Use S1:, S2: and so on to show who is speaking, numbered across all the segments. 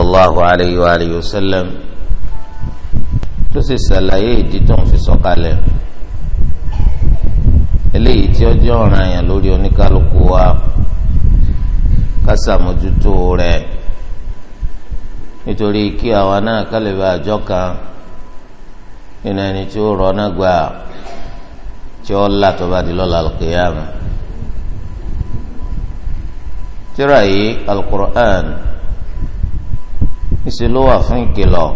S1: sallallahu alayhi wa alayhi wa sallam tó sì ṣàlàyé ìdí tó ń fi sọ̀kalẹ̀ eléyìí tí ó jẹ́ ọ̀ràn yẹn lórí oníkálukú wa ká rẹ̀ nítorí kí àwa náà kálíbà àjọ kan nínú ẹni tí ó rọ́nà gbà tí ó là tó bá di lọ́la al tíra yìí al-Qur'an ìṣe ló wà fún ìkìlọ̀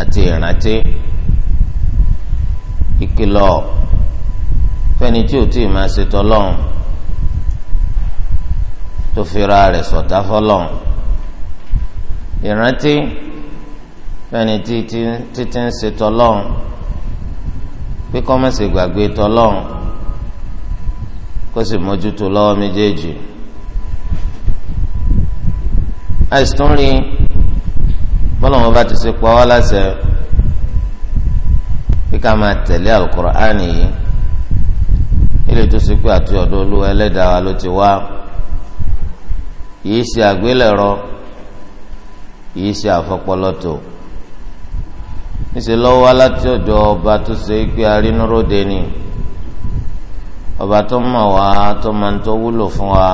S1: àti ìrántí ìkìlọ̀ fẹ́ni tí ò tí ì máa ṣètò ọlọ́run tó fira rẹ̀ sọ̀tá fọlọ́run ìrántí fẹ́ni tí títí ń ṣètò ọlọ́run pé kọ́mọ̀sì gbàgbé tọ́lọ́run kó sì mójútó lọ́wọ́ méjèèjì àìsàn rí bọ́lọ̀mọ́ bá ti ṣe pa wá láṣẹ bí máa tẹ̀lé Al-Kùránì yìí ilé tó ṣe pé àti ọ̀dọ̀ Olúwa ẹlẹ́dàá wa ló ti wá yìí ṣe àgbélẹ̀rọ yìí ṣe àfọpọlọtò níṣẹ́ lọ́wọ́ láti ọ̀dọ̀ ọba tó ṣe pé arínúróde ni ọba tó mọ̀ wá tó máa ń tó wúlò fún wa.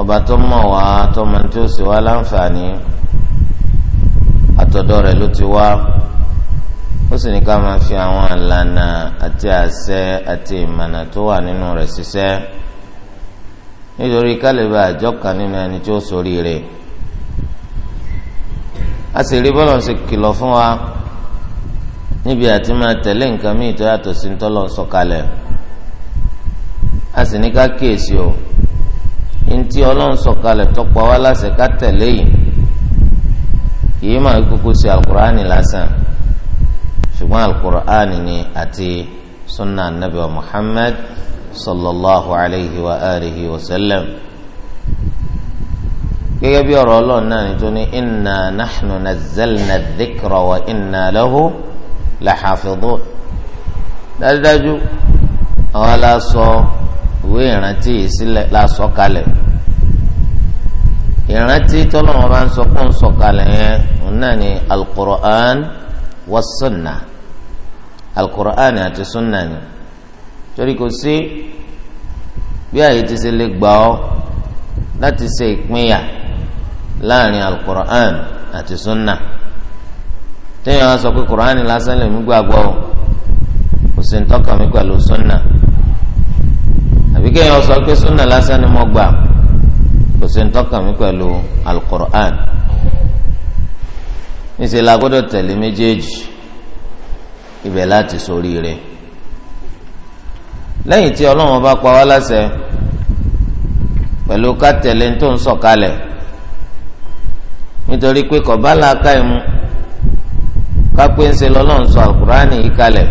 S1: ọba tó mọ̀ wá tó mọ̀ tó sì wá láǹfààní àtọ̀dọ̀ rẹ̀ ló ti wá ó sì ní ká máa fi àwọn àlànà àti àṣẹ àti ìmọ̀nà tó wà nínú rẹ̀ ṣiṣẹ́ nítorí kálíbà àjọkàn nínú ẹni tí ó sórí rẹ̀ a sì rí bọ́lọ̀ ṣe kìlọ̀ fún wa níbi àti máa tẹ̀lé nǹkan míì tó yàtọ̀ sí ń tọ́lọ̀ sọ̀kalẹ̀ a sì ní ká kíyèsí o. ntí ọlọ́run sọ̀kalẹ̀ tọ́pọ̀ wá láṣẹ ká tẹ̀lé yìí kìí máa kúkú sí alukur'ani lásán ṣùgbọ́n alukur'ani ni àti sunna anabi wa muhammad sallallahu alayhi wa alihi wa sallam gẹ́gẹ́ bí ọ̀rọ̀ ọlọ́run náà ni tó ní inna nahnu nazzalna dhikra wa inna lahu lahafidun dájúdájú àwọn aláṣọ ìwé ìrántí yìí sílẹ̀ la sọ kalẹ̀ ìrántí tọ́lọ́wọ́n bá ń sọ kó ń sọ kalẹ̀ yẹn òun náà ni alukur'an wa sunna alukur'an àti sunna ni torí kò sí bí àyè ti ṣe lè gbà ọ́ láti ṣe ìpínyà láàrin alukur'an àti sunna téèyàn sọ pé kur'an lásán lè mí gbàgbọ́ kò sí ń tọ́ka mi pẹ̀lú sunna àbí kéèyàn sọ pé súnà lásán ni mo gbà kò sí ń tọ́ka mi pẹ̀lú alukur'an níṣẹ́ la gbọ́dọ̀ tẹ̀lé méjèèjì ibẹ̀ láti sórí rẹ̀ lẹ́yìn tí ọlọ́run bá pa wá láṣẹ pẹ̀lú ká tẹ̀lé tó ń sọ̀kalẹ̀ nítorí pé kọ̀bá làákà ìmú ká pé ń ṣe lọ́lọ́run sọ alukur'an yìí kalẹ̀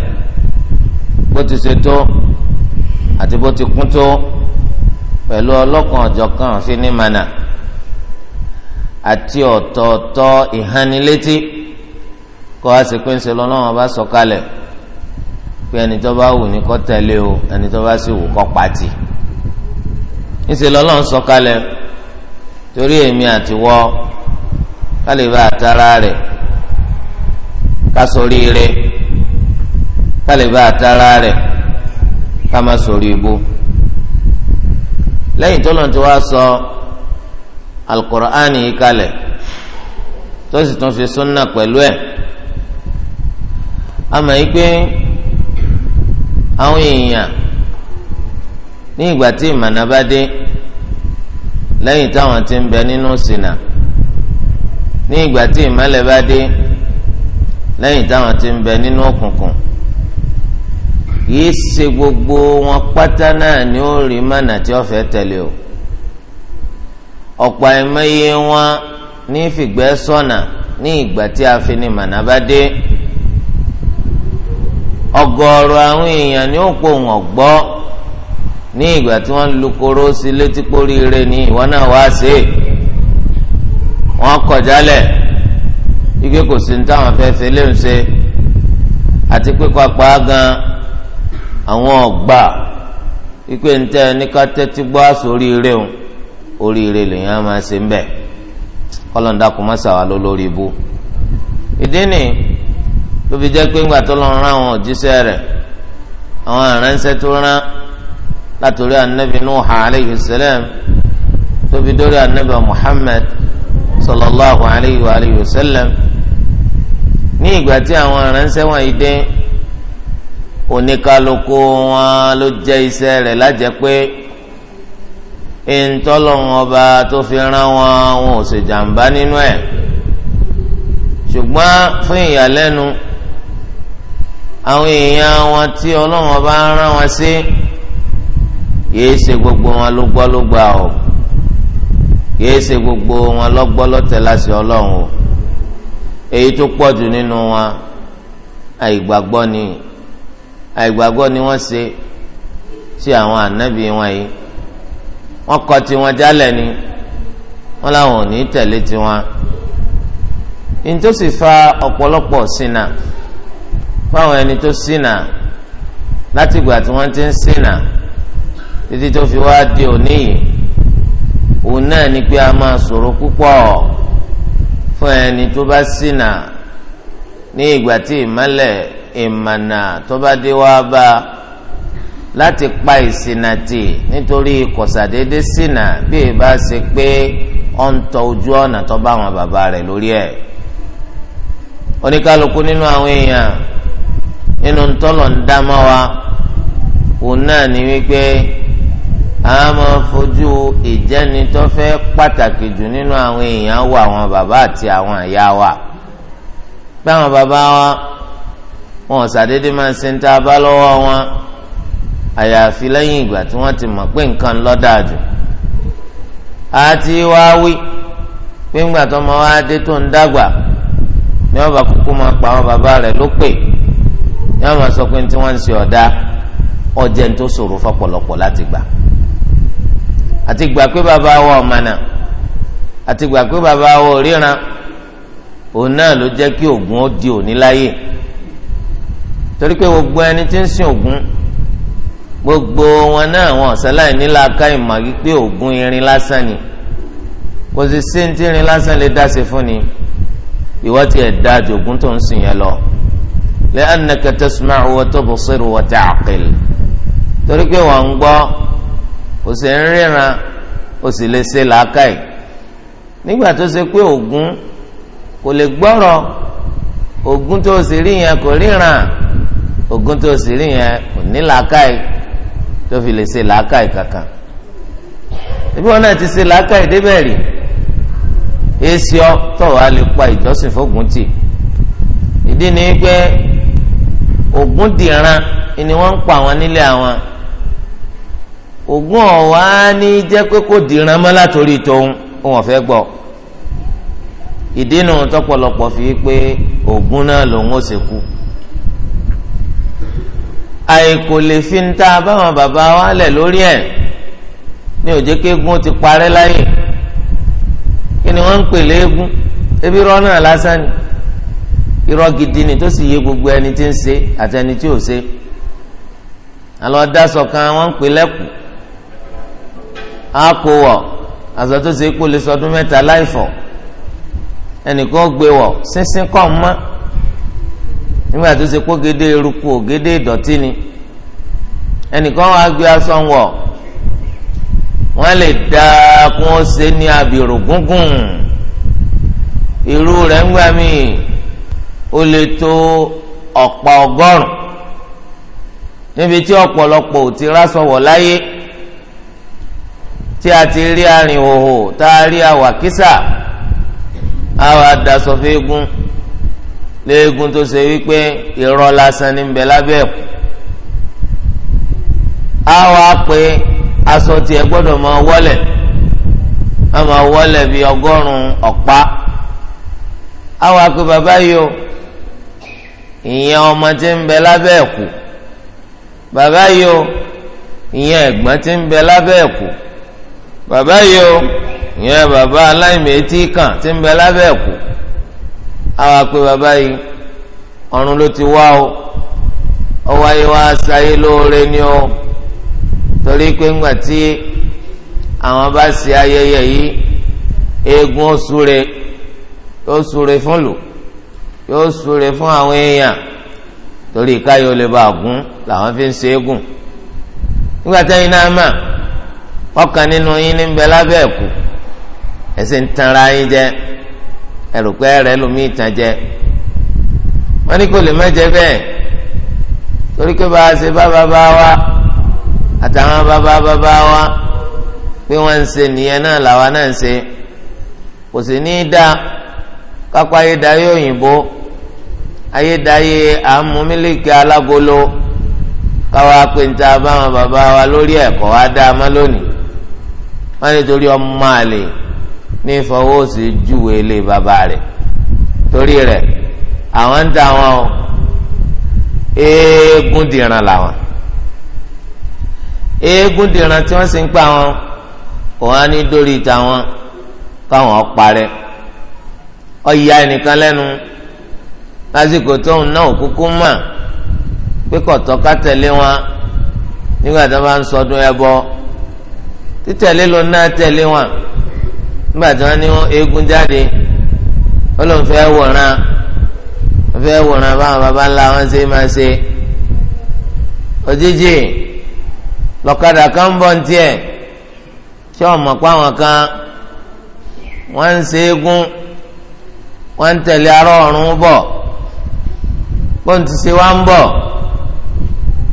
S1: bó ti ṣe tó àti bó ti kún tó pẹ̀lú ọlọ́kan ọ̀jọ̀kan fínimànà àti ọ̀tọ̀ọ̀tọ̀ ìhánilétí kọ́ a sì pé ń ṣe lọ́lọ́wọ́n bá sọ̀kalẹ̀ pé ẹni tó bá wù ní kó tẹ̀lé o ẹni tó bá sì wù kó pàtì ń ṣe lọ́lọ́wọ́n torí èmi àti wọ́ kálíbà àtàrà rẹ̀ ká kálíbà àtàrà rẹ̀. kama sori sọ̀rọ̀ ibú lẹ́yìn tó lọ́n ti wá sọ alukur'ani yìí kalẹ̀ tó sì tún fi sunna pẹ̀lú ẹ̀ ama yìí pé àwọn èèyàn ní ìgbà tí ìmọ̀nà bá dé lẹ́yìn ti ń bẹ nínú ní ìgbà tí ìmọ̀lẹ̀ bá dé lẹ́yìn táwọn ti ń bẹ nínú òkùnkùn. yi ṣe gbogbo wọn pátá náà ni ó rí mana tí ó fẹ́ tẹ̀lé o ọ̀pọ̀ àìmọye wọn ní fìgbẹ́ sọ̀nà ní ìgbà tí a fi ní mànà bá dé ni ó wọn gbọ́ ní ìgbà tí wọ́n lu koro sí létí ire ní ìwọ náà wá sí wọ́n ike kò sí ní táwọn ṣe àti àwọn ọgbà ipe ntẹ níka tẹ́tí gbọ́ àṣọ oríire o oríire lèyìn á máa ṣe ń bẹ̀ kọ́lọ́ńdà kò má ṣàwà ló lórí ibú ìdí ni tó fi jẹ́ pé ńgbà tó lọ rán àwọn òjíṣẹ́ rẹ̀ àwọn aránṣẹ́ tó rán látòrí anabi aleyhi salam tó fi dórí anabi muhammad sallallahu alayhi wa alihi wa sallam ní ìgbà tí àwọn aránṣẹ́ wọ̀nyí dé oníkálukú wọn ló jẹ́ iṣẹ́ rẹ̀ lájẹ́ pé ìǹtọ́lọ́wọn ọba tó fi rán wọn wọn ò sì jàǹbá nínú ẹ̀ ṣùgbọ́n fún ìyàlẹ́nu àwọn èèyàn wọn tí ọlọ́wọn ọba rán wọn sí kìí ṣe gbogbo wọn ló gbọ́ ló gbà o kìí ṣe gbogbo wọn ló gbọ́ ló èyí tó pọ̀ jù nínú wọn àìgbàgbọ́ ni àìgbàgbọ́ ni wọ́n ṣe sí àwọn ànábì wọn yìí wọ́n kọ̀ tiwọn jálẹ̀ ni wọ́n láwọn ò ní tẹ̀lé tiwọn nítòsí fa ọ̀pọ̀lọpọ̀ ṣìnà fáwọn ẹni tó ṣìnà látìgbà tí wọ́n ti ń ṣìnà títí tó fi wá di òní yìí òun náà ni pé a máa sọ̀rọ̀ púpọ̀ fún ẹni tó bá ṣìnà ní ìgbà tí ìmọ́lẹ̀ ìmànà tó bá dé wá bá láti pa ìṣìnà tì nítorí kọ̀sàdédé ṣìnà bí ẹ bá ṣe pé ọ ń tọ ojú ọ̀nà tó bá àwọn bàbá rẹ̀ lórí ẹ̀ oníkálukú nínú àwọn èèyàn nínú ntọ́lọ̀ ń dá mọ́ wa òun náà ni wípé a máa fojú ìjẹ́ni pàtàkì jù nínú àwọn èèyàn wa àwọn bàbá àti àwọn àyà wa pé àwọn bàbá wa wọn ṣàdédé máa ń ṣe ń tá a bá lọ́wọ́ wọn àyàfi lẹ́yìn ìgbà tí wọ́n ti mọ̀ pé nǹkan lọ́dà jù àti wá wí pé ńgbà tó máa wá dé tó ń dàgbà ni wọ́n bá kúkú máa pa àwọn bàbá rẹ̀ lópè ni wọ́n máa sọ pé tí wọ́n ń ṣe ọ̀dà ọjẹ́ ń tó ṣòro fọ́pọ̀lọpọ̀ láti gbà àti gbà pé bàbá wa ọ̀mànà àti gbà pé bàbá wa òríran òun náà ló jẹ́ kí òògùn ó di òní láyè torí pé gbogbo ẹni tí ń sin Ògún gbogbo wọn náà wọn ṣẹlẹ̀ nílà ká ìmọ̀ pé Ògún irin lásán ni kò sì sí ní tí irin lásán lè dá sí fún ni ìwọ tiẹ̀ dá ju Ògún tó ń sìn yẹn lọ li'annaka tasma'u wa tubsiru wa ta'qil torí pé wọ́n ń gbọ́ kò sì ń ríran kò sì lè ṣe làákàyè nígbà tó ṣe pé Ògún kò lè gbọ́rọ̀ Ògún tó sì rí yẹn kò ríran ogun tó sì rí yẹn kò ní làákàyè tó fi lè ṣe làákàyè kankan ibi wọn náà ti ṣe làákàyè débẹ̀ rí èsì ọ tọ̀wọ́ lè pa ìjọsìn fógun tì ìdí ni pé ogun dìran ni wọ́n ń pa àwọn nílé àwọn ogun ní pé kò dìran látòrí tòun òun ìdí fi pé ogun náà lòun àìkò lè fi ń ta báwọn bàbá wa lẹ̀ lórí ẹ̀ ní òjé kéegun ti parẹ́ láyè kí ni wọ́n ń pè léegun ebi irọ́ náà ni irọ́ gidi ni tó sì yé gbogbo ẹni tí ń se àti ẹni tí ò se àlọ́ dasọ̀ kan wọ́n ń pè lẹ́kù àkó wọ̀ àzọ tó kó lè sọdún mẹ́ta ẹnìkan gbé wọ̀ sínsín kọ́ ń nígbà tó ṣe kó gédé eruku ògédé ìdọ̀tí ni ẹnìkan wàá gbé aṣọ ń wọ̀ lè da kún ó ṣe ní abirù gúngùn irú rẹ̀ ń gbà mí ó lè tó ọ̀pá ọgọ́rùn níbi tí ọ̀pọ̀lọpọ̀ ò ti rásọ̀wọ̀ láyé tí a ti rí arìnhòhò tá a rí àwàkísà àwa léegun tó ṣe wípé irọ́ lásán ní bẹ lábẹ́ ẹ̀kú á wàá pé aṣọ tiẹ̀ gbọ́dọ̀ máa wọlé á máa wọlé bíi ọgọ́rùn-ún ọ̀pá á wàá pé bàbá yìí o ìyẹn ọmọ tí ń bẹ lábẹ́ ẹ̀kú bàbá yìí o ìyẹn ẹ̀gbọ́n tí ń bẹ lábẹ́ ẹ̀kú bàbá yìí o ìyẹn bàbá aláìmẹ̀tì kan tí ń bẹ lábẹ́ ẹ̀kú àwa pé bàbá yìí ọ̀run ló ti wá o ọwọ́ ayé wa sáyé lóore ni o torí pé ńgbà tí àwọn bá ṣe ayẹyẹ yìí eégún ó súre yóò súre fún lù yóò súre fún àwọn èèyàn torí káyọ̀ lè bá gún làwọn fi ń ṣe eégún nígbà tẹ́yìn náà mà ọkàn nínú yín ní ń bẹ lábẹ́ ẹ̀kú ẹ̀sìn tanra yín jẹ́ ẹrù pé rẹ lómi ìtàn jẹ wọn ní kò lè má jẹ bẹ́ẹ̀ torí pé bá a ṣe bá bàbá wa àtàwọn bàbá bàbá wa pé wọn ń ṣe nìyẹn náà làwa náà ń ṣe kò sì ní í dá kápá ayédáyé òyìnbó ayédáyé àmúmílíkì alágolo káwa pé báwọn bàbá wa lórí ẹ̀kọ́ wa dá a má lónìí wọn nítorí ọmọ àlè. ní ìfọwọ́sí júwe ilé bàbá rẹ̀ torí rẹ̀ àwọn ń ta wọn o eégún dìran làwọn eégún dìran tí wọ́n sì ń pa wọn òun á ní dórí tàwọn káwọn parẹ́ ọ̀ya ẹnìkan lẹ́nu lásìkò tóun náà kúkú mọ̀ pé kọ̀tọ́ ká tẹ̀lé wọn nígbà tó bá ń sọdún ẹbọ títẹ̀lé náà nígbà tí wọ́n ní eégún jáde Ọlọ́run fẹ́ wòran fẹ́ wòran báwọn baba ńlá wọn ṣe máa ṣe òjijì lọ́kadà kan ń bọ̀ ní tiẹ̀ tí wọ́n mọ̀ pa àwọn kan wọ́n ń ṣe eégún wọ́n ń tẹ̀lé ará ọ̀run bọ̀ bóun ti ṣe wá ń bọ̀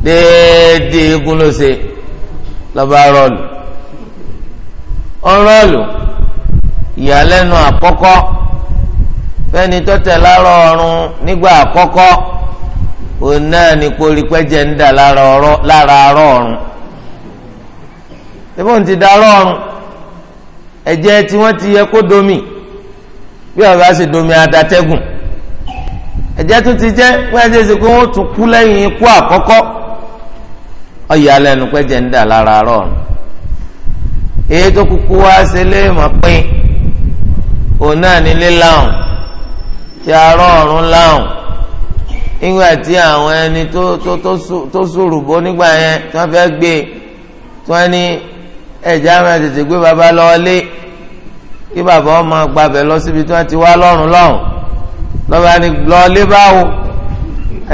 S1: déédéé eégún ló ṣe lọ́ba rọ́ọ̀lù ọ̀rọ̀ọ̀lù ìyàlẹ́nu àkọ́kọ́ fẹ́ni tó tẹ̀ lára ọ̀run nígbà àkọ́kọ́ òun náà ní kórìpẹ́jẹ ń dà lára ọ̀run tẹ́fọ́n ti da ọ̀run ẹ̀jẹ̀ tí wọ́n ti yẹ kó domi bí ọ̀gá sì domi adatẹ́gùn ẹ̀jẹ̀ ti jẹ́ wọ́n ẹ̀jẹ̀ sì wọ́n tún kú lẹ́yìn ikú àkọ́kọ́ òun náà ní líláhùn tí arọ́ ọ̀run láhùn nígbà tí àwọn ẹni tó sùrùbó nígbà yẹn tí wọ́n fẹ́ gbé e, tí wọ́n ní ẹ̀jẹ̀ àwọn ẹ̀ tètè gbé baba lọ́ọ́lé kí bàbá ọmọ gbàbẹ̀ lọ síbi tí wọ́n ti wá lọ́rùn lọ́hùn lọ́ba ni lọ́ọ́lé báwo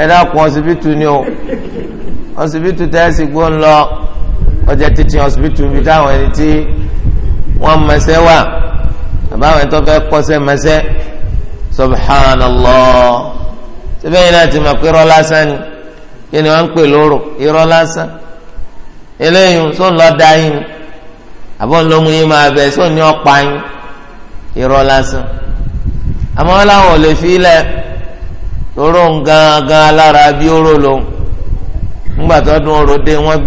S1: ẹ dákun ọsibítù ni o ọsibítù tẹ́sí gbó ń lọ ọjà títí ọsibítù bíi táwọn ẹni tí wọ́n mọ̀ wà. àbáwọn ẹni tó fẹ́ kọ́sẹ́ mẹsẹ́ subhanallah síbẹ̀ yìí náà ti mọ̀ pé irọ́ ni kí ni wọ́n ń pè lóró irọ́ lásán eléyìí sọ ń lọ da yín àbọ̀ ń lọ mú yín máa bẹ̀ sọ ní ọ̀pá yín irọ́ àmọ́ láwọn ò lè fi ilẹ̀ lóró ń gangan lára bí ó lòun ńgbà tó dún oró dé wọ́n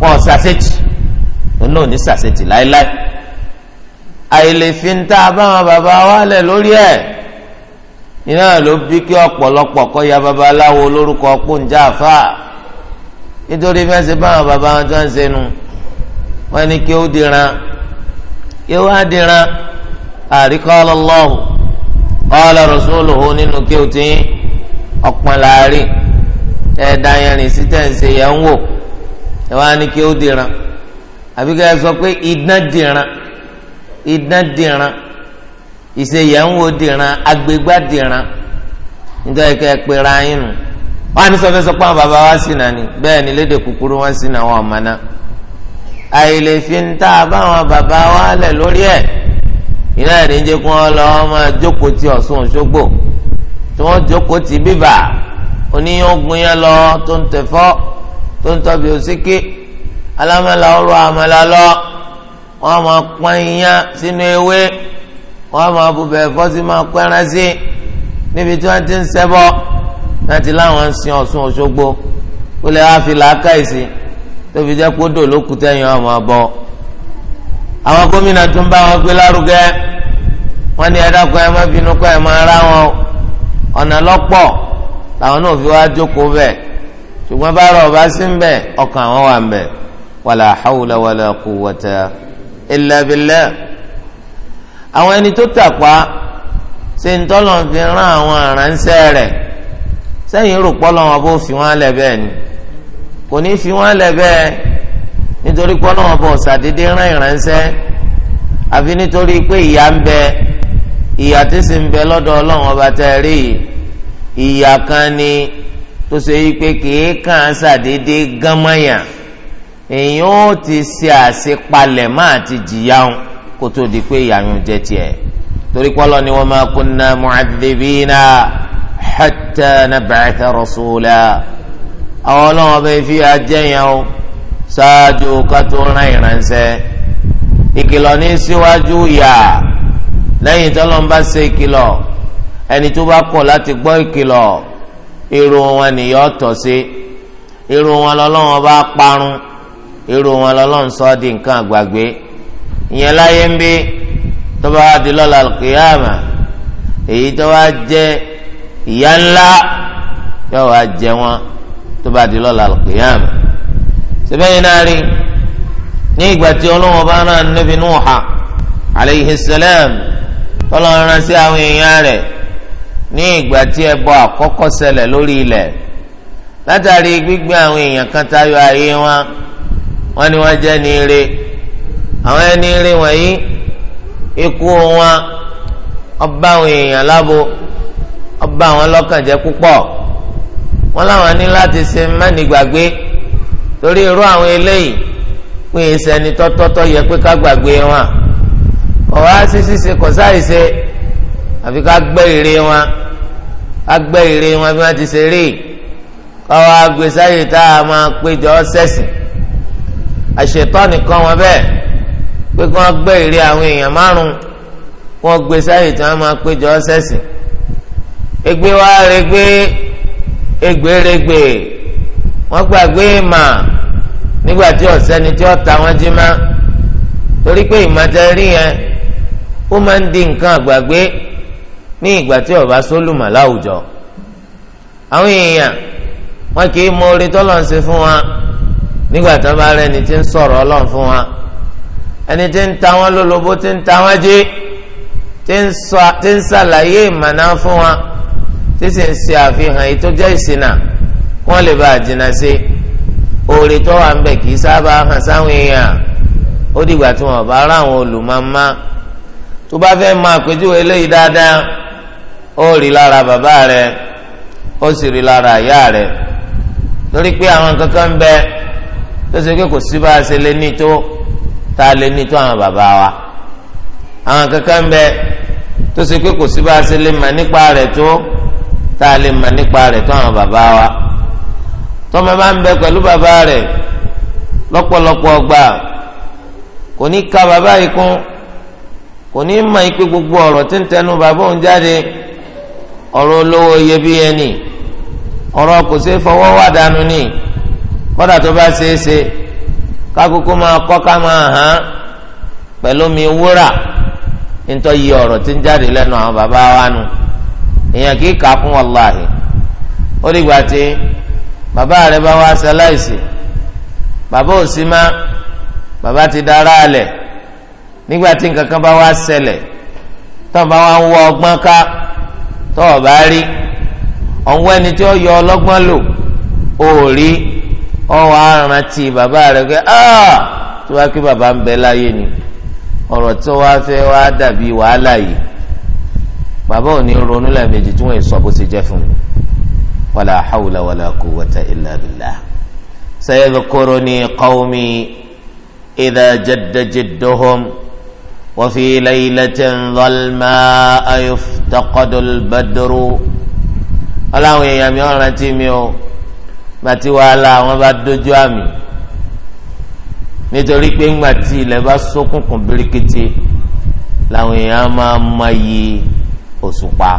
S1: wọn ṣàṣetì òun náà ní ṣàṣetì láéláé àìlèfin tá a bá wọn bàbá wa lẹ̀ lórí ẹ̀ iná ló bí kí ọ̀pọ̀lọpọ̀ kọ́ ya babaláwo lórúkọ pọ́njà fà nítorí fẹ́ǹsì báwọn bàbá wọn tó ń sẹnu wọn ni kí ó dìran kí ó wá dìran àríkọ́lọ́ lọ́hùn kọ́lọ́ rọ̀ṣọ́lọ́hù nínú kí ó ti ọ̀pọ̀n láàrin ẹ̀ẹ́dá yẹn rìn sí tẹ̀sí yẹn ń wò. ẹ wá ní kí ó dìran àbí kí sọ pé idán dìran idán dìran dìran agbègbà dìran nítorí kẹ́ ẹ pera yín nù sọ pé àwọn bàbá wa sì nàní bẹ́ẹ̀ ni léde kúkúrú wọn sì nà wọn ọ̀mọ a bàbá wa lẹ̀ lórí iná lọ máa jókòó ti Òṣogbo tí jókòó ti bíbà tó ń tọ́bi òsíkè alámàlà ọrọ̀ àmàlà lọ wọ́n máa pọ́n iyán sínú ewé wọ́n máa bùbẹ̀ ẹ̀fọ́ sí máa pẹ́ran sí níbi tí wọ́n ti ń ṣẹbọ láti láwọn ń sin Ọ̀ṣun Òṣogbo kó lè wá fi làákàyè sí tóbi jẹ́ kó dò lókùtẹ́ yẹn wọ́n máa bọ̀ àwọn gómìnà tún bá wọn gbé lárugẹ wọ́n ní ẹdáko ẹ má bínú kọ ẹ má ra wọn ọ̀nà lọ́pọ̀ làwọn náà fi wá jókòó bẹ́ẹ̀ ṣùgbọ́n bá rọ̀ bá sí ń bẹ̀ ọkàn àwọn wà ń bẹ̀ wàlà hawla wàlà quwwata illa billah àwọn ẹni tó tàpá ṣe ń tọ́lọ̀ fi rán àwọn àránṣẹ́ rẹ̀ sẹ́yìn rò pọ́lọ́ wọn bó fi wọ́n lẹ̀ bẹ́ẹ̀ ni kò ní fi wọ́n lẹ̀ bẹ́ẹ̀ nítorí pọ́lọ́ wọn bó ṣàdédé rán ìránṣẹ́ àfi nítorí pé ìyà ń bẹ ìyà tí sì ń bẹ lọ́dọ̀ ọlọ́run ọba tẹ́ rí ìyà kan ni tó ṣe yí pé kìí kàn ṣàdédé gánmọ́yà èèyàn ó ti ṣe àṣepalẹ̀ máa ti jìyàwó kó tó di pé ìyàwó jẹ tiẹ̀ torí pọ́lọ́ ni wa ma kunna mu'adhdhibina hatta nab'atha rasula àwọn ọlọ́wọ́n ọbẹ̀ fi àjẹyàn o ṣáájú ká tó rán ìránṣẹ́ ìkìlọ̀ ní síwájú yà lẹ́yìn tọ́lọ́mbà ṣe ìkìlọ̀ ẹni tó bá kọ̀ láti gbọ́ ìkìlọ̀ irun wọn nìyọ tọ̀ sí irun wọn lọ́lọ́wọ́n bá parun irun wọn lọ́lọ́wọ́n sọ di nǹkan àgbàgbé ìyẹn láyé ń bí tọ́ba di lọ́la kìyàmà èyí tó wá jẹ́ ìyá ńlá yóò wá jẹ wọn tọ́ba di kìyàmà sẹ́bẹ̀yìn náà rí ní ìgbà tí ọlọ́wọ́n bá rán Ànábì Nuha alayhi salam tọ́lọ́ rán sí àwọn èèyàn rẹ̀. ní ìgbà tí ẹbọ àkọ́kọ́ ṣẹlẹ̀ lórí ilẹ̀ látàrí gbígbé àwọn èèyàn kan tayọ ayé wọn wọn ni wọn jẹ́ ní ire àwọn ẹni ire wọ̀nyí ikú wọn ọba àwọn èèyàn lábo ọba àwọn lọ́kàn jẹ́ púpọ̀ wọn làwọn ní láti ṣe mánigbàgbé torí irú àwọn eléyìí pé ìṣẹ́ni tọ́tọ́tọ́ yẹ pé ká gbàgbé wọn wá sí ṣíṣe sáì ṣe. àfi ká gbẹ́ ère wọn ká gbẹ́ ère wọn bí wọ́n ti ṣe rí káwọn agbèsáyè tá a máa péjọ sẹ́sìn àṣetọ́ nìkan wọn bẹ́ẹ̀ pé kí wọ́n gbẹ́ ère àwọn èèyàn márùn-ún wọ́n gbé tí wọ́n máa péjọ sẹ́sìn egbe wa regbe egberegbe wọ́n gbàgbé ìmà nígbà tí ọ̀sẹ́ni tí ó ta wọ́n jí má torí pé ìmọ̀tẹ́rì yẹn ó máa ń di nǹkan àgbàgbé ní ìgbà tí ọba sólùmọ̀ láwùjọ àwọn èèyàn wọn kì í mọ orí tọ́lọ́n ṣe fún wa nígbà tí wọ́n bá rẹ ẹni tí ń sọ̀rọ̀ ọlọ́run fún wa ẹni tí ń ta wọn lólobó tí ń ta wọn jí tí ń ṣàlàyé ìmọ̀nà fún wa tí sì ń ṣe àfihàn èyí tó jẹ́ ìṣìnà kí wọ́n lè bá àjìnà sí orí tó wà ń bẹ̀ kì í sábà hàn sáwọn èèyàn ó dìgbà tí wọ́n bá rà àwọn olùmọ̀ọ́mọ́ tó bá fẹ́ máa pèjúwe eléyìí dáadáa ó rí lára bàbá rẹ ó sì rí lára ìyá rẹ torí pé àwọn kankan ń bẹ tó ṣe pé kò sí bá a ṣe lè ní tó tá a lè ní tó àwọn bàbá wa àwọn kankan ń bẹ tó ṣe pé kò sí bá a ṣe lè mà nípa rẹ tó tá a mà nípa rẹ tó àwọn bàbá wa tọ́mọ bá ń bẹ pẹ̀lú bàbá rẹ lọ́pọ̀lọpọ̀ ọgbà kò ní ka bàbá yìí kún kò ní mọ ipe gbogbo ọ̀rọ̀ tí ń tẹnu bàbá òun jáde ọrọ olówó iyebíye ni ọrọ kò ṣeé fọwọ́ wà dànù ni kódà tó bá ṣeé ṣe kákókó máa kọ́ ká máa hàn pẹ̀lú mi wúrà nítorí yí ọ̀rọ̀ tí ń jáde lẹ́nu àwọn bàbá wa nu èèyàn kì í kà á fún ó dìgbà tí bàbá rẹ bá wá ṣaláìsì bàbá ti dára alẹ̀ nígbà tí nǹkan kan bá wá ṣẹlẹ̀ tó o bá rí ọ̀wọ́ ẹni tí ó yọ ọlọ́gbọ́n lò ó rí ọwọ́ arántí bàbá rẹ̀ pé ah! tó bá kí bàbá ń bẹ láyé ni ọ̀rọ̀ tí wàá fẹ́ wàá dàbí wàhálà yìí bàbá ò ní ronú lẹ́ẹ̀mejì tí wọ́n sọ bó ṣe jẹ́ fún mi wàlà hàwùlà wàlà quwwata illa billah sayadhkuruni qawmi idha jadda وفي ليلة ظلماء يفتقد البدر aláwọn èèyàn mi ọ̀ràn tí mi ò bá ti wàhálà àwọn bá dojú àmì nítorí pé ńgbà tí ilẹ̀ bá ṣókùnkùn birikiti làwọn èèyàn máa mayi òṣùpá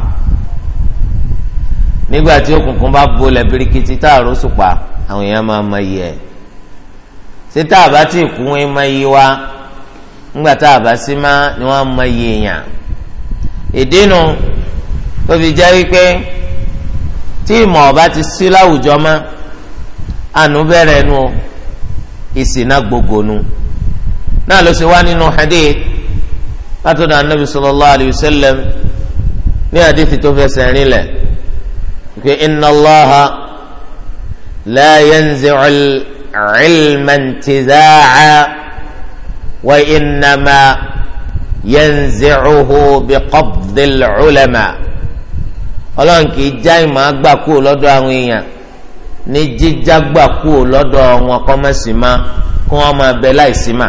S1: nígbà tí òkùnkùn bá bolẹ̀ birikiti táàrọ̀ òṣùpá àwọn èèyàn máa mayi ẹ̀ ṣé tá a bá ti kú wọn mayi wa ńgbà tá a bá sí má ni wọ́n mọ iye èèyàn ìdínú tó fi jẹ́ wípé tí ìmọ̀ ọba ti sí láwùjọ mọ́ àánú bẹ̀rẹ̀ nu ìsìnà gbogbo nu náà ló ṣe wá nínú hadith látọ̀dọ̀ anabi sallallahu alayhi ní hadith tó fẹsẹ̀ rinlẹ̀ pé inna Allaha la yanzi'u al wa innama yanzicuhu bi qabdil culama ọlọ́run kì í já ìmọ̀ àgbà kúrò lọ́dọ̀ àwọn èèyàn ní jíjá gbà kúrò lọ́dọ̀ wọn kọ́ mọ́ sí ma kí wọ́n máa bẹ láìsí ma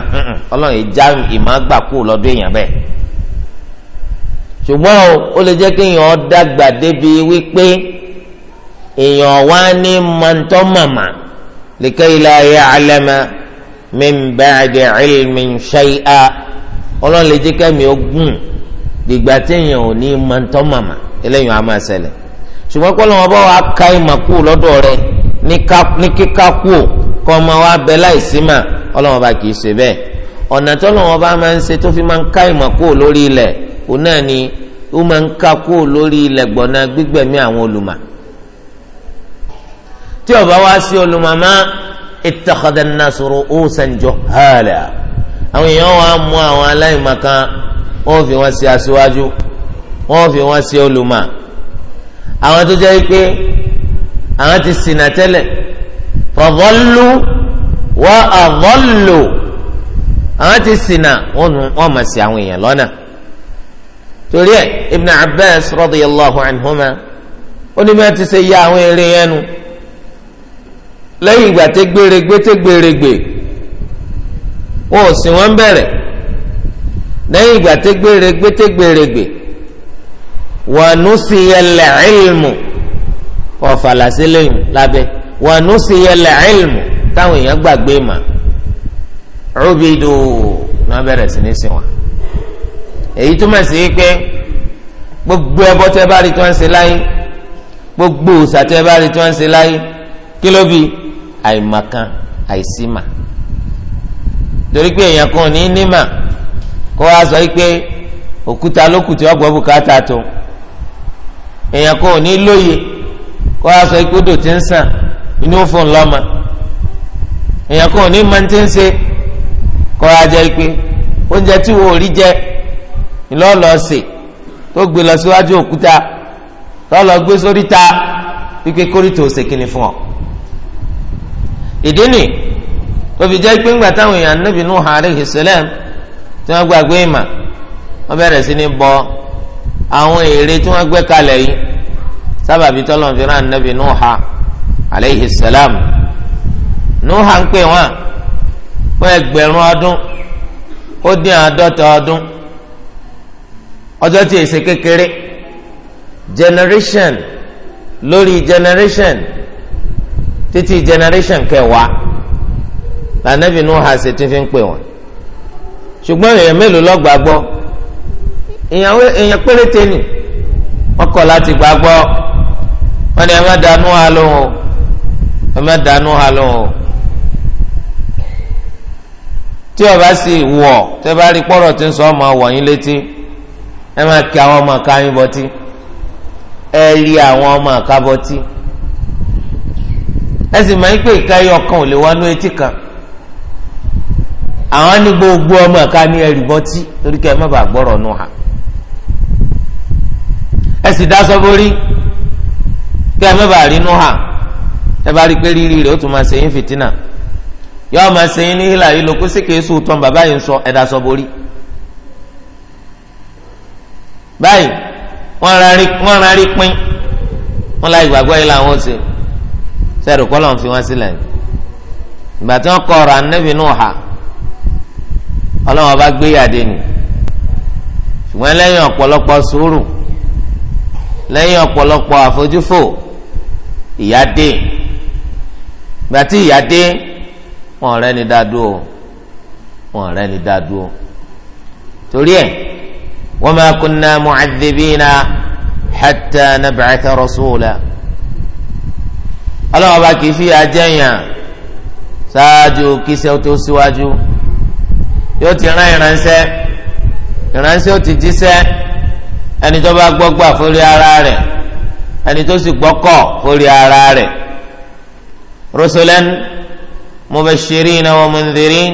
S1: ọlọ́run kì já ìmọ̀ àgbà kúrò lọ́dọ̀ èèyàn bẹ́ẹ̀ ṣùgbọ́n ó lè jẹ́ kí èèyàn dàgbà débi wípé èèyàn wá ní mọ̀ntọ́ màmá lèkẹ́ ilẹ̀ ayé alẹ́ mọ́. min ba'di ilmin shay'a ọlọ́run lè jẹ́ kẹ́mi dìgbà téèyàn ò ní máa màmá eléyìí máa ṣẹlẹ̀ ṣùgbọ́n kọ́ lọ́wọ́ bá wa lọ́dọ̀ rẹ ní kíkà kọ́ ọmọ wa bẹ láìsí mà bá kì í ṣe bẹ́ẹ̀ ọ̀nà tó bá máa ń ṣe tó fi máa ń lórí ilẹ̀ òun náà ni ó máa ń lórí ilẹ̀ ittakhadha an-nasu ru'usan juhala àwọn èèyàn wà á mú àwọn aláìmọ̀kan wọ́n fi wọ́n ṣe aṣíwájú wọ́n fi wọ́n ṣe olùmọ̀ àwọn tó jẹ́ pé àwọn ti ṣìnà tẹ́lẹ̀ fadhallu wa adhallu àwọn ti ṣìnà wọ́n mọ̀ sí àwọn èèyàn lọ́nà torí ẹ̀ Ibn Abbas radiyallahu anhuma ó ní bí wọ́n ti ṣe ya àwọn eré yẹn nu lẹ́yìn ìgbà tẹ gbèrègbè tẹ gbèrègbè wọn ò sìn wọn bẹ̀rẹ̀ lẹ́yìn ìgbà tẹ gbèrègbè tẹ gbèrègbè wànúsì yẹlẹ ẹlmù ọ̀fàlàsí lẹ́yìn lábẹ́ wànúsì yẹlẹ ẹlmù táwọn èèyàn gbàgbé mà rúbìdù ni wọn bẹ̀rẹ̀ sí ní sìn wọn èyí túmọ̀ sí pé gbogbo ẹbọ tẹ bá rí tí wọ́n ń ṣe láyé gbogbo òòṣà tẹ bá rí tí wọ́n ń ṣe láyé. kí ló bí àìmọ̀kan àìsímà torí pé èèyàn kan ní nímà kó wá sọ pé òkúta tí bùkátà tó èèyàn kan ní lóye kó wá sọ pé odò ti ń sàn inú fún lọ́mọ èèyàn kan ní máa kó wá pé oúnjẹ tí wò ó rí jẹ ńlọ́ọ̀lọ́ọ̀sì tó gbé lọ síwájú ìdí nì tó fi jẹ́ pé ńgbà táwọn èèyàn Ànábì Nuh alayhi salam tí wọ́n gbàgbé ìmà wọ́n bẹ̀rẹ̀ sí ní bọ àwọn ère tí wọ́n gbé kalẹ̀ yìí sábàbí tọ́lọ́n fi rán Ànábì Nuh alayhi salam Nuh ń pè wọ́n fún ẹgbẹ̀rún ọdún ó dín àádọ́ta ọdún ọjọ́ tí èsì kékeré generation lórí generation títí generation kẹwàá lànàbì Nuhu àṣẹ tí fi ń pè wọn ṣùgbọ́n èèyàn mélòó ló gbàgbọ́ èèyàn péréte ni wọ́n kọ̀ láti gbàgbọ́ wọ́n ní ẹ má dànù hà lóhùn ẹ má dànù hà lóhùn tí ó bá sì wọ̀ tẹ́ bá rí pọ́rọ̀ tí ń sọ ọmọ wọ̀nyí létí ẹ má kí àwọn ọmọ ká yín bọ́tí ẹ rí àwọn ọmọ ká bọ́tí ẹ sì máa ń pè ká ẹyọ kan ò lè wọnú etí kan àwọn ní gbogbo ọmọ ẹ̀ka ní ẹrù bọ́tí torí kẹ́ ẹ má bàa gbọ́rọ̀ nù hà ẹ sì dá sọ́bórí kẹ́ ẹ má bàa rí nù hà ẹ bá rí pé rírì rẹ̀ ó tún máa ṣe fìtínà yóò máa ṣe ní hílà yìí lókù sí tán bàbá yìí ń sọ ẹ dá báyìí wọ́n ra pín wọ́n láì gbàgbọ́ yìí làwọn ṣe sẹ́ẹ̀rù kọ́ lọ́n fi wọ́n sílẹ̀ ìgbà tí wọ́n kọ ọ̀rọ̀ anábì Nuha ọlọ́wọ́n bá gbé yàdé nì ṣùgbọ́n lẹ́yìn ọ̀pọ̀lọpọ̀ sùúrù lẹ́yìn ọ̀pọ̀lọpọ̀ àfojúfò ìyá dé ìgbà tí ìyá dé wọn ọ̀rẹ́ ni dáadúró wọn ọ̀rẹ́ ni dáadúró torí ẹ̀ wa ma kunna mu'adhibina hatta nab'atha rasula ọlọ́run ọba kì í fi àjẹyàn ṣáájú kí iṣẹ́ tó síwájú yóò ti rán ìránṣẹ́ ìránṣẹ́ ó ti jíṣẹ́ ẹni tó bá gbọ́gbà forí ara rẹ̀ ẹni tó sì gbọ́kọ̀ forí ara rẹ̀ rusulan mubashirina wa mundhirin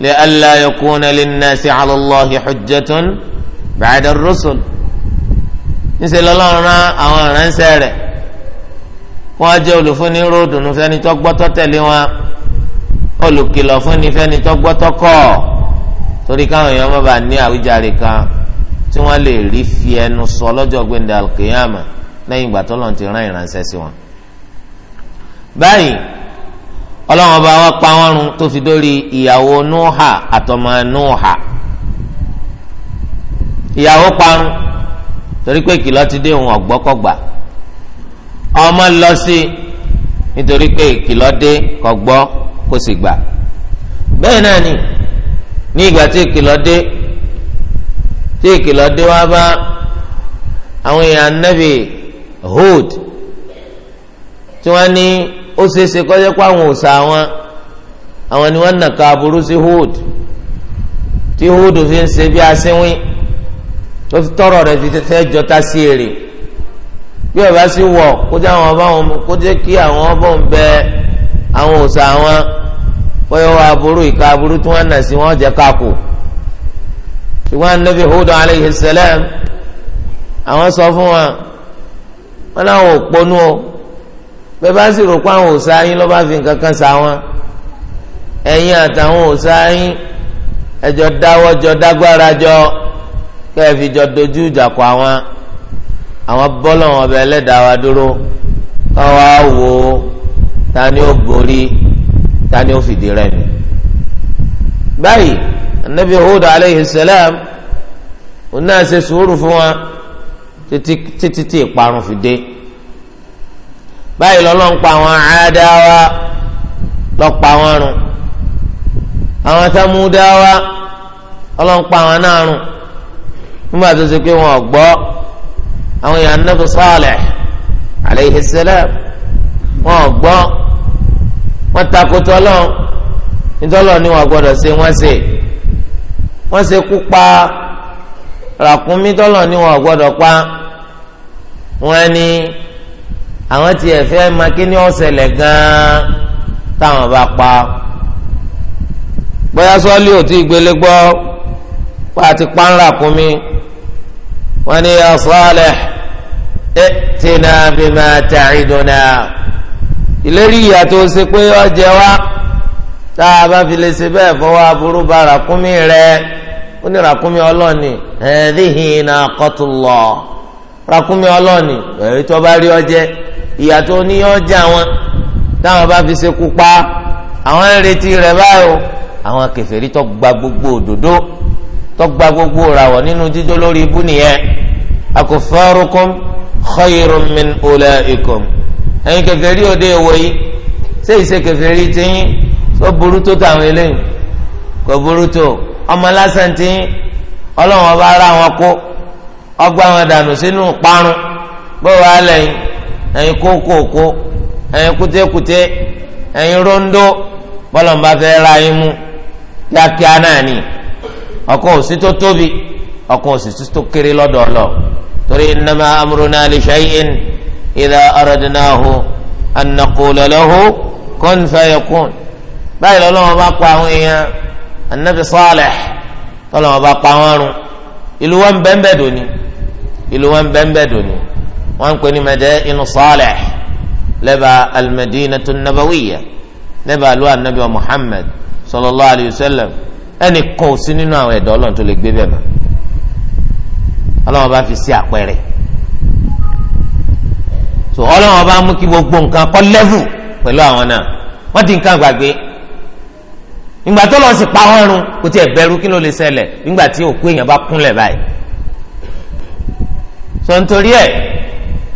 S1: li alla yakuna linnasi ala Allahi hujjatun rusul níṣẹ́ lọ́lọ́run rán àwọn wọ́n á jẹ́ olùfúnni ròdùnú fẹ́ni tó gbọ́tọ́ tẹ̀lé wọn olùkìlọ̀ fúnni fẹ́ni tó gbọ́tọ́ kọ̀ torí káwọn èèyàn má bàa ní àwíjàre kan tí wọ́n lè rí fi ẹnu sọ lọ́jọ́ gbẹ̀ndẹ̀ alkiyama lẹ́yìn ìgbà tọ́lọ́run ti rán ìránṣẹ́ sí wọn. báyìí ọlọ́run ọba wa pa wọ́n run tó fi dórí ìyàwó núhà àtọmọ núhà ìyàwó parun torí pé kìlọ̀ ti dé òun ọ̀gbọ́kọ̀gbà ọmọ lọ sí nítorí pé ìkìlọ̀ dé kò gbọ́ kò sì gbà bẹ́ẹ̀ náà ni ní ìgbà tí ìkìlọ̀ dé tí ìkìlọ̀ dé wá bá àwọn èèyàn nẹ́bì Hud tí wọ́n ní ó ṣeéṣe kọ́jọ́ pé àwọn òòṣà wọn àwọn ni wọ́n nàka aburú sí Hud tí Hud fi ń ṣe bí asínwín tó fi tọrọ rẹ̀ fi tẹ́tẹ́ jọta sí èrè. bí ọba sì wọ kó àwọn ọba wọn kó jẹ kí àwọn ọba ń bẹ àwọn òòṣà wọn bóyá wọn aburú ìka aburú tí wọn nà sí wọn jẹ káko ṣùgbọ́n anabi alayhi salam àwọn sọ fún wa wọn làwọn ò ponú o bẹ́ẹ̀ bá sì rò pé àwọn òòṣà yín ló bá fi nǹkan kan sa wọn ẹ̀yin àtàwọn òòṣà yín ẹjọ dáwọ́ dágbára jọ jọ àwọn bọ́lọ̀ wọn bẹ ẹlẹ́dàá wa dúró káwa wo ta ni ó borí ta ni ó fìdí rẹ̀ mi. báyìí anabi Hud aleyhi salam òun náà ṣe sùúrù fún wa títí tí ìparun fi dé báyìí lọ́lọ́ ń pa àwọn àádáwa lọ́pa wọn run àwọn Samudáwa ọlọ́n pa àwọn náà run nígbà tó ṣe pé wọn gbọ́ àwọn èèyàn Ànábì Sálíhù alayhi salam wọn gbọ́ wọn takotọ Ọlọ́run nítọ́lọ́ ni wọn gbọ́dọ̀ ṣe wọ́n ṣe wọ́n ṣe kú pa ràkúnmí tọ́lọ̀ ni wọn gbọ́dọ̀ pa wọn ni àwọn tí ẹ fẹ́ máa kí ni ó ṣẹlẹ̀ gan-an táwọn bá pa bóyá sọ́ọ́lì ò tí ì gbélé gbọ́ pa àti pa ń ràkúnmí. wọ́n ní ya Salih i'tina bima ta'iduna ìlérí ìyà ṣe pé jẹ wá tá a bá fi lè ṣe bẹ́ẹ̀ fọwọ́ aburú rẹ ó ní ọlọ́ọ̀ni ọlọ́ọ̀ni tó bá rí ọjẹ́ fi ṣekú pa àwọn ń rẹ báyìí àwọn kèfèrí tó gba gbogbo òdòdó tó gba gbogbo ràwọ̀ nínú jíjó lórí ibú akufarukum khayrun min ulaikum ẹ̀yin kèfèrí òde ìwò yìí ṣé ìṣe kèfèrí tiyín tó burú tó tàwọn eléyìí kò burú tó ọmọ lásán tiyín ọlọ́wọ́n bá ra wọn kó ọgbà wọn dànù sínú parun bọ́wọ́ alẹ́ yìí ẹ̀yin kókòkó ẹ̀yin kútẹ́kútẹ́ rondo bọ́lọ̀mbà fẹ́ ra yín mú kíákíá náà ni ọkọ̀ òsì tó tóbi ọkọ̀ òsì tó kéré lọ́dọ̀ torí innama amruna li shay'in idha aradnahu an naqula lahu kun fayakun báyìí lọ́lọ́wọ́ bá pa àwọn èèyàn anabi Salih tọ́lọ́wọ́ bá pa wọn run ìlú wọn bẹ́ẹ̀ dòní ìlú wọn bẹ́ẹ̀ dòní wọn ń pè ní madainu Salih lẹ́bàá al-madinatu an-nabawiyya lẹ́bàá lu anabi wa Muhammad sallallahu alayhi wa sallam ẹnì kan sí nínú àwọn ẹ̀dọ́ ọlọ́run tó lè gbé bẹ́ẹ̀ mọ́ ọlọ́wọ́n bá fi sí àpẹẹrẹ so ọlọ́wọ́n bá mú kí gbogbo nǹkan kọ́ lẹ́vù pẹ̀lú àwọn náà wọ́n di nǹkan gbàgbé ìgbà tó lọ sí pa wọ́n run kò tiẹ̀ bẹ̀rù kí ló lè ṣẹlẹ̀ nígbà tí òkú èèyàn bá kúnlẹ̀ báyìí so nítorí ẹ̀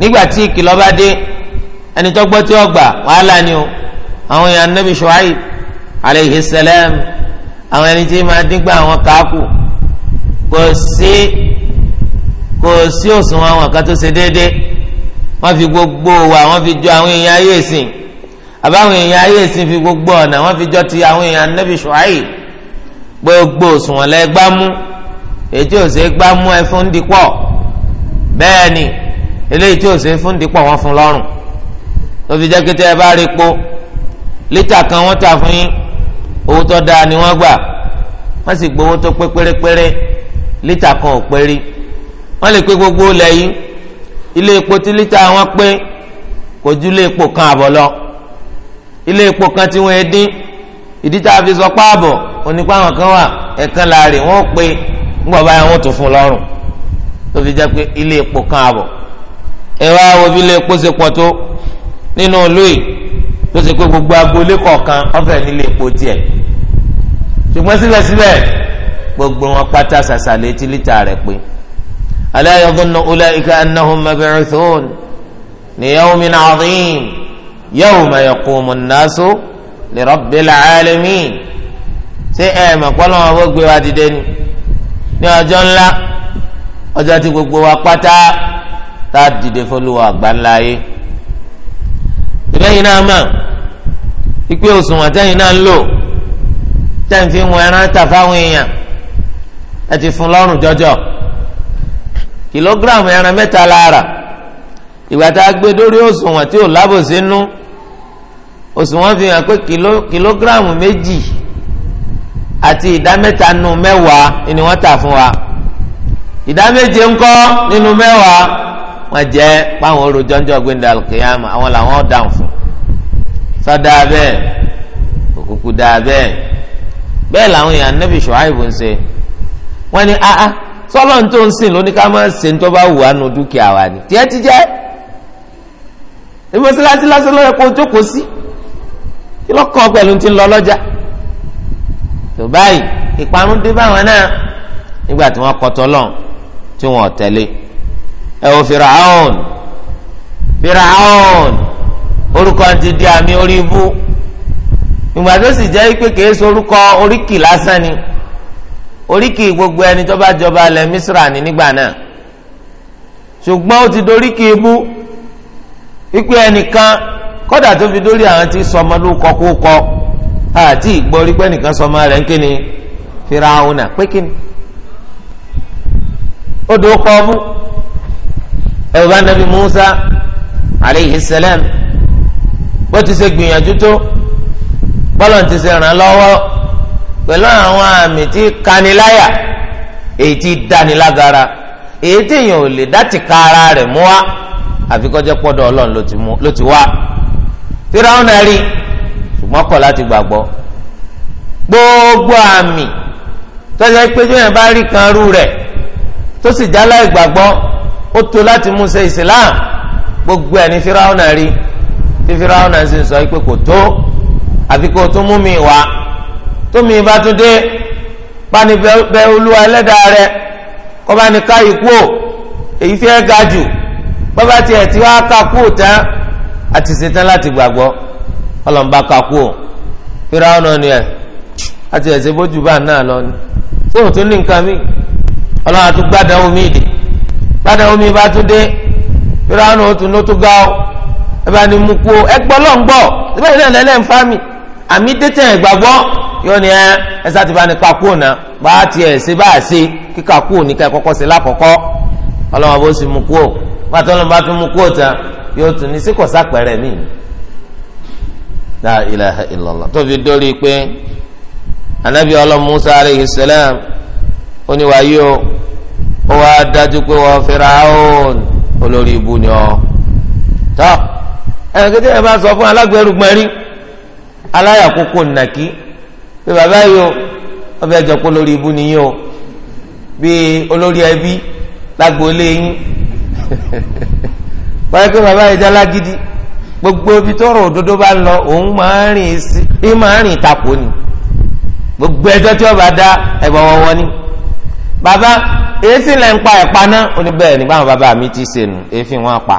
S1: nígbà tí ìkìlọ̀ bá dé ẹni tó gbọ́ tí ó gbà wàhálà ni o àwọn èèyàn Nabi Shuaib alayhi salam àwọn ẹni tí máa dín gbà àwọn kàákù kò sí kò sí òṣùwọ̀n àwọn kan tó ṣe déédé wọ́n fi gbogbo wa wọ́n fi jọ àwọn èèyàn ayé ìsìn àbáwọn èèyàn ayé ìsìn fi gbogbo ọ̀nà wọ́n fi jọ ti àwọn èèyàn anábì ṣùáì gbogbo òṣùwọ̀n lẹ gbámú èyí tí òṣè gbámú ẹ fún dípọ̀ bẹ́ẹ̀ ni eléyìí tí òṣè fún dípọ̀ wọ́n fún lọ́rùn tó fi jẹ́ kété ẹ bá rí po lítà kan wọ́n tà fún yín owó tó dáa ni wọ́n gbà wọ́n sì gbowó tó pé pérépéré lítà kan ò péré wọ́n lè pé gbogbo ilẹ̀ yìí ilé epo tí lítà wọn pé kò ju ilé epo kan àbọ̀ lọ ilé epo kan tí wọ́n ẹ dín ìdí tá a fi sọ páàbọ̀ onípa àwọn kan wà ẹ̀kan láàrin wọ́n pé ńgbọ̀ báyà wọ́n tó fún lọ́rùn tó fi jẹ́ pé ilé epo kan àbọ̀ ẹ wá wo bí ilé epo ṣe pọ̀ tó nínú ìlú yìí tó ṣe pé gbogbo agboolé kọ̀ọ̀kan ọ̀fẹ́ nílé epo tiẹ̀ ṣùgbọ́n síbẹ̀síbẹ̀ gbogbo wọn pátá ṣàṣàlẹ̀ tí lítà rẹ̀ pé. ألا يظن أولئك أنهم مبعوثون ليوم عظيم يوم يقوم الناس لرب العالمين ṣé ẹ mọ̀ pé Ọlọ́run bó gbé wa dìde ni ní ọjọ́ ńlá ọjọ́ tí gbogbo wa pátá tá a dìde fọlùwà àgbáńlá yé ìbẹ́yìn náà mọ̀ ìpè òṣùwọ̀n tẹ́yìn náà ń lò tẹ́yìn fi ń wọ ẹran tà fáwọn èèyàn ẹ ti fún lọ́rùn jọjọ kìlógíráàmù ẹran mẹ́ta lára ìgbà tá a gbé dórí òṣùwọ̀n tí ò lábòsí nú òṣùwọ̀n fi hàn pé kìlógíráàmù méjì àti ìdá mẹ́ta nù mẹ́wàá ni wọ́n tà fún wa ìdá méje ńkọ́ nínú mẹ́wàá wọ́n jẹ́ páwọn olùjọ́njọ́ gbẹ̀ndà kìyàmù àwọn làwọn dáhùn fún sọ́dà bẹ́ẹ̀ òkùnkùn dà bẹ́ẹ̀ bẹ́ẹ̀ làwọn èèyàn nẹ́bí Ṣuaibu ń wọ́n ní áá sọlọ tó ń sìn lóní ká máa ṣe tó bá wù ánú dúkìá wa ni tiẹ̀ ti jẹ́ ìmọ̀síláṣí lásán lọ́yẹ̀ kó o jókòó sí kí lọ́kàn pẹ̀lú ti ń lọ lọ́jà tó báyìí ìparun dé báwọn náà nígbà tí wọ́n kọ́tọ́ lọ́n tí wọ́n tẹ̀lé ẹ wò Firaun Firaun orúkọ ti di àmì orí ibú ìgbà tó sì jẹ́ pé kìí ṣe oríkì lásán ni. oríkì gbogbo ẹni tó bá jọba ilẹ̀ misra ní nígbà náà ṣùgbọ́n ó ti doríkì ibú wípé ẹnìkan kọ́dà tó fi dórí àwọn tí sọmọ ló kó kọ àti ìgbọ́ pé ẹnìkan sọmọ rẹ̀ ń kíni Firaona pé kíni ó dòó kọ́ ọ́ mú ẹ̀rọ bá nàbí Musa aleyhi salam bó ti ṣe gbìyànjú tó bọ́lọ̀ ti ṣe ràn án lọ́wọ́. pẹ̀lú àwọn àmì tí kaniláyà èyí tí dánilágara èyí tí èèyàn ò lè dátì ka ara rẹ̀ mú wá àfi kọjá pọ́dọ̀ ọlọ́run ló ti wá fíráwọn náà rí ṣùgbọ́n kọ̀ láti gbàgbọ́ gbogbo àmì tọ́jà pé tí wọ́n bá rí kan rú rẹ̀ tó sì jálá ìgbàgbọ́ ó tó láti mú ṣe ìsìláàmù gbogbo ẹni fíráwọn rí tí sì sọ pé kò tó àfi kò tó mú mi wá. tómi ìbá báni bẹ olúwa ẹlẹ́dàá rẹ kọ́ba ní ká ikú ò èyí fẹ́ ga jù bọ́ba tiẹ̀ tí wàá ká kú tán àti ṣetán láti gbàgbọ́ ọlọ́mùbá ká kú ò fíra ọ̀nà ni ẹ̀ àti ẹ̀sẹ̀ bójú bá náà lọ ni tó o tún ní nǹkan mi ọlọ́run àti omi omi ọ ẹ ọ ẹ gbọ́ lọ́ngbọ́ ẹ bá yẹn àmì tètè ìgbàgbọ́ yóò ní ẹ ẹ sá ti bá ní kakú ọ̀nà bá a tiẹ̀ ṣe bá a ṣe kí kakú òní ká kọ́kọ́ ṣe lákọ̀ọ́kọ́ ọlọ́wọ́n bó sì mú kú ò pàtó ọlọ́wọ́n bá fi mú kú ò tán yóò tún ní sí kò sápẹ̀rẹ̀ mí ni. la ilaha illallah tó fi dórí pé anabi ọlọ́run musa aleyhi oníwàyí o ó wá dájú pé wọ́n Firaun olórí ibu ni ọ́ tọ́ ẹ̀ kété ẹ bá sọ fún alágbèrúgbọ̀n rí aláyàkókò nàkí pé bàbá yìí o ọbẹ̀ ẹ̀jọ̀ pé olórí ibú nìyí o bíi olórí ẹbí lágboolé yín báyìí pé bàbá yìí jẹ́ alágídí gbogbo ibi tọrọ òdodo bá lọ òun máa ń rìn sí i máa ń rìn tako ni gbogbo ẹjọ́ tí ọba dá ẹbọ wọn wọn ni bàbá èéfín lẹ́ ń pa ẹ̀pa náà ó ní bẹ́ẹ̀ ni bàbá mi ti ṣe nù èéfín wọn pa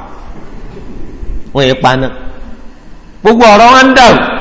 S1: wọn èé pa gbogbo ọ̀rọ̀ wọn ń dàrú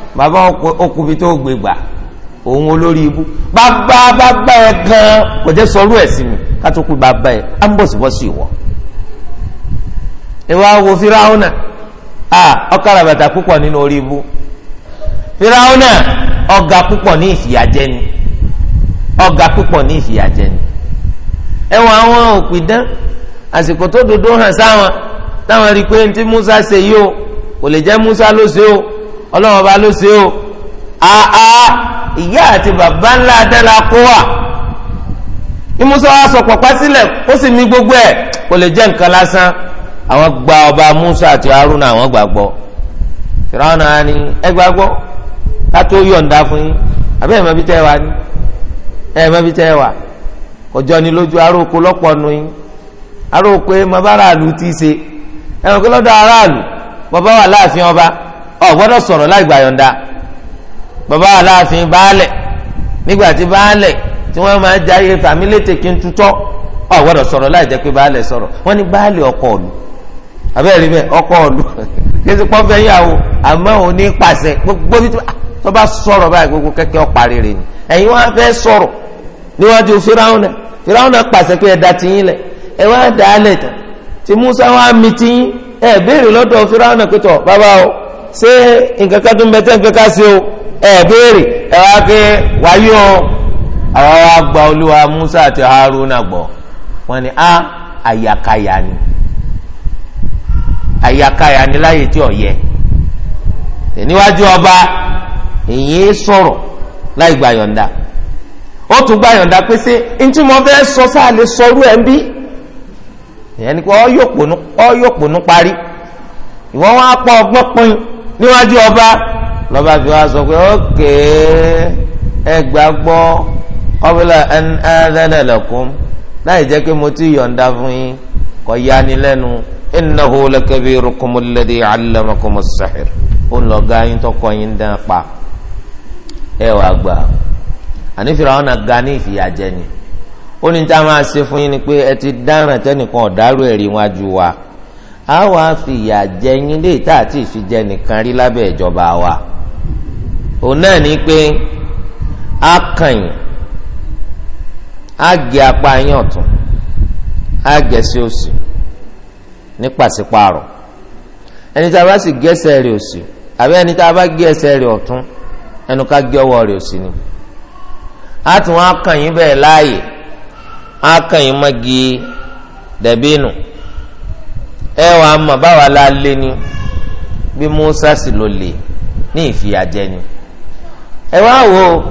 S1: bàbá okùnfin tó gbé gbà òun olórí ibú bàbá bàbá ẹ gan kò jẹ́ sọrú ẹ̀ sí mi kátó kú bàbá ẹ á ń bọ̀sibọ́sì wọ̀ ìwà wo firawuna a ọkàrà bàtà púpọ̀ nínú orí ibú firawuna ọ̀gá púpọ̀ ní ìfìyàjẹni ọ̀gá púpọ̀ ní ìfìyàjẹni ẹ wọ àwọn òpìdán àsìkò tó dodo hàn sáwọn táwọn rí i pé ntí Musa ṣe yìí o kò lè jẹ́ Musa ló ṣe o ọlọ́wọ́n bá ló ṣe o àá ìyá àti bàbá ńlá adẹ́la kó wà ní musa wa sọ pọ̀pá sílẹ̀ ó sì ní gbogbo ẹ̀ kò lè jẹ́ nǹkan lásán àwọn gba ọba musa àti haruna àwọn gbàgbọ́ fìràwọn àá ní ẹ gbàgbọ́ ká tó yọ̀ǹda fún yín àbẹ́ ẹ̀ mọ́bí tẹ́ wa ní ẹ̀ mọ́bí tẹ́ wa kọjọ́ ni lójú aróko lọ́pọ̀ nu yín aróko ẹ̀ mọ́ bá ti ṣe ẹ̀ mọ́ kí lọ́dọ̀ aráàlú bàbá wà láàfin ọba ọ gbọ́dọ̀ sọ̀rọ̀ láì gbà yọ̀ǹda bàbá aláàfin baálẹ̀ nígbà tí baálẹ̀ tí wọ́n máa jáyé fàmílẹ tèké ń tutọ́ ọ gbọ́dọ̀ sọ̀rọ̀ láì jẹ́ pé baálẹ̀ sọ̀rọ̀ wọ́n ní baálẹ̀ ọkọ ọlù abẹ́rẹ́ bẹ́ẹ̀ ọkọ ọlù kéde pọ́ fẹ́ yàwó àmọ́ òun ní pàṣẹ gbogbo bí tó bá sọ̀rọ̀ báyìí gbogbo kẹ́kẹ́ ọ̀pá rere ni ẹ̀yin wọn fẹ́ sọ̀rọ̀ níwájú firawuna firawuna pàṣẹ pé ẹ̀dá tiyín lẹ̀ ẹ̀ wá dàálẹ̀ tán tí musa wá mi tiyín ẹ̀ béèrè lọ́dọ̀ firawuna pé tọ̀ bàbá o ṣé nǹkan tó ń bẹ tẹ́ sí o ẹ béèrè ẹ wá gba olúwa Musa àti Haruna gbọ wọn ni a àyàkáyà ni àyàkáyà ni láyé tí ò yẹ níwájú ọba èyí sọrọ láì gba yọ̀ǹda ó tún gba yọ̀ǹda pé ṣé ntí mo fẹ́ sọ sáà lè sọrú ẹ̀ ń bí ọ yóò pònú parí ìwọ́n wá pọ̀ níwájú ọba lọ́ba fi wá sọ pé ókè ẹ gbàgbọ́ ọbẹ̀là ẹn ẹ́ẹ́dẹ́lẹ̀ lẹ́kùn láì jẹ́ pé mo ti yọ̀ǹda fún yín kọ́ yani lẹ́nu innahu lakabirukum alladhi allamakumus sihr ó ń lọ ga yín tọkọ yín dán pa ẹ wà gbà àní Fíráúnà náà ga ní ìfìyàjẹni ó ní tá a máa ṣe fún yín ni pé ẹ ti dáràn tẹ́nìkan ọ̀dárò ẹ̀rí wájú wa. Wa a wá fi ìyà jẹ yín léyìí tá àti ìfijẹ nìkan rí lábẹ́ ìjọba wa òun náà ni pé a kàn yín a gé apá yín ọ̀tún a gé sí òsì ní pàṣípààrọ̀ ẹni tá a bá sì gẹ́sẹ̀ rẹ̀ òsì àbí ẹni tá a bá gé rẹ̀ ọ̀tún ẹnu ká gé ọwọ́ rẹ̀ òsì ni a tún á kàn yín bẹ́ẹ̀ láàyè á kàn yín mọ́gi dẹ̀bínú. No ẹ wà á mọ̀ báwa la lé ni bí Musa sì ló lè ní ìfìyàjẹni ẹ wá wò ó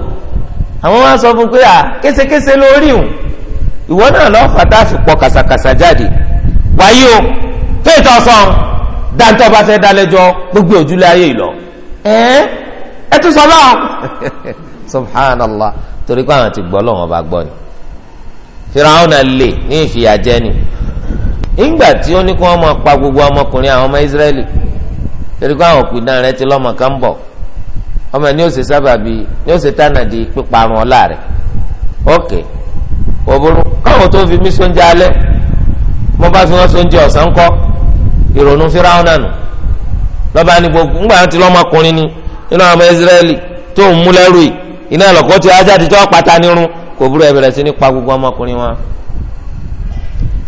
S1: àwọn wá sọ fún pé à késekése lórí òun ìwọ náà lọ fàtà àfipọ kàsàkàsà jáde wáyé o tó sàn dáńtọ́ bá fẹ́ dálẹ́jọ́ gbogbo òjúlé ayé ìlọ ẹ ẹ tún sọ báwọn subhanallah torí pé àwọn ti gbọ́ lọ́wọ́ bá gbọ́ ni Firaun náà lè ní ìfìyàjẹni. nígbà tí ó ní kí máa pa gbogbo ọmọkùnrin àwọn ọmọ Israẹli torí pé àwọn òpìdán rẹ ti lọ́mọ kan bọ ọmọ ní òsè sábàbí ní òsè tánàdì píparun ọ̀la rẹ ok òbúrú káwọn tó fi mí sóúnjẹ alẹ́ mo bá fi wọn sóúnjẹ ọ̀sán kọ́ ìrònú fíráwọn nànú lọ́ba ni gbogbo ńgbà tí ni nínú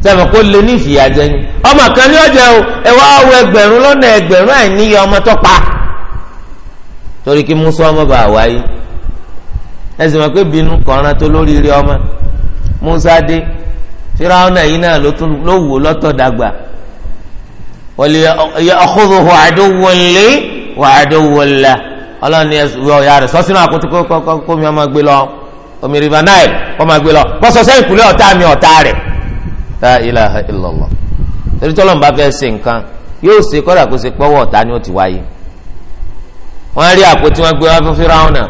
S1: sẹ́fẹ̀ kó lè ní ìfìyàjẹ ni ọmọ kan ní ọjà o ẹ wá wọ ẹgbẹ̀rún lọ́nà ẹgbẹ̀rún àìníyẹ ọmọ tó pa torí kí musa ọmọ bá wáyé ẹ sì mọ̀ pé bínú tó lóríire ọmọ musa dé firawuna yìí náà ló wò lọ́tọ̀ dàgbà wọlé wà á dó wọlé wà á dó ọlọ́run ni rẹ̀ sọ́sínú kó mi ọmọ gbé lọ omi náà lọ bọ́sọ̀ sẹ́yìn la ilaha illallah torí tọ́lọ́mù bá fẹ́ ṣe nǹkan yóò ṣe kọ́dà kó ṣe pọ́wọ́ ọ̀tá ni ó ti wáyé wọ́n rí àpótí wọn gbé wá fún Fíráúnà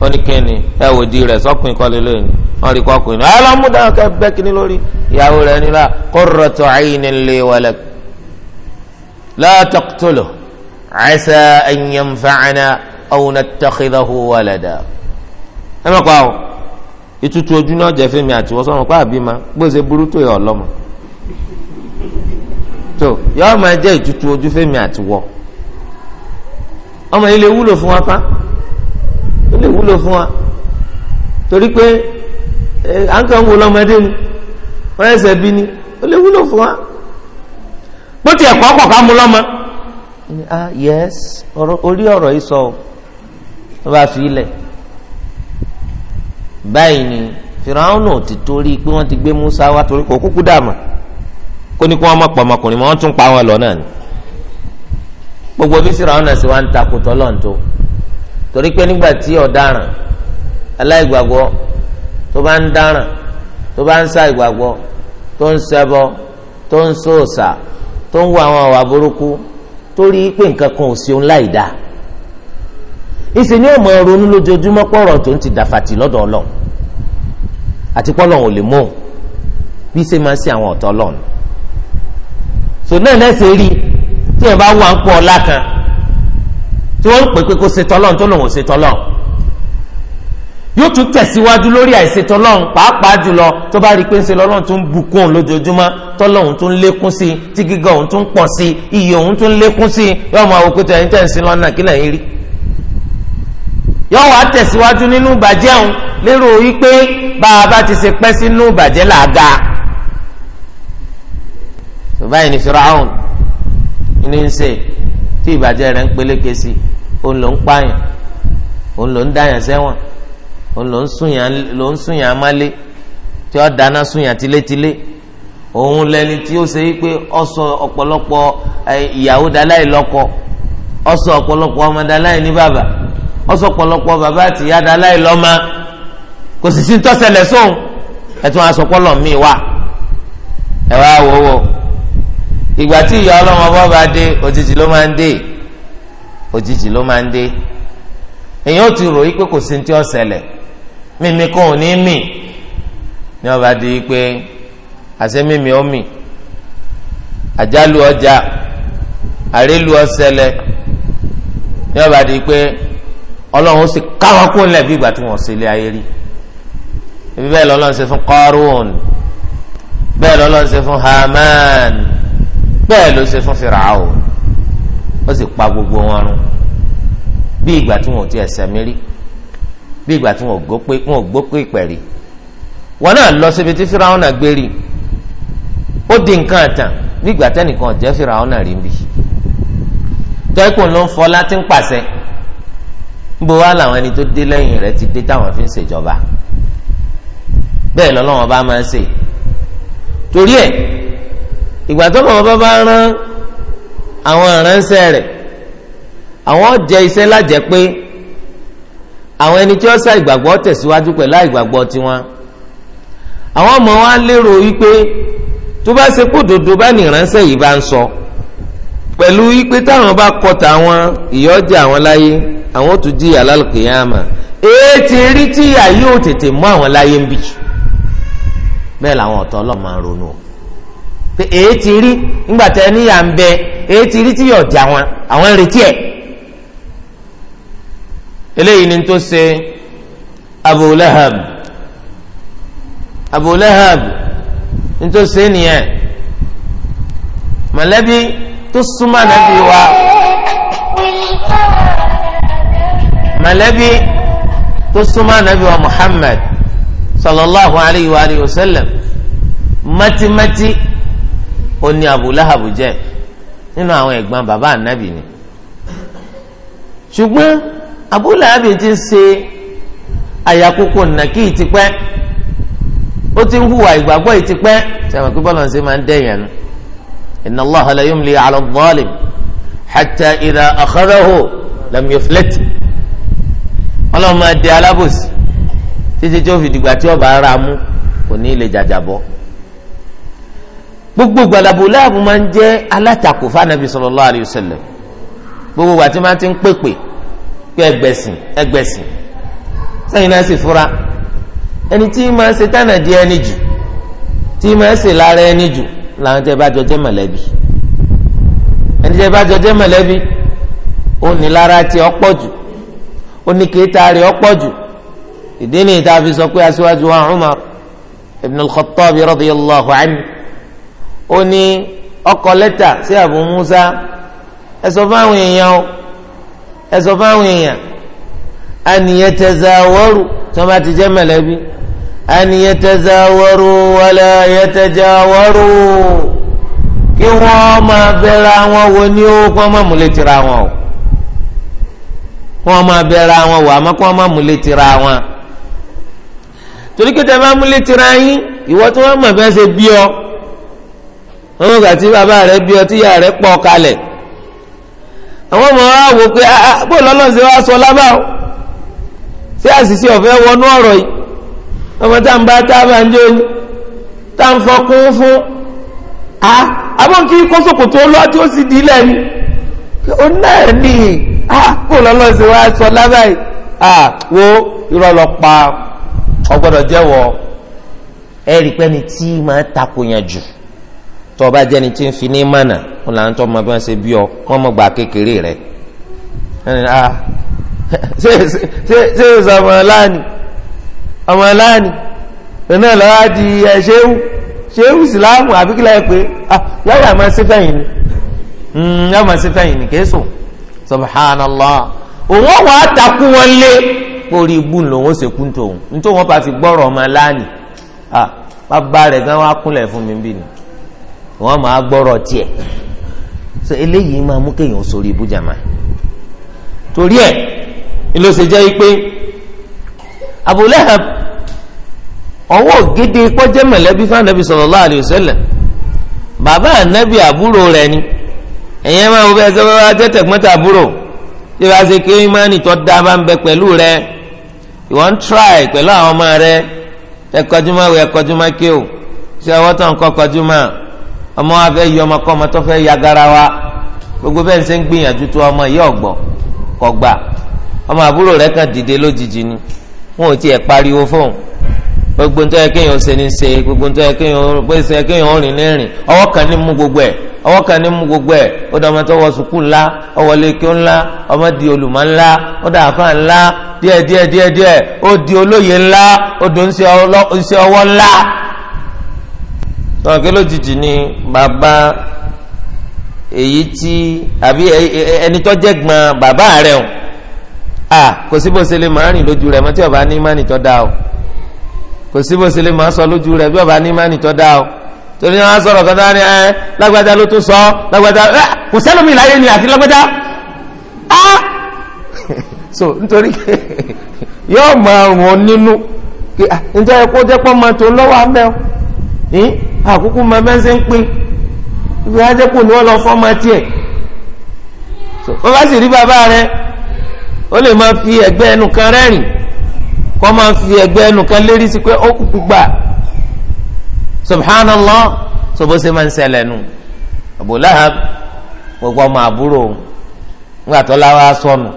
S1: wọ́n ní kíni ẹ wò di rẹ̀ sọ́kùnrin kọ́lé lónìí wọ́n rí kọ́kùnrin náà ọlọ́múdà kẹ́ bẹ́ kíní lórí ìyàwó rẹ̀ nílá qurratu aynin li wa lak la taqtuluhu asa an yanfa'ana aw nattakhidhahu walada ìtutù ojú náà jẹ fẹmi àti so sọ̀rọ̀ pa àbí ma gbọ́sẹ̀ burú yọ ọlọ́mọ tó yọ máa jẹ́ ìtutù ojú fẹmi àti wọ́ ọmọ yìí lè wúlò fún wa pa ó lè wúlò fún wa torí pé à ń kàn wò lọ́mọdé ni bí ni ó lè wúlò fún wa bó tiẹ̀ kọ́ kọ̀ ká ah, yes orí ọ̀rọ̀ yìí sọ ọ bá fi ilẹ̀. báyìí ni fìràwọn ò ti torí pé wọ́n ti gbé Musa wá torí kò kúkú dààmú kó ní kí wọ́n mọ pọmọkùnrin mọ wọ́n tún pa wọn lọ náà ni gbogbo bí fìràwọn náà sì wá ń takò tọlọ́n tó torí pé nígbà tí ọ̀daràn aláìgbàgbọ́ tó bá ń dáràn tó bá ń sa ìgbàgbọ́ tó ń ṣẹbọ tó ń sòòsà tó ń wo àwọn àwà burúkú tó pé nǹkan kan ò sí òun láì dáa ìsìn ní ọmọ ronú lójoojúmọ́ pọ̀rọ̀ tó ń ti dàfàtì lọ́dọ̀ Ọlọ́run àti pọ́lọ́hún ò lè mú òun bí ṣe máa ṣe àwọn ọ̀tọ̀ lọ́nà so náà lẹ́sẹ̀ rí tí ẹ bá wà ń pọ̀ ọ̀la kan tí wọ́n ń pè pé kó ṣe tọ́lọ́hún tó lòun ò ṣe tọ́lọ́hún yóò tún tẹ̀síwájú lórí àìṣetọ́lọ́hún pàápàá jùlọ tó bá rí i pé ń ṣe lọ́lọ́hún tó ń bùkún òun lójoojúmọ́ tọ́lọ́hún tó ń lékún sí i tí gíga òun tó ń pọ̀ sí i iye òun tó ń lékún sí i yóò yóò wá tẹ̀síwájú nínú ìbàjẹ́ òun lérò wípé bá a bá ti ṣe pẹ́ sínú ìbàjẹ́ làága. bàbá yìí ni Firaun ní ń ṣe tí ìbàjẹ́ rẹ̀ ń peléke sí òun ló ń pààyàn òun ló ń dáyàn sẹ́wọ̀n òun ló ń súnyàn amálé tí ó dáná súnyàn tilétilé òun lẹni tí ó ṣe wípé ọsọ ọ̀pọ̀lọpọ̀ ìyàwó dáláì lọ́kọ ọsọ ọ̀pọ̀lọpọ̀ ọmọ dáláì ní bàbá ọsọpọlọpọ bàbá baba ti da láì lọ́mọ kò sì sí ń tọ́sẹ̀lẹ̀ sóun ẹ̀tún asọpọlọ mi wà ẹ wá wò wò ìgbà tí ìyá ọlọ́mọ bá bá dé òjijì ló máa ń dé òjijì ló máa ń dé èyàn ó ti rò yí pé kò sí ń tí ó mímí kò ní mì ní ọba di pé àṣẹ mímí ó mì àjálù ọjà àrélu ọṣẹlẹ̀ ní ọba di pé ọlọ́run ó sì káwọn kó nílẹ̀ bí ìgbà tí wọ́n ṣe ilé ayé rí ibi bẹ́ẹ̀ lọ́lọ́run ṣe fún Qarun bẹ́ẹ̀ lọ́lọ́run ṣe fún Haman bẹ́ẹ̀ ló ṣe fún Fir'aun ó sì pa gbogbo wọn run bí ìgbà tí wọn ò ti ẹsẹ̀ mi rí bí ìgbà tí wọn ò gbópé ìpẹ̀rí wọn náà lọ síbi tí Fir'aun náà gbé rí ó di nǹkan àtàn bí ìgbà tẹ́nìkan jẹ́ Fir'aun náà rí bí tẹ́kùn ló ń fọlá tí ń pàṣẹ níbo wá làwọn ẹni tó dé lẹ́yìn rẹ̀ ti dé táwọn fi ń ṣèjọba bẹ́ẹ̀ lọ́lọ́wọ́n bá máa ń ṣe torí ẹ̀ ìgbà tó lọ́wọ́ bá bá rán àwọn ìránṣẹ́ rẹ̀ àwọn jẹ iṣẹ́ lájẹ pé àwọn ẹni tí wọ́n sá ìgbàgbọ́ tẹ̀síwájú pẹ̀lú àìgbàgbọ́ tiwọn àwọn ọmọ wa lérò wípé tó bá ṣe kó dòdò bá ní ìránṣẹ́ yìí bá ń sọ pẹ̀lú wípé táwọn bá kọ tàwọn ìyọ́jà àwọn láyé àwọn ó tún jìyà lálùkìyàmà èé ti rí ti ya tètè mú àwọn láyé ń bì bẹ́ẹ̀ làwọn ọ̀tọ̀ ọlọ́ọ̀ máa ronú pé èé ti rí nígbà tẹ níyà ń bẹ ti rí tíyà ọ̀jà wọn àwọn ń retí ẹ̀ Abu Lahab Abu nìyẹn tó nàbí wa. mọ̀lẹ́bí tó súnmọ́ anabi wa muhammad sallallahu alayhi wa alayhi wa sallam mátímátí ó ní abu lahabu jẹ́ nínú àwọn ẹ̀gbọ́n bàbá anabi ni ṣùgbọ́n abu lahabi ti ṣe àyàkókò nàkí tipẹ́ ó ti ń hùwà ìgbàgbọ́ ìtipẹ́ sẹ́wọ̀n pé bọ́lá ń ṣe máa ń dẹ̀yàn nu inna Allaha la yumli ala adh-dhalim hatta idha akhadhahu lam yuflit ọlọ́run máa dẹ alábòsí títí tí ó fi dìgbà tí ọba ara mú kò ní ilé jàjàbọ́ gbogbo gbàdàbò láàbù máa ń jẹ́ alátakò fáànàbì sallallahu alayhi sallam gbogbo ìgbà tí máa ti ń pèpè pé ẹgbẹ̀sìn ẹgbẹ̀sìn sẹ́yìn náà sì fura ẹni tí máa ń ṣe tánàdí ẹni jù tí máa ń ṣe lára ẹni jù làwọn tẹ bá jọjẹ mọ̀lẹ́bí ẹni tẹ bá jọjẹ mọ̀lẹ́bí ó ní lára tí ọ̀pọ̀ jù ó ní kéétà rẹ̀ ọ̀pọ̀ jù ìdí ni ìta fi sọ pé aṣíwájú wa Umar ibn al-Khattab radiyallahu anhu ó ní ọkọ lẹ́tà sí Abu Musa ẹ sọ fáwọn èèyàn o ẹ sọ fáwọn èèyàn an yatazawaru tí wọ́n bá ti jẹ́ mẹ̀lẹ́bí an yatazawaru wala yatajawaru kí wọ́n máa bẹ̀rẹ̀ àwọn wo ni ó kọ́ mọ̀múlẹ̀ tìra wọn o kó wọn máa bẹ̀rẹ̀ àwọn wò àmọ́ kó wọn máa múlé tira wọn torí pé tẹ́ bá múlé tira yín ìwọ tí wọ́n mọ̀ bẹ́ẹ̀ ṣe bí ọ wọn gbà tí bàbá rẹ bí ọ tí ìyá rẹ pọ̀ kalẹ̀ àwọn ọmọ wa wò pé ah, ah, bó lọ́lọ́ ṣe wá sọ lábàá o ṣé àṣìṣe ọ̀fẹ́ wọnú ọ̀rọ̀ yìí ọmọ tá à ń bá ń jó ni tá à fọkún fún a ah, abọ́n kí kóṣòkòtò lọ́ọ́ tí ó sì dí lẹ́nu ó náà ní kó ah, lọ́lọ́ sí wa sọ lábàáyé ah, wo irọ́ lọ pa ọgbọ́dọ̀ jẹ́wọ́ ẹ rí i pé ni tí máa takò yẹn jù tó o bá jẹ́ni tí ń fi ní mànà wọn là ń tọ́ ọmọ bí wọ́n ṣe bí ọ wọ́n mọ̀ gbà kékeré rẹ̀ ah, ṣé ṣé ṣe ọmọ láàánì ọmọ láàánì ìnáà lọ́wọ́ di ẹ̀ ṣéwù ṣéwù síláàmù àbíkílẹ̀ pé yàrá máa ṣe fẹ́yìn ni hmm, yàrá máa ṣe fẹ́yìn ni kéésùn. subhanallah òun wà á takú wọn lé kórí ibú lòun ó ṣe tòun nítorí wọn bá ti gbọ́rọ̀ ọmọ aláàní bàbá rẹ̀ gan wá kúnlẹ̀ fún mi bí ni wọn máa so eléyìí máa mú kéèyàn sórí ibú jàmá torí ẹ̀ ló ṣe jẹ́ pé Abu ọwọ́ gidi kọjá mọ̀lẹ́bí fún anabi sallallahu alaihi wasallam bàbá anabi àbúrò ẹ̀yin máa wo bẹ́ẹ̀ sọ́wọ́ wá jẹ́ tẹ̀gbọ́ntàbúrò tí wàá ṣe kí tó bá ń bẹ pẹ̀lú rẹ ìwọ ń try pẹ̀lú àwọn ọmọ rẹ ẹ kí o ṣé ọwọ́ tó ń kọ́ ọmọ wa fẹ́ yí ọmọ kọ́ ọmọ tó fẹ́ wa gbogbo bẹ́ẹ̀ ṣe ń gbìyànjú tó ọmọ yìí ọ̀gbọ̀ ọmọ àbúrò rẹ kàn dìde lójijì ni wọn ò tiẹ̀ pariwo fóun gbogbo ntọ́ yẹ kéèyàn ṣe ní ṣe gbogbo ntọ́ yẹ kéèyàn bó ṣe kéèyàn rìn lẹ́rìn ọwọ́ kan ní mú gbogbo ẹ̀ ọwọ́ kan ní mú gbogbo ẹ̀ ó dọ̀ ọmọ tó wọ sùkúù ńlá ọwọ́ lẹ́kẹ́ ńlá ọmọ di olùmọ̀ ńlá ó dọ̀ àfa ńlá díẹ̀ díẹ̀ díẹ̀ díẹ̀ ó di olóye ńlá ó ọwọ́ ńlá. sọ̀rọ̀ kí lójijì ni bàbá èyí tí àbí ẹni tó jẹ́ gbọ́n bàbá rẹ̀ o kò síbòsílẹ̀ máa rìn lójú o. kò sí bó ṣe lè máa sọ lójú rẹ bí ọba ní mánì tó dá o torí wọn sọ̀rọ̀ kan dáa ni ẹ lágbájá ló tún sọ lágbájá ẹ kò sẹlómi láyé ni àti lágbájá á so nítorí yóò máa wọn nínú ǹjẹ́ ẹ kó jẹ́ pọ́ máa tó lọ́wọ́ abẹ́ o ní àkókò máa bẹ́ẹ̀ ṣe ń pín ibi wá jẹ́ kó ní wọ́n lọ fọ́ máa tiẹ̀ wọ́n bá sì rí bàbá rẹ ó lè máa fi ẹ̀gbẹ́ ẹnu kan rẹ́rìn kọ́ máa fi ẹgbẹ́ ẹnu kan lérí sí pé ó kúkú gbà subhanallah sọ bó máa ń ṣẹlẹ̀ nù Abu gbogbo ọmọ àbúrò ńgbà tó láwa sọnù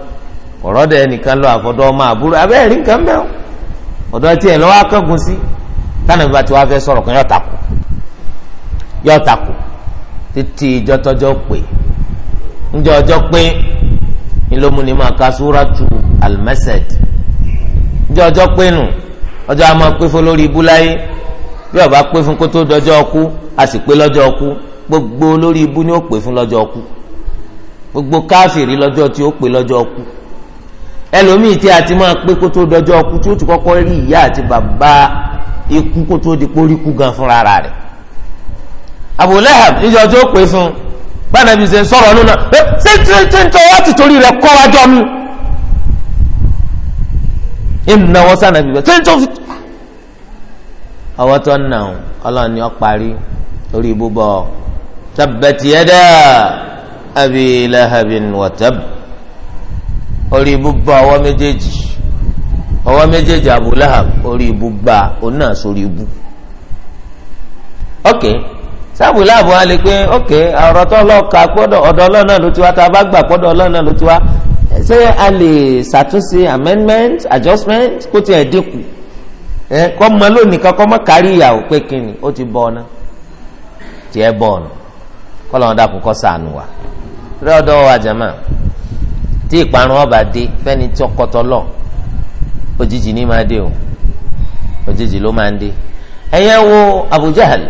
S1: ọ̀rọ̀ dẹ̀ nìkan lọ àfọ̀dọ̀ ọmọ àbúrò abẹ́rẹ́ rí nǹkan bẹ́ẹ̀ ọ̀dọ̀ tiẹ̀ lọ́wọ́ akẹ́gùn sí tánà bí ti wá fẹ́ sọ̀rọ̀ kan títí ìjọ tọjọ́ pé ọjọ́ pé ǹjẹ́ ọjọ́ pé nù ọjọ́ a máa pé fún lórí ibú láyé bí ọba pé fún kó tó dọjọ́ ọkú a sì pé lọ́jọ́ ọkú gbogbo lórí ibú ni ó pè fún lọ́jọ́ ọkú gbogbo káfìrí lọ́jọ́ tí ó pè lọ́jọ́ ọkú ẹlòmíì tí a ti máa pé kó tó dọjọ́ ọkú tí ó ti kọ́kọ́ rí ìyá àti bàbá ikú kó tó di kórìkú gan fúnra rẹ̀ Abu Lahab níjọ́ tí fún bá nàbí sọ̀rọ̀ lónà ṣé ṣé ṣé ń tọ́ ń náwó sànàbí bẹ́ẹ̀ twenty of àwọn tó ń nà ó ọlọ́run ni ó parí orí ibùbọ̀ tabbat yada abi lahabin wa tab orí ibùbọ̀ ọwọ́ méjèèjì ọwọ́ méjèèjì abu lahab orí ibùgbà òun náà sórí ibù ok sábù láàbù wa lè pé ok ọ̀rọ̀ tó lọ́ọ́ ka gbọ́dọ̀ ọ̀dọ̀ ọlọ́run náà ló ti wá tá a bá gbà gbọ́dọ̀ ọlọ́run náà ló ti wá ṣé a lè ṣàtúnṣe amendment adjustment kó tiẹ̀ dínkù ẹ kọ́ mọ lónìí kan kọ́ mọ kárí ìyàwó pé kíni ó ti bọ̀ ọ̀nà tiẹ̀ bọ̀ ọ̀nà kọ́ lọ́wọ́n dàkún kọ́ sànù wa rẹ́ ọ̀dọ́ tí ìparun ọba dé fẹ́ni tí ọkọ tọ́lọ̀ òjijì ní máa dé o òjijì ló máa ń dé ẹ̀yẹ́ wo Abu Jahal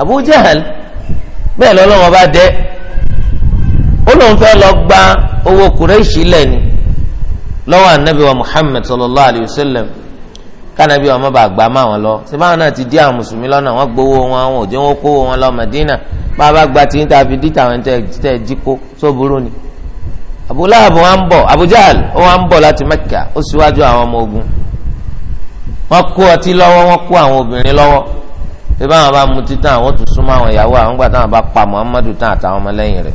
S1: Abu Jahal bẹ́ẹ̀ lọ́lọ́wọ́n bá dẹ́ lóun fẹ́ lọ gba owó kùrẹ́ṣì lẹ́ni lọ́wọ́ anabi wa muhammed sallallahu alayhi wa sallam kánabi wa mọba àgbà máa wọn lọ sèbáwọn náà ti di àwọn mùsùlùmí lọ́nà wọn gbowó wọn àwọn òjò wọn kó wọn lọ Madina bàbá gba tí ń tàbí dìtà wọn tẹ jí kó tó burú ni Abu Lahab wọn ń bọ̀ Abu Jahl wọn ń bọ̀ láti Mẹ́kà ó síwájú àwọn ọmọ ogun wọn kó ọtí lọ́wọ́ wọn kó àwọn obìnrin lọ́wọ́ sèbáwọn bá mutí tán àwọn tó súnmọ́ àwọn ìyàwó àwọn gbà táwọn bá pa Muhammadu tán àtàwọn ọmọlẹ́yìn rẹ̀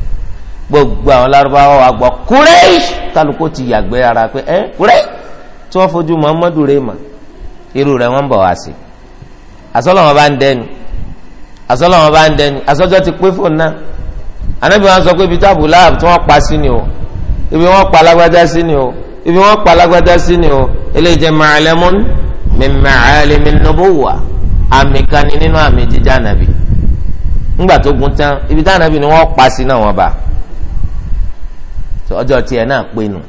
S1: gbogbo àwọn Lárúbáwá wa gbọ́ kúrẹ́ẹ̀ṣ kálukó ti yàgbẹ́ ara pé ẹ kúrẹ́ tí wọ́n fojú Muhammadu rẹ̀ mà irú rẹ̀ wọ́n ń bọ̀ wá sí asọ́lọ́ wọn bá ń dẹnu asọ́lọ́ wọn bá ń dẹnu asọ́jọ́ ti pé fóònù náà anábì wọn sọ pé ibi táàbù láàbù tí wọ́n pa sí ni o ibi wọ́n pa alágbádá sí ni o ibi wọ́n pa alágbádá sí ni o eléyìí jẹ́ màálẹ́mọ́n mi màálẹ́mí nọ́bọ̀wà àmì kan ni nínú àmì jíjà nàbì ńgbà tó gun tán ibi táàbù nàbì ni wọ́n pa sí náà wọ́n bá a ọjọ́ tiẹ̀ náà pé nù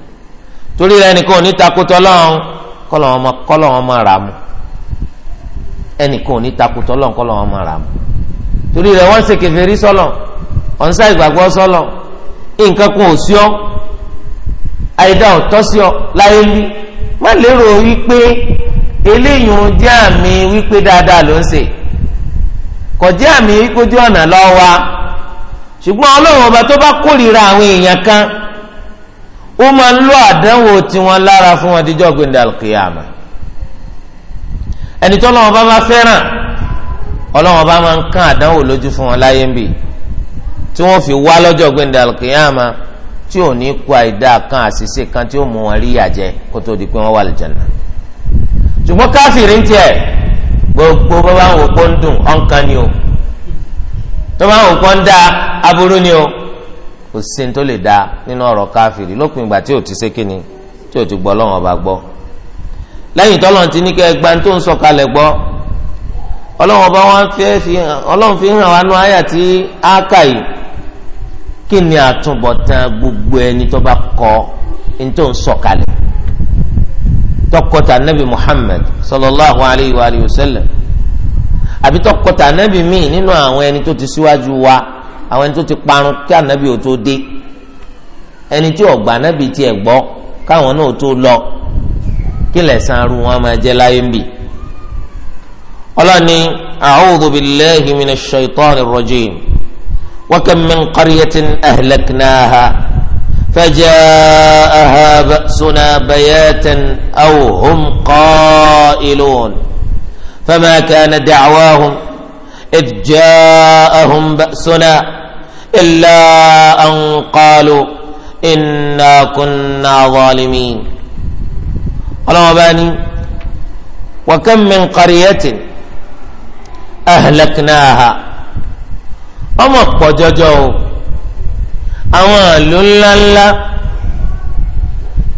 S1: torí rẹ ẹnìkan ò ní takùtọ̀ lọ́hùn kọ́lọ́hùn ọmọ rà mú ẹnìkan ò ní takùtọ̀ lọ́hùn kọ́lọ́hùn ọmọ rà mú torí rẹ wọ́n ń ṣe kèfèrí sọ́lọ̀ ọ̀nsá ìgbàgbọ́ sọ́lọ̀ nǹkan kan ò sí ọ́ àìdá ò tọ́ sí ọ láyé lú má lérò wípé eléyìí ń àmì wípé dáadáa ló ń ṣe kò àmì wípé ojú ọ̀nà lọ́wọ́ wa ṣùgbọ́n ọlọ́run ọba tó bá kórìíra àwọn èèyàn kan ó máa ń lo àdánwò tiwọn lára fún wọn díjọ́ gbẹ̀ndẹ̀ alkiyama ẹni tọ́lọ́wọ́n bá bá fẹ́ràn ọlọ́wọ́n bá máa ń kán àdánwò lójú fún wọn láyé ń bì tí wọ́n fi wá lọ́jọ́ gbẹ̀ndẹ̀ alkiyama tí ò ní kó àìdá kan àṣìṣe kan tí ó mú wọn rí ìyàjẹ kó tó di pé wọ́n wà lìjànà ṣùgbọ́n káfíìrì ń tiẹ̀ gbogbo bá bá ń pọ́ ń dùn ọ̀ǹkan ni o tó bá ń wò pọ́ ń dá aburú ni o kò sí ní tó lè da nínú ọ̀rọ̀ káfíìrì lópin ìgbà tí ò ti ṣe kíni tí ò ti gbọ́ lọ́wọ́n ọba gbọ́ lẹ́yìn tọ́lọ́n ti ní kẹ́ ẹ gba tó ń sọ kalẹ̀ gbọ́ ọlọ́wọ́n ọba wọn fẹ́ fi ọlọ́wọ́n fi hàn wá àyà tí á kà yìí kí ni àtúbọ̀tán gbogbo ẹni tó bá kọ ní tó ń sọ kalẹ̀ tọkọta nabi Muhammad sallallahu alayhi wa sallam àbí tọkọta nabi mi nínú àwọn ẹni tó ti síwájú wa àwọn ẹni tó ti parun kí ànábì ò tó dé ẹni tí ọ̀gbà ànábì tiẹ̀ gbọ́ káwọn náà tó lọ kí lẹ̀sán arú wọn máa jẹ́ láyé ń bì. ọlọ́ni a'udhu billahi minash shaitanir rajim wa kam min qaryatin ahlaknaha faja'aha ba'suna bayatan aw hum qa'ilun fama kana da'wahum idh ja'ahum ba'suna. إلا أن قالوا inna كنا ظالمين. ọlọ́wọ́n bá وكم من قرية أهلكناها؟ أما ahlaknaha أما pọ̀ jọjọ o àwọn ìlú ńláńlá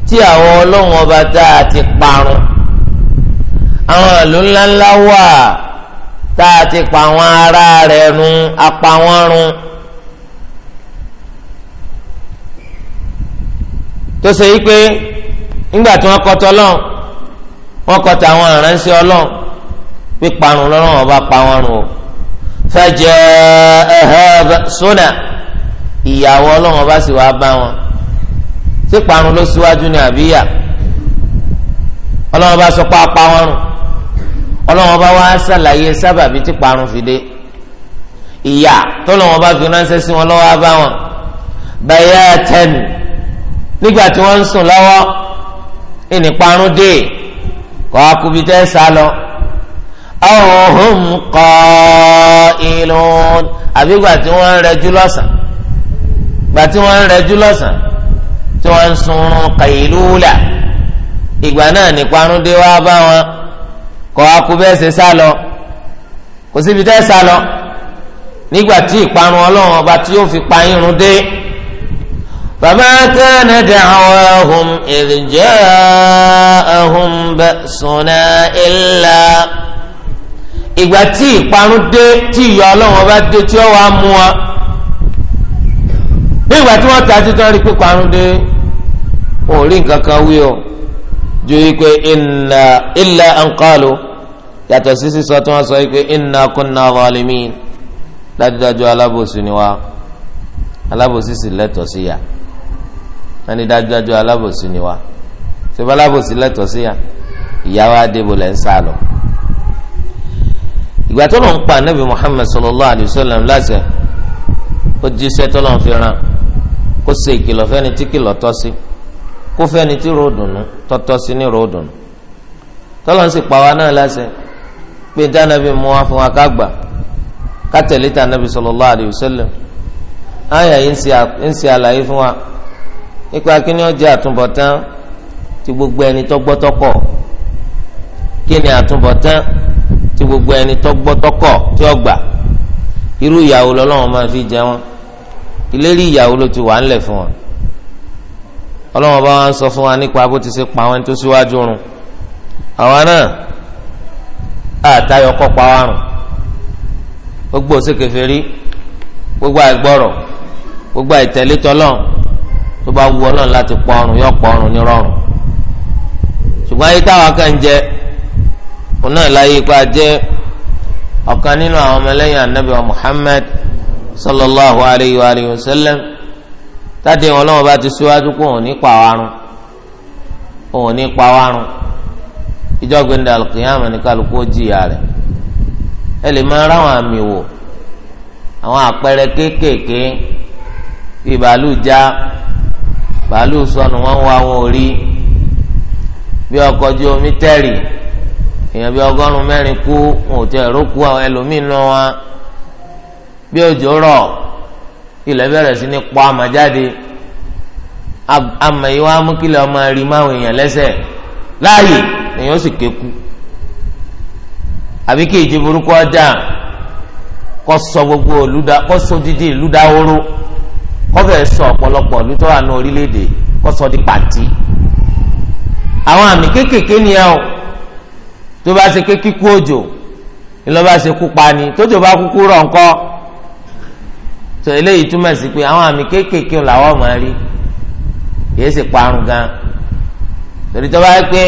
S1: tí àwọn ọlọ́wọ́n ọba tá a ti parun àwọn ìlú ńláńlá wà tá a ti pa àwọn ará rẹ̀ run apá wọn run. tó ṣe yí pé nígbà tí wọ́n kọtọ lọ́n wọ́n kọtọ àwọn aránṣẹ́ ọlọ́n píparun lọ́rùn ọba pa wọn rùn o fẹjẹ ẹhẹ sọnà ìyàwó ọlọ́run ọba sì wá bá wọn tí parun ló síwájú ní àbíyà ọlọ́run ọba sọ pé apá wọn rùn ọlọ́run ọba wá ṣàlàyé sábàbí tí parun fi dé ìyà tọ́lọ́run ọba fi ránṣẹ́ sí wọn lọ́wọ́ bá wọn bayatan nígbà tí wọ́n ń sùn lọ́wọ́ ìníparun dé kọ́ akubi tẹ́ sá lọ ọ̀hún kọ́ ìlún àbí gbà tí wọ́n ń rẹjú lọ́sàn gbà tí wọ́n ń rẹjú lọ́sàn tí wọ́n ń sunrun kàìlúùlà ìgbà náà níparun dé wá bá wọn kọ́ akubi sá lọ kò síbi tẹ́ sá lọ nígbà tí ìparun ọlọ́run ọba tí yóò fi pa irun dé.
S2: فما كان دعواهم
S1: إذ جاءهم بأسنا إلا ìgbà tí ìparun dé tí ìyà ọlọ́run ọba dé tí ó wàá mú wa ní ìgbà tí wọ́n ta títọ́ rí pé parun dé wọn ò rí nǹkan kan wí o ju wípé inna illa an qalu yàtọ̀ sí sísọ tí wọ́n sọ wípé inna kunna zalimin dájúdájú alábòsí ni wa alábòsí sì lẹ́tọ̀ọ́ sí yà. ẹni dájúdájú alábòsí ni wa ṣe bá alábòsí lẹ́tọ̀ọ́ sí ya ìyàwó adébò lẹ́ ń sá lọ. ìgbà tó lọ ń pa anabi muhammed sallallahu alayhi láṣẹ ó jíṣẹ́ tó lọ fi ràn kó ṣe ìkìlọ̀ fẹ́ni tí kìlọ̀ tọ́ sí kó fẹ́ni tí ròdùnú tọ́tọ́ sí ní ròdùnú sì pa wa náà láṣẹ pé mú wa fún wa ká gbà ká tẹ̀lé nípa kí ni ó jẹ́ àtúbọ̀tán tí gbogbo ẹni tó gbọ́ tọ́kọ̀ kí ni àtúbọ̀tán tí gbogbo ẹni tó gbọ́ tọ́kọ̀ tí ó gbà irú ìyàwó lọ́lọ́wọ́n máa fi jẹ wọn ìlérí ìyàwó ló ti wà ńlẹ̀ fún wọn ọlọ́wọ́n bá wọn sọ fún wa nípa bó ti ṣe pa wọn tó síwájú run àwa náà àtayọ pa wa run gbogbo òsèkèfé rí gbogbo àìgbọ́rọ̀ gbogbo àìtẹ̀lé tọ́lọ́run tó bá wu ọlọ́run láti pọ ọrùn yọ pọ ọrùn ní rọrùn ṣùgbọ́n ayé táwa kan jẹ òun náà láyé ipa jẹ ọ̀kan nínú àwọn ọmọlẹ́yìn anabi wa Muhammad sallallahu alayhi wa alayhi wa sallam táde wọn lọ́wọ́ bá ti síwájú kó òun ní pàwárùn òun ní pàwárùn ìjọ gbẹndà alùkìyàmù ní kálukú ó jìyà rẹ̀ ẹ lè máa ráwọn àmì wò àwọn àpẹẹrẹ kéékèèké bíi bàálù sọnù wọn wá wọn ò rí bí ọkọ̀ ojú omi tẹ̀rì èèyàn bí ọgọ́rùn-ún mẹ́rin kú wọn ò tẹ̀ rókú àwọn ẹlòmíín náà wá bí òjò rọ̀ ilẹ̀ bẹ̀rẹ̀ sí ní pọ́ àmàjáde àmọ̀ yìí wá mú kílẹ̀ ọmọ rí máwọn èèyàn gbogbo olùdá kọ́ kọfẹ sọ ọ̀pọ̀lọpọ̀ ìlú tó wà ní orílẹ̀-èdè kó sọ di pàǹtí àwọn àmì kéékèèké nìyẹn o tó bá ṣe ké kíkú òjò ìlọba ṣe kú pani tójò bá kúkú rọ̀ ńkọ́ tó eléyìí túmọ̀ sí pé àwọn àmì kéékèèké làwọn máa rí kìí ṣe parun gan torí tó bá yẹ pé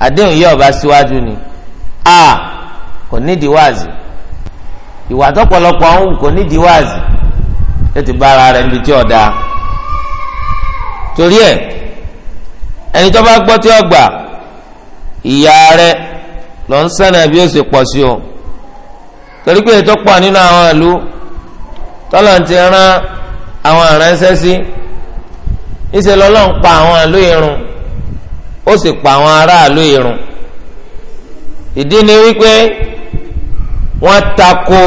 S1: àdéhùn yìí ọba síwájú ni a kò nídìí wáàzì ìwà tọ̀pọ̀lọpọ̀ àwọn kò nídìí wáàzì yóò ti bá ara níbi ọ̀dà torí ẹ ẹni tó bá gbọ́ tí ó gbà ìyá rẹ lọ ń sẹ́nà bí ó sì pọ̀ sí o torí pé ètò pọ̀ nínú àwọn ìlú tọ́lọ̀ ti rán àwọn aránṣẹ́ sí níṣẹ́ lọ́lọ́ pa àwọn ìlú irun ó sì pa àwọn aráàlú irun ìdí ni wípé wọ́n tako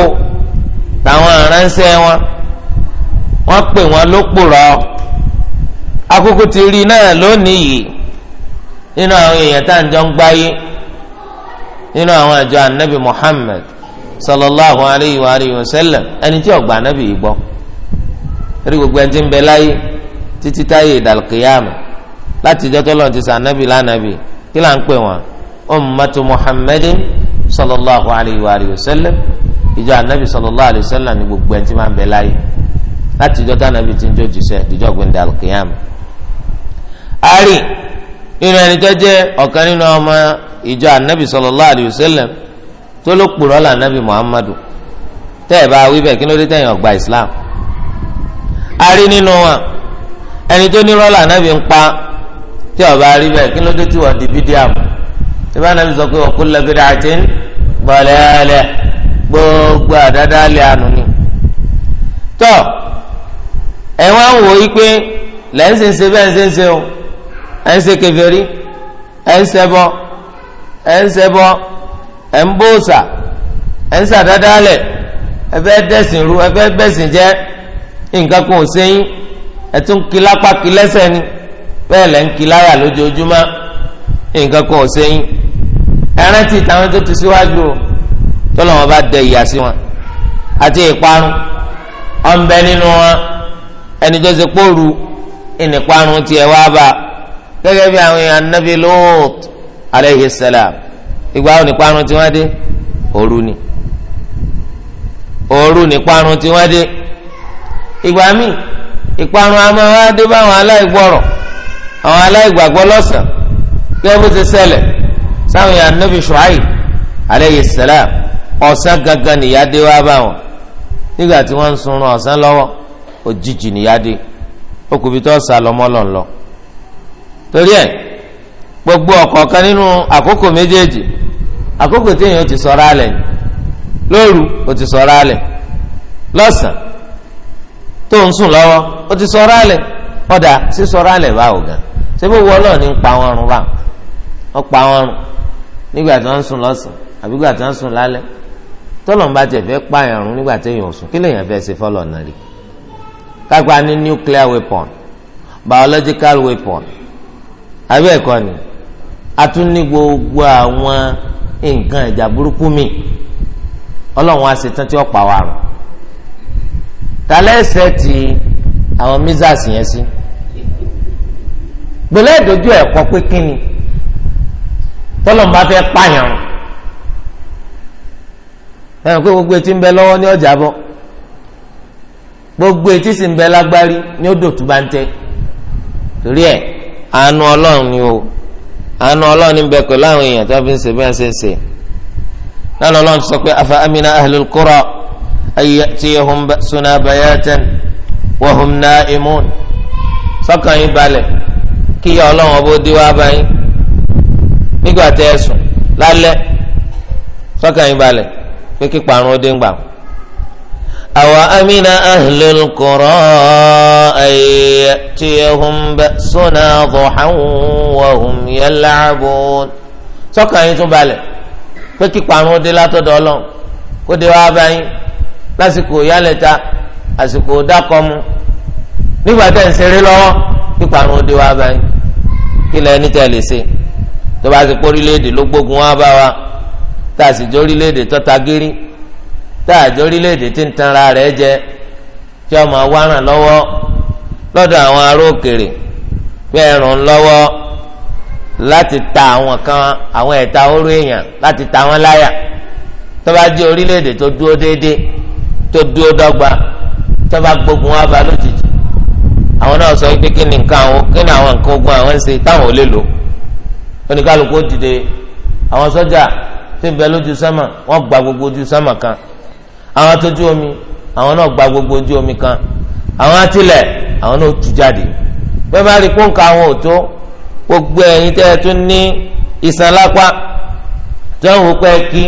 S1: tàwọn wọn. wọ́n pè wọ́n ló pòrọ̀ akókó ti rí náà lónìí yìí nínú àwọn èèyàn tá à ń jọ ń gbáyé nínú àwọn àjọ anabi Muhammad sallallahu alayhi wa alayhi wa sallam ẹni tí ọgbà anabi yìí gbọ́ rí gbogbo ẹni tí ń bẹ láyé títí táyé ìdàlùkìyàmù láti ìjọ tó lọ ti sàn anabi lánàbì kí là ń pè wọ́n ummatu Muhammadin sallallahu alayhi wa alayhi wa sallam ìjọ anabi sallallahu alayhi wa sallam ni gbogbo ẹni tí máa ń bẹ láyé. láti ìjọ táwọn ẹbí ń jó jùṣẹ́ ìjọ ari nínú ẹni tó jẹ́ ọ̀kan nínú ọmọ ìjọ anabi sallallahu alayhi tó ló anabi muhammadu tẹ́ ẹ̀ bá wí bẹ́ẹ̀ islam. ari nínú wọn ẹni tó ní anabi ń pa tí ọba rí bẹ́ẹ̀ kí ló dé tí di anabi sọ pé wa kullu bid'atin balala gbogbo àdáda lẹ́ ẹ wá wò ó pé lẹ́yìn ṣe bẹ́ẹ̀ ṣe ń ṣe o ẹ̀ ń ṣe kèfèrí ẹ̀ ń ṣẹbọ ẹ̀ ń ń ń ẹ fẹ́ dẹ̀sìn rú ẹ fẹ́ bẹ̀sìn jẹ́ nǹkan kan ò sẹ́yìn tún kí lápá kí lẹ́sẹ̀ ni bẹ́ẹ̀ lẹ́ ń kí láyà lójoojúmọ́ nǹkan kan ò ẹran tí tó ti ẹni tó ṣe kóoru ìnìparun tiẹ̀ wá bá gẹ́gẹ́ bí àwọn èèyàn anabi Lut aleyhi salam ìgbà wo nìparun tí wọ́n dé òru ni òru nìparun tí wọ́n dé ìgbà míì ìparun a máa wá dé báwọn aláìgbọ́rọ̀ àwọn aláìgbàgbọ́ lọ́sàn gẹ́gẹ́ bó ti ṣẹlẹ̀ sáwọn èèyàn anabi Shuaib aleyhi salam ọ̀sán gangan nìyá dé wá báwọn nígbà tí wọ́n ń sunrun ọ̀sán lọ́wọ́ òjijì níyàdé okùnbi tó sá lọmọlọ lọ torí ẹ gbogbo ọkọ nínú àkókò méjèèjì àkókò téèyàn ti sọ̀rọ̀ alẹ̀ lóru o ti sọ̀rọ̀ alẹ̀ lọ́sàn tó ń sùn lọ́wọ́ o ti sọ̀rọ̀ alẹ̀ ọ̀dà sí sọ̀rọ̀ alẹ̀ o gan ń pa wọn rún pa wọn rún nígbà tí wọ́n ń sùn lọ́sàn àbí gbà tí wọ́n ń sùn lálẹ́ tẹ̀ fẹ́ pààyàn rún kápá ní nuclear weapon biological weapon àbí ẹ̀kọ́ ni a tún ní gbogbo àwọn nǹkan ìjà burúkú mi ọlọ́run á ṣetán tí ó pa wa rùn tálẹ́ ẹsẹ̀ ti àwọn missiles yẹn sí gbọ́lẹ́ ìdójú ẹ̀kọ́ pé kínni tọ́lọ́mùbá fẹ́ pààyàn ẹ̀rọ pé gbogbo etí ń bẹ lọ́wọ́ ní ọjà bọ́ gbogbo etí sì ń bẹ lágbárí ní ó dòtú bá ń tẹ torí ẹ àánú ọlọ́run ni o àánú ọlọ́run ń bẹ pẹ̀lú àwọn èèyàn tó fi ń ṣe bí wọ́n ṣe ń ṣe lánàá ti sọ pé afa amina ahlul suna bayatan sọkàn yín kí nígbà ẹ sùn أو أمن أهل القرى أن يأتيهم بأسنا ضحى وهم يلعبون sọ́kàn yín tún balẹ̀ pé kíkọ àrùn òde látọ̀dọ̀ Ọlọ́run kó de wàá bá yín lásìkò yálẹ̀ta àsìkò dákọ̀mu nígbà tẹ̀ ń ṣeré lọ́wọ́ kíkọ àrùn òde wàá bá yín kí lẹ́yìn ní tẹ̀ lè ṣe tó bá ti pé orílẹ̀-èdè ló gbógun wá bá wa tá a sì jẹ́ orílẹ̀-èdè tó ta gírí tá àjọ orílẹ̀-èdè tí ń tanra rẹ̀ jẹ kí ọmọ wárán lọ́wọ́ lọ́dọ̀ àwọn ará òkèrè lọ́wọ́ láti ta àwọn kan àwọn ẹ̀ta oró èèyàn láti ta wọn láyà tọba jẹ́ orílẹ̀-èdè tó dúró déédéé tó dúró dọ́gba bá lójijì àwọn náà sọ pé kí ni nǹkan àwọn nǹkan ogun àwọn ń ṣe gba gbogbo ojú kan àwọn atójú omi àwọn náà gba gbogbo ojú omi kan àwọn atilẹ̀ àwọn náà tú jáde bẹ́ẹ̀ bá rí kóńkà àwọn ò tó gbogbo ẹ̀yin tẹ́ ẹ tún ní ìsàn lápá tí wọ́n wò pé kí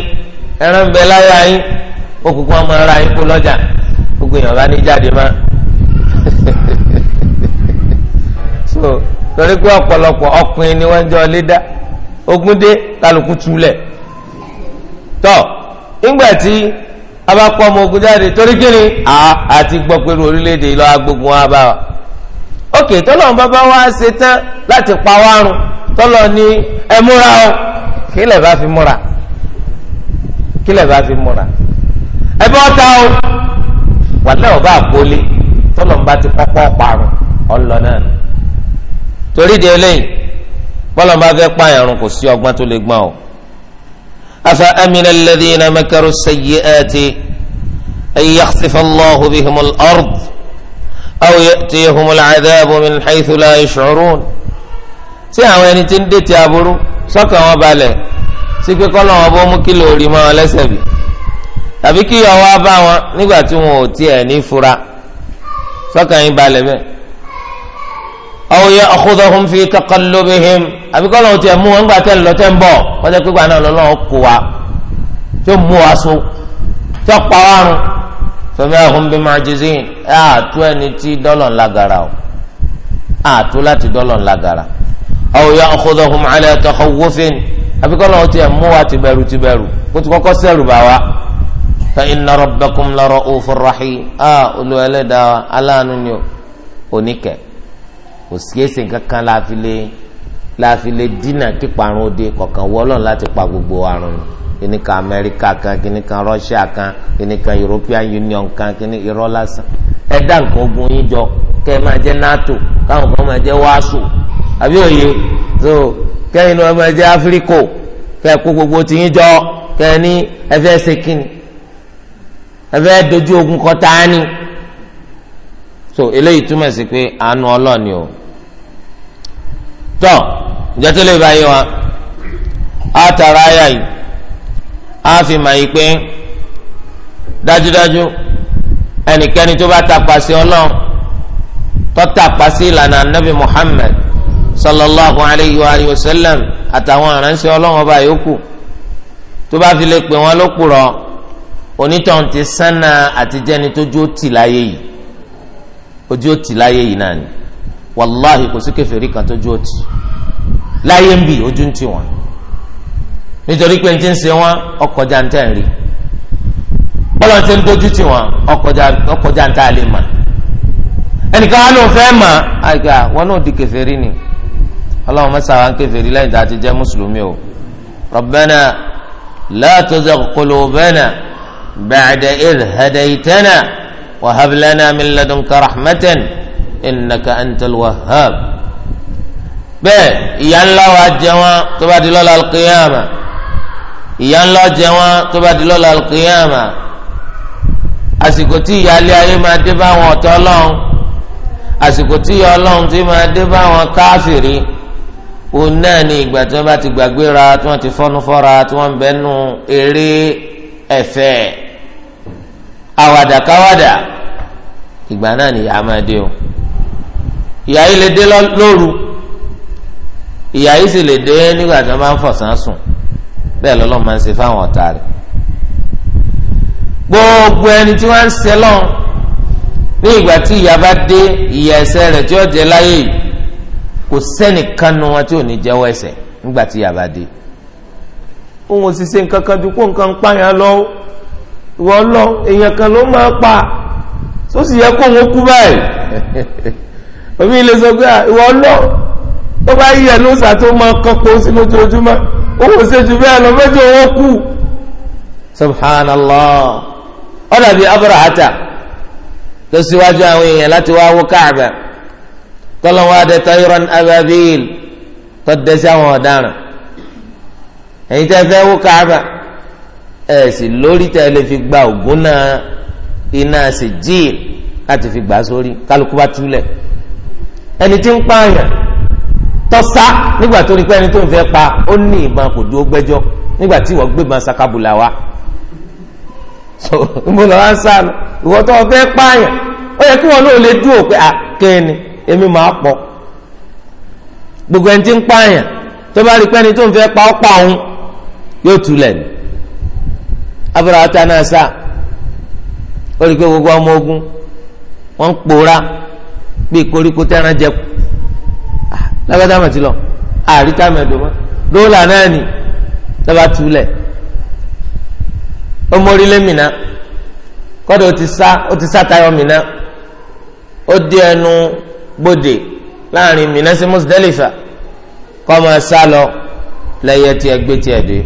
S1: ẹran ń bẹ láyà yín òkùnkùn ọmọ ara yín kó lọ́jà gbogbo èèyàn bá ní jáde má so torí pé ọ̀pọ̀lọpọ̀ ọkùnrin ni wọ́n jọ lé dá ogúndé kálukú túlẹ̀ tọ́ nígbà tí abakọ ọmọ ogun jáde torí kíni a àti gbọ́ pé orílẹ̀-èdè ìlọ agbógun wa bá wa. ok tọ́lọ̀ bàbá wa ṣe tán láti pa wá run tọ́lọ̀ ní ẹ múra o kí lè bá fi múra kí lè bá fi múra ẹ bọ́ ta o wàlẹ́ ọba àpọ́lé tọ́lọ̀ bá ti kọ́kọ́ parun ọlọ náà torí de eléyìí bọ́lọ̀ bá fẹ́ pààyàn kò sí ọgbọ́n tó lè gbọ́n o. أفأمن الذين مكروا السيئات أن يخسف الله بهم الأرض أو يأتيهم العذاب من حيث لا يشعرون tí àwọn ẹni tí ń dètè aburú sọ́kàn wọn balẹ̀ sí pé kọ́lọ́ wọn bó mú kí lórí mọ́ wọn lẹ́sẹ̀ bì tàbí kí ìyàwó bá wọn nígbà tí wọn ò tiẹ̀ ní fura sọ́kàn yín balẹ̀ bẹ́ẹ̀ aw ya'khudhahum fi taqallubihim àbí kọ́ lọ́wọ́ tiẹ̀ mú wọn gbà tẹ́ ń lọ tẹ́ ń bọ̀ kọjá pípa náà lọ́lọ́wọ́ kó wa tí ó mú wa so tí ó pa wa run fama hum bimu'jizin ẹ̀ àtú ẹni tí dọ́lọ̀ ńlágara o àtú láti dọ́lọ̀ ńlágara aw ya'khudhahum ala takhawwufin àbí kọ́ lọ́wọ́ tiẹ̀ mú wa tìbẹ̀rù tìbẹ̀rù kó ti kọ́kọ́ sẹ́rù bá wa fa inna rabbakum la ra'ufur rahim a olùwẹ̀lẹ̀ dáa aláàánú ni ò oníkẹ̀ẹ́ kò sí èsì kankan láàfin lé láàfin lé dínà kíparun òde kọ̀ọ̀kan wọ́ ọlọ́run láti pa gbogbo àrùn kíní kan amẹ́ríkà kan kíní kan rọ́ṣíà kan kíní kan european union kan kíní irọ́ lásán ẹ dá nǹkan ogun yín jọ kẹ́ ẹ máa jẹ́ nato káwọn kan máa jẹ́ wàásù àbí òye so kẹ́yìn náà máa jẹ́ áfíríkò kẹ́ ẹ kó gbogbo tiyín jọ kẹ́ ẹ ní ẹ fẹ́ ṣe kíni ẹ fẹ́ dojú ogun kọ́ta ni so eléyìí túmọ̀ sí pé àánú ọlọ́ọ̀ni o tọ́ ìjẹ́tẹ́lẹ̀ báyìí wa á tara ayà yìí á fi mà yìí pé dájúdájú ẹnikẹ́ni tó bá tàpá sí ọlọ́run tó tàpá sí ìlànà anabi Muhammad sallallahu alayhi wa alihi wa sallam àtàwọn aránṣẹ́ ọlọ́run ọba yòókù tó bá fi lè pè wọ́n lókùrọ̀ onítọ̀hún ti sánà àtijẹ́ni tó jó tì láyé yìí ojú ó tì láyé yìí náà ni wàláhì kò sí kèfèrí kan tójú ó tì láyé ń bì ojú ń tì wọn nítorí pé n ti ń ṣe wọn ọkọjá ń tẹ̀ ń rí bọ́lá ti ń dojú tì wọn ọkọjá ń tà lè mà ẹnìkan á lóun fẹ́ mà àgbà wọn náà di kèfèrí ni ọlọ́run mẹ́sàá ń kèfèrí lẹ́yìn a ti jẹ́ mùsùlùmí o rabbana la tuzigh qulubana ba'da idh hadaytana. وهب لنا من لدنك رحمة إنك أنت الوهاب bẹ́ẹ̀ ìyà ńlá wa jẹ wọ́n tó bá di lọ́la alqiyama ìyà ńlá jẹ wọ́n tó bá di lọ́la alqiyama àsìkò tí ìyáálé ayé máa dé bá wọn ọ̀tọ̀ Ọlọ́run àsìkò tí ìyà Ọlọ́run ti máa dé bá wọn káfìrí òun náà ni ìgbà tí wọ́n bá ti gbàgbéra tí wọ́n ti fọ́nú fọ́ra tí wọ́n ń bẹnu eré ẹ̀fẹ̀ àwàdàkáwàdà ìgbà náà ni ìyá máa dé o ìyá yìí lè dé lóru ìyá yìí sì lè dé nígbà tí wọ́n bá ń fọ̀sán sùn bẹ́ẹ̀ lọ́lọ́ máa ń ṣe fáwọn ọ̀tá rẹ̀ gbogbo ẹni tí wọ́n ń ṣe lọ́n ní ìgbà tí ìyá bá dé ìyá ẹ̀ṣẹ̀ rẹ̀ tí ó jẹ láyé yìí kò sẹ́nìkan nu wọn tí ò ní jẹ́wọ́ ẹ̀ṣẹ̀ nígbà tí ìyá bá dé òun ò sì ṣe nǹkan kan ju kó nǹkan pààyàn lọ ìwọ lọ èèyàn kan ló máa pa tó sì yẹ kó wọn kú báyìí omi ilé sọ pé ìwọ lọ tó bá yí ẹ lóṣà tó máa kọ́kọ́ sí lójoojúmọ́ owó ṣèjú bẹ́ẹ̀ lọ mẹ́jọ owó kú subhanallah ó dàbí abrahata tó síwájú àwọn èèyàn láti wá wó káàbà tọ́lọ́wọ́ adé tayran ababil tó dé àwọn ọ̀daràn ẹ̀yin tẹ́ fẹ́ wó káàbà ẹ̀ sì lórí tẹ́ lè fi gba ògùn náà iná sì jíì láti fi gbà sórí kálukú bá túlẹ̀ ẹni tí ń pààyàn tọ́sá nígbà tó rí pé ẹni tó ń fẹ́ pa ó ní ìbọn kò dúró gbẹ́jọ́ nígbà tí ìwọ gbébọn sakabula wa so mo lọ wá ń sá lọ ìwọ tó fẹ́ pààyàn ó yẹ kí wọn náà lè dúró pé àkẹ́ni èmi máa pọ̀ gbogbo ẹni tí ń pààyàn tó bá rí pé ẹni tó ń fẹ́ pa ọ́ pa òun yóò túlẹ̀ ni abúlé wa sáà ó rí i pé gbogbo ọmọ ogun wọ́n ń pòórá bí koríko tẹ́ran jẹ kù lágbàdá màtí lọ àríkà mẹ́ẹ̀dọ́gbọ́n dóòlà náà nì lọ́ba túlẹ̀ ó mórílé mìíràn kọ́dọ̀ ó ti sá tayọ mìíràn ó dé ẹnu gbòdè láàrin mìíràn sí Musdalifa kọ́ máa sá lọ lẹ́yẹ tiẹ̀ gbé tiẹ̀ dé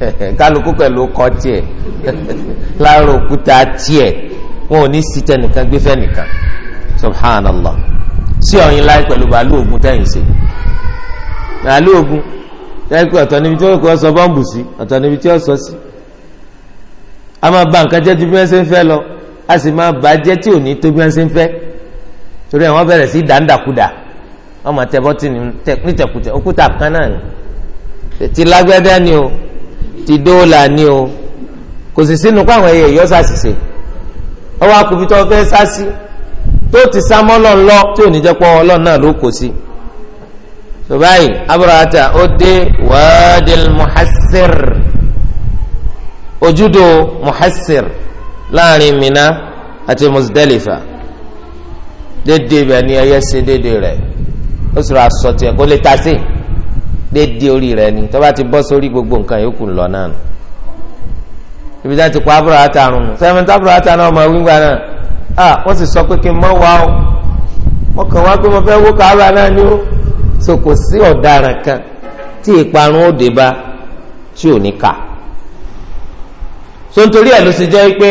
S1: kálukú pẹ̀lú kọ́ tiẹ̀ lára òkúta tiẹ̀ wọn ò ní sí tẹnìkan gbé fẹ́nìkan subhanallah sí ọ̀yin láì pẹ̀lú bàálù ogun tẹ̀yìn sí bàálù ogun tẹ́kù ọ̀tọ̀ níbi tí wọ́n kọ́ sọ bọ́ǹbù sí ọ̀tọ̀ níbi tí wọ́n sọ sí a máa ba nǹkan jẹ́ ju bí wọ́n ṣe ń fẹ́ lọ a sì máa bà jẹ́ tí ò ní tó bí wọ́n ṣe ń fẹ́ torí àwọn bẹ̀rẹ̀ sí dàńdàkúdà ọmọ tẹ́bọ́tì nítẹ̀kùtẹ̀ òkúta kan náà ni ti lágbẹ́dẹ́ ni o ti dóòlà ni o kò sì sínú kó àwọn ẹyẹ ìyọ́ sàṣìṣe ọwọ́ tó fẹ́ tó ti sá mọ́lọ́ lọ tí ò ní jẹ́ pọ́ náà ló kó sí. tó abúrata ó dé muhassir ojúdo muhassir láàrin mina àti musdalifa dédé ibẹ̀ ni ẹyẹ ṣe dédé rẹ ó kó lè ta ni ti gbogbo nǹkan yòókù ńlọ náà nù. ibi dáa ti kọ abúlé àtàrùn nù sẹ́yìn tó abúlé àtàrùn ọmọ wíńgbà náà ah wọ́n sì sọ pé kí n mọ́ wá o wọ́n kàn mo náà ni o so kò sí ọ̀daràn kan tí ìparun ó so nítorí ló jẹ́ pé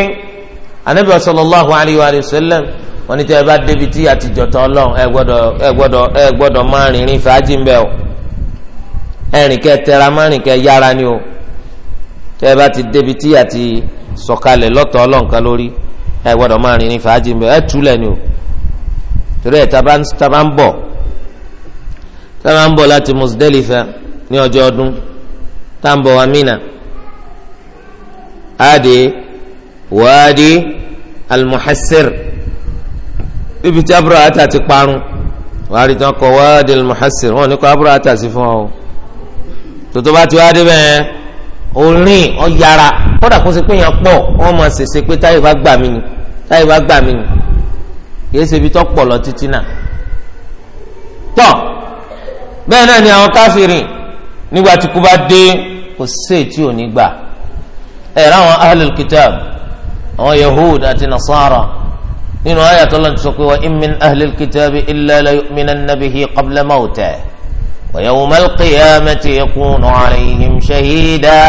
S1: anabi alayhi wa sallam wọ́n bá débi tí ni tẹ́ ẹ bá ti débi tí àti sọ̀kalẹ̀ lọ́tọ̀ ọlọ́nkan lórí ẹ gbọ́dọ̀ máa rìn ní fàájì ń bẹ ẹ túlẹ̀ ni o torí ẹ taba ń bọ̀ taba ń bọ̀ láti Musdalifa ní ọjọ́ ọdún tá ń bọ̀ wá Mina àdé wàádé almuhassir ibi tí abúlé ata ti parun wàá rí tán kọ wàádé almuhassir wọn ò ní kọ abúlé ata sí fún ọ tó tó bá ti wá dé bẹ́ẹ̀ orin ọ̀yàrá kódà kó ṣe pé yẹn pọ̀ wọ́n máa ṣèṣe pé táyé bá gbà mí ni táyé bá gbà mí ni kìí ṣe ibi tó pọ̀ lọ títí náà tọ́ bẹ́ẹ̀ náà ni àwọn káfíìrì nígbà tí kú bá dé kò sí ètí òní gbà ẹ̀ ráwọn ahlul kitab àwọn yahood àti nasara nínú ayatollah ti sọ pé wa in min kitab illa la yu'minanna bihi qabla mawtihi. ويوم القيامة يكون عليهم شهيدا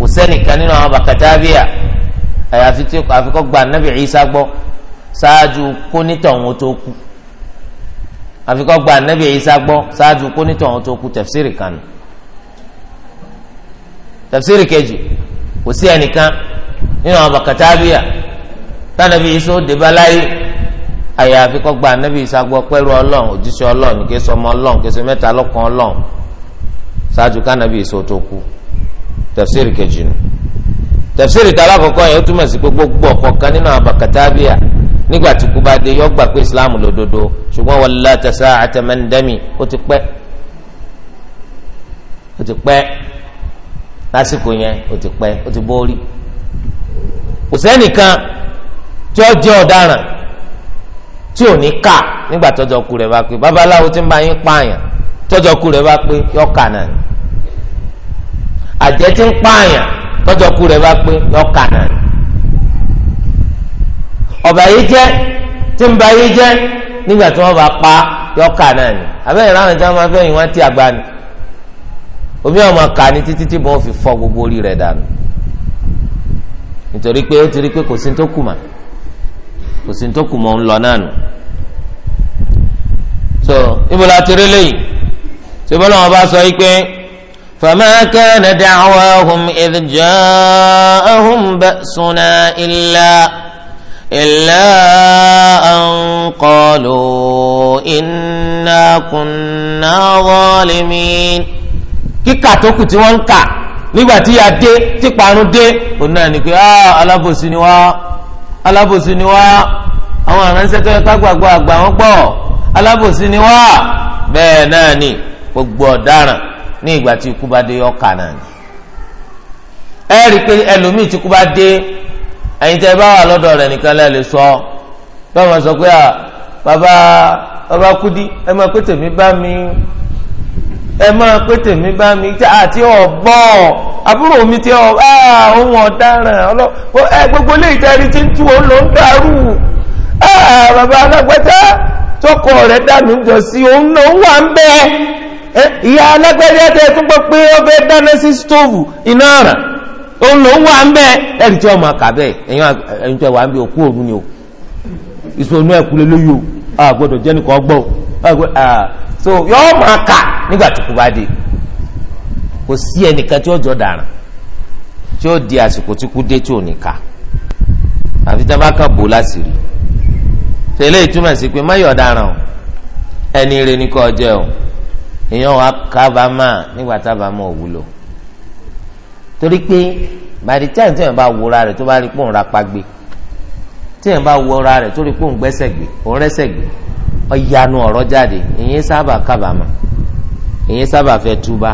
S1: وسني كان أبا كتابيا أي أفتيك أفكوك النبي عيسى بو ساجو كوني توتوكو àfikọ́ gba anabi isa gbọ́ ṣáájú kó nítorí àwọn tó kú tẹ̀fsírì kan tẹ̀fsírì kejì kò sí ẹnìkan nínú àwọn bàkàtà bíyà tànàbí isa ó débà láyé àyàfi kó gba anabi isa gbọ́ pẹ̀lú ọlọ́run òjíṣẹ́ ọlọ́run kì í ṣe ọmọ ọlọ́run kì í mẹ́ta lọ́kan ọlọ́run ṣáájú kánabi isa tó kú tafsiri kejì nù tafsiri tààlà kọ̀ọ̀kan yẹn ó túmọ̀ sí pé gbogbo ọ̀kọ̀ọ̀kan nínú àwọn bàkàtàbíà nígbà tí kú bá dé yọ gbà pé islam lòdodo ṣùgbọ́n wàllá tẹ̀sán àtẹmẹ́ndẹ́mì ó ti pẹ́ ó ti pẹ́ lásìkò yẹn ó ti pẹ́ ó ti bórí kò sẹ́nìkan tí ó jẹ́ ọ̀daràn tí ò ní kà nígbà tọ́jọ́ ku rẹ bá pé babaláwo tí ń bá yín pààyàn ku rẹ bá pé yọ kà náà ni ku rẹ bá pé yọ kà náà ni yìí jẹ́ tí ń nígbà tí bá pa yọ kà náà ni abẹ́rẹ́ ráwọn ìjà máa wọ́n ti àgbà tí fi fọ gbogbo orí dànù nítorí pé ó ti rí kò sí tó kù mọ́ ń lọ náà nù. so ibo la ti rí lẹ́yìn tí bọ́lá wọn bá sọ yìí pé فما كان دعواهم إذ جاءهم بأسنا إلا إلا أن قالوا إنا كنا ظالمين kíkà tó kù tí wọ́n ń kà nígbà tí ya dé tí parun dé òun náà ni pé ah, alábòsí ni wá alábòsí ni wá àwọn aránṣẹ́ tó yẹ ká gbàgbọ́ àgbà wọn gbọ́ alábòsí ni wá bẹ́ẹ̀ náà ni gbogbo ọ̀daràn ní ìgbà tí ikú bá dé ọkà náà ni ẹ rí i pé ẹlòmíì tí ikú bá dé ẹ̀yin tẹ́ bá wà lọ́dọ̀ rẹ̀ nìkan lẹ lè sọ báwọn sọ pé bàbá bàbá kudi ẹ máa pé tèmi bá mi ẹ máa pé tèmi bá mi àti ọ̀bọ̀ àbúrò mi ti ọ̀ ohun ọ̀daràn ẹ gbogbo ilé ìtẹ́rí ti ń tú òun ló ń dàrú bàbá alágbẹ́tá tọkọ dànù jọ sí òun náà wà ń bẹ ìyá tẹ tó gbọ́ pé ó fẹ́ dáná sí stóòvù iná òun náà wà ń bẹ tí tí wà ń bẹ òkú òru ni o ìṣòro so yọọ máa kà nígbà tó kú bá dé kò sí ẹnìkan tí ó jọ dàrán tí ó di àsìkò tí kú dé tí ò ní kà àfi tá a bá kà bò láṣìírí tẹ́lẹ̀ ìtumọ̀ sí pé má yọ̀ dàrán o ẹni rẹ ní kò jẹ́ o èèyàn wa kábàámà nígbà tábàámà ò wúlò torí pé bàdí tí àìsàn yẹn bá wúra rẹ̀ tó bá rí pòun rapá gbé tí yẹn bá wúra rẹ̀ tó rí pòun gbẹ́sẹ̀ gbé òun rẹ́sẹ̀ gbé ọ̀yanu ọrọ jáde ìyẹn sábà kábàámà ìyẹn sábà fẹ́ túbá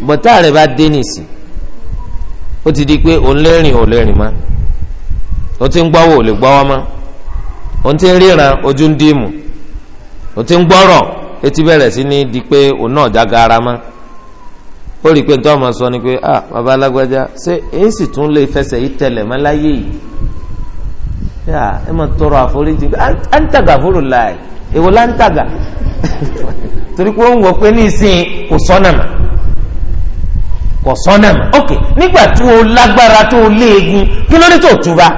S1: bá dé ó ti di pé òun lérìn ò ó ti ń gbọ́wọ́ ò lè gbọ́wọ́ mọ́ ó ti ń ríran ojú ń dìímù ó ti ń gbọ́rọ̀ etí bẹ̀rẹ̀ sí di pé òun náà ara mọ́ ó rí i pé nítorí ọmọ sọ ni pé ah ṣé èyí sì tún lè fẹsẹ̀ yìí yaa ẹ tọrọ àforíjì à ń tàgà fúru láì èwo là ń tàgà torí pé ó ń wọ pé ní ìsìn kò ok nígbà tó o lágbára tó o léegun kí ló dé tó o túba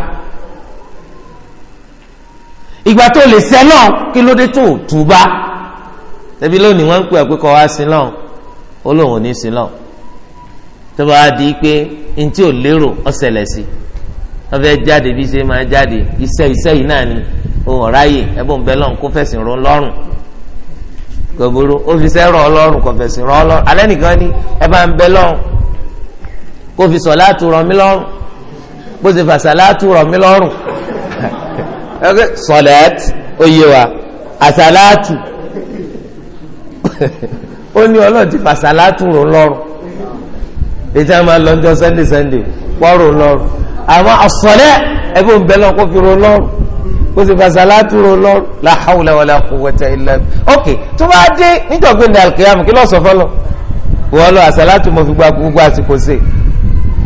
S1: ìgbà tó o lè sẹ́ náà kí ló dé tó o túba lónìí wọn ń pè kọ wá sí náà ó lóun ò ní sí náà tó bá di wọ́n fẹ́ jáde bí ṣe máa jáde iṣẹ́ iṣẹ́ yìí náà ni òun ọ̀ráyè ẹ̀bùn bẹ́ẹ̀ lọ́n kó fẹ̀sìn rún lọ́rùn gbogbo ó fi iṣẹ́ rọ̀ ọlọ́run kò fẹ̀sìn rọ̀ ọlọ́run alẹ́ nìkan ni ẹ bá ń bẹ lọ́run kó fi sọ̀ láàtú rọ̀ mí lọ́rùn bó ṣe fàṣà láàtú rọ̀ mí lọ́rùn sọ̀lẹ́t oyè wa àṣàlátù ó ní ọlọ́run ti fàṣà láàtú rọ̀ lọ́rùn ètò àwọn máa lọ́jọ́ sunday sunday pọ́ọ̀rọ̀ lọ́rùn àmọ́ ọ̀sọ̀lẹ̀ ẹbí òun bẹ́ẹ̀ lọ kó fi ro lọ́rùn kó sì fàṣà láti ro lọ́rùn la hawla wala quwwata illa billah ok tó bá dé níjọ̀gbìn ní alkiyam kí lọ́sọ̀ fọlọ́ wọ́n lọ àṣàlátù mo fi gba gbogbo àsìkò sí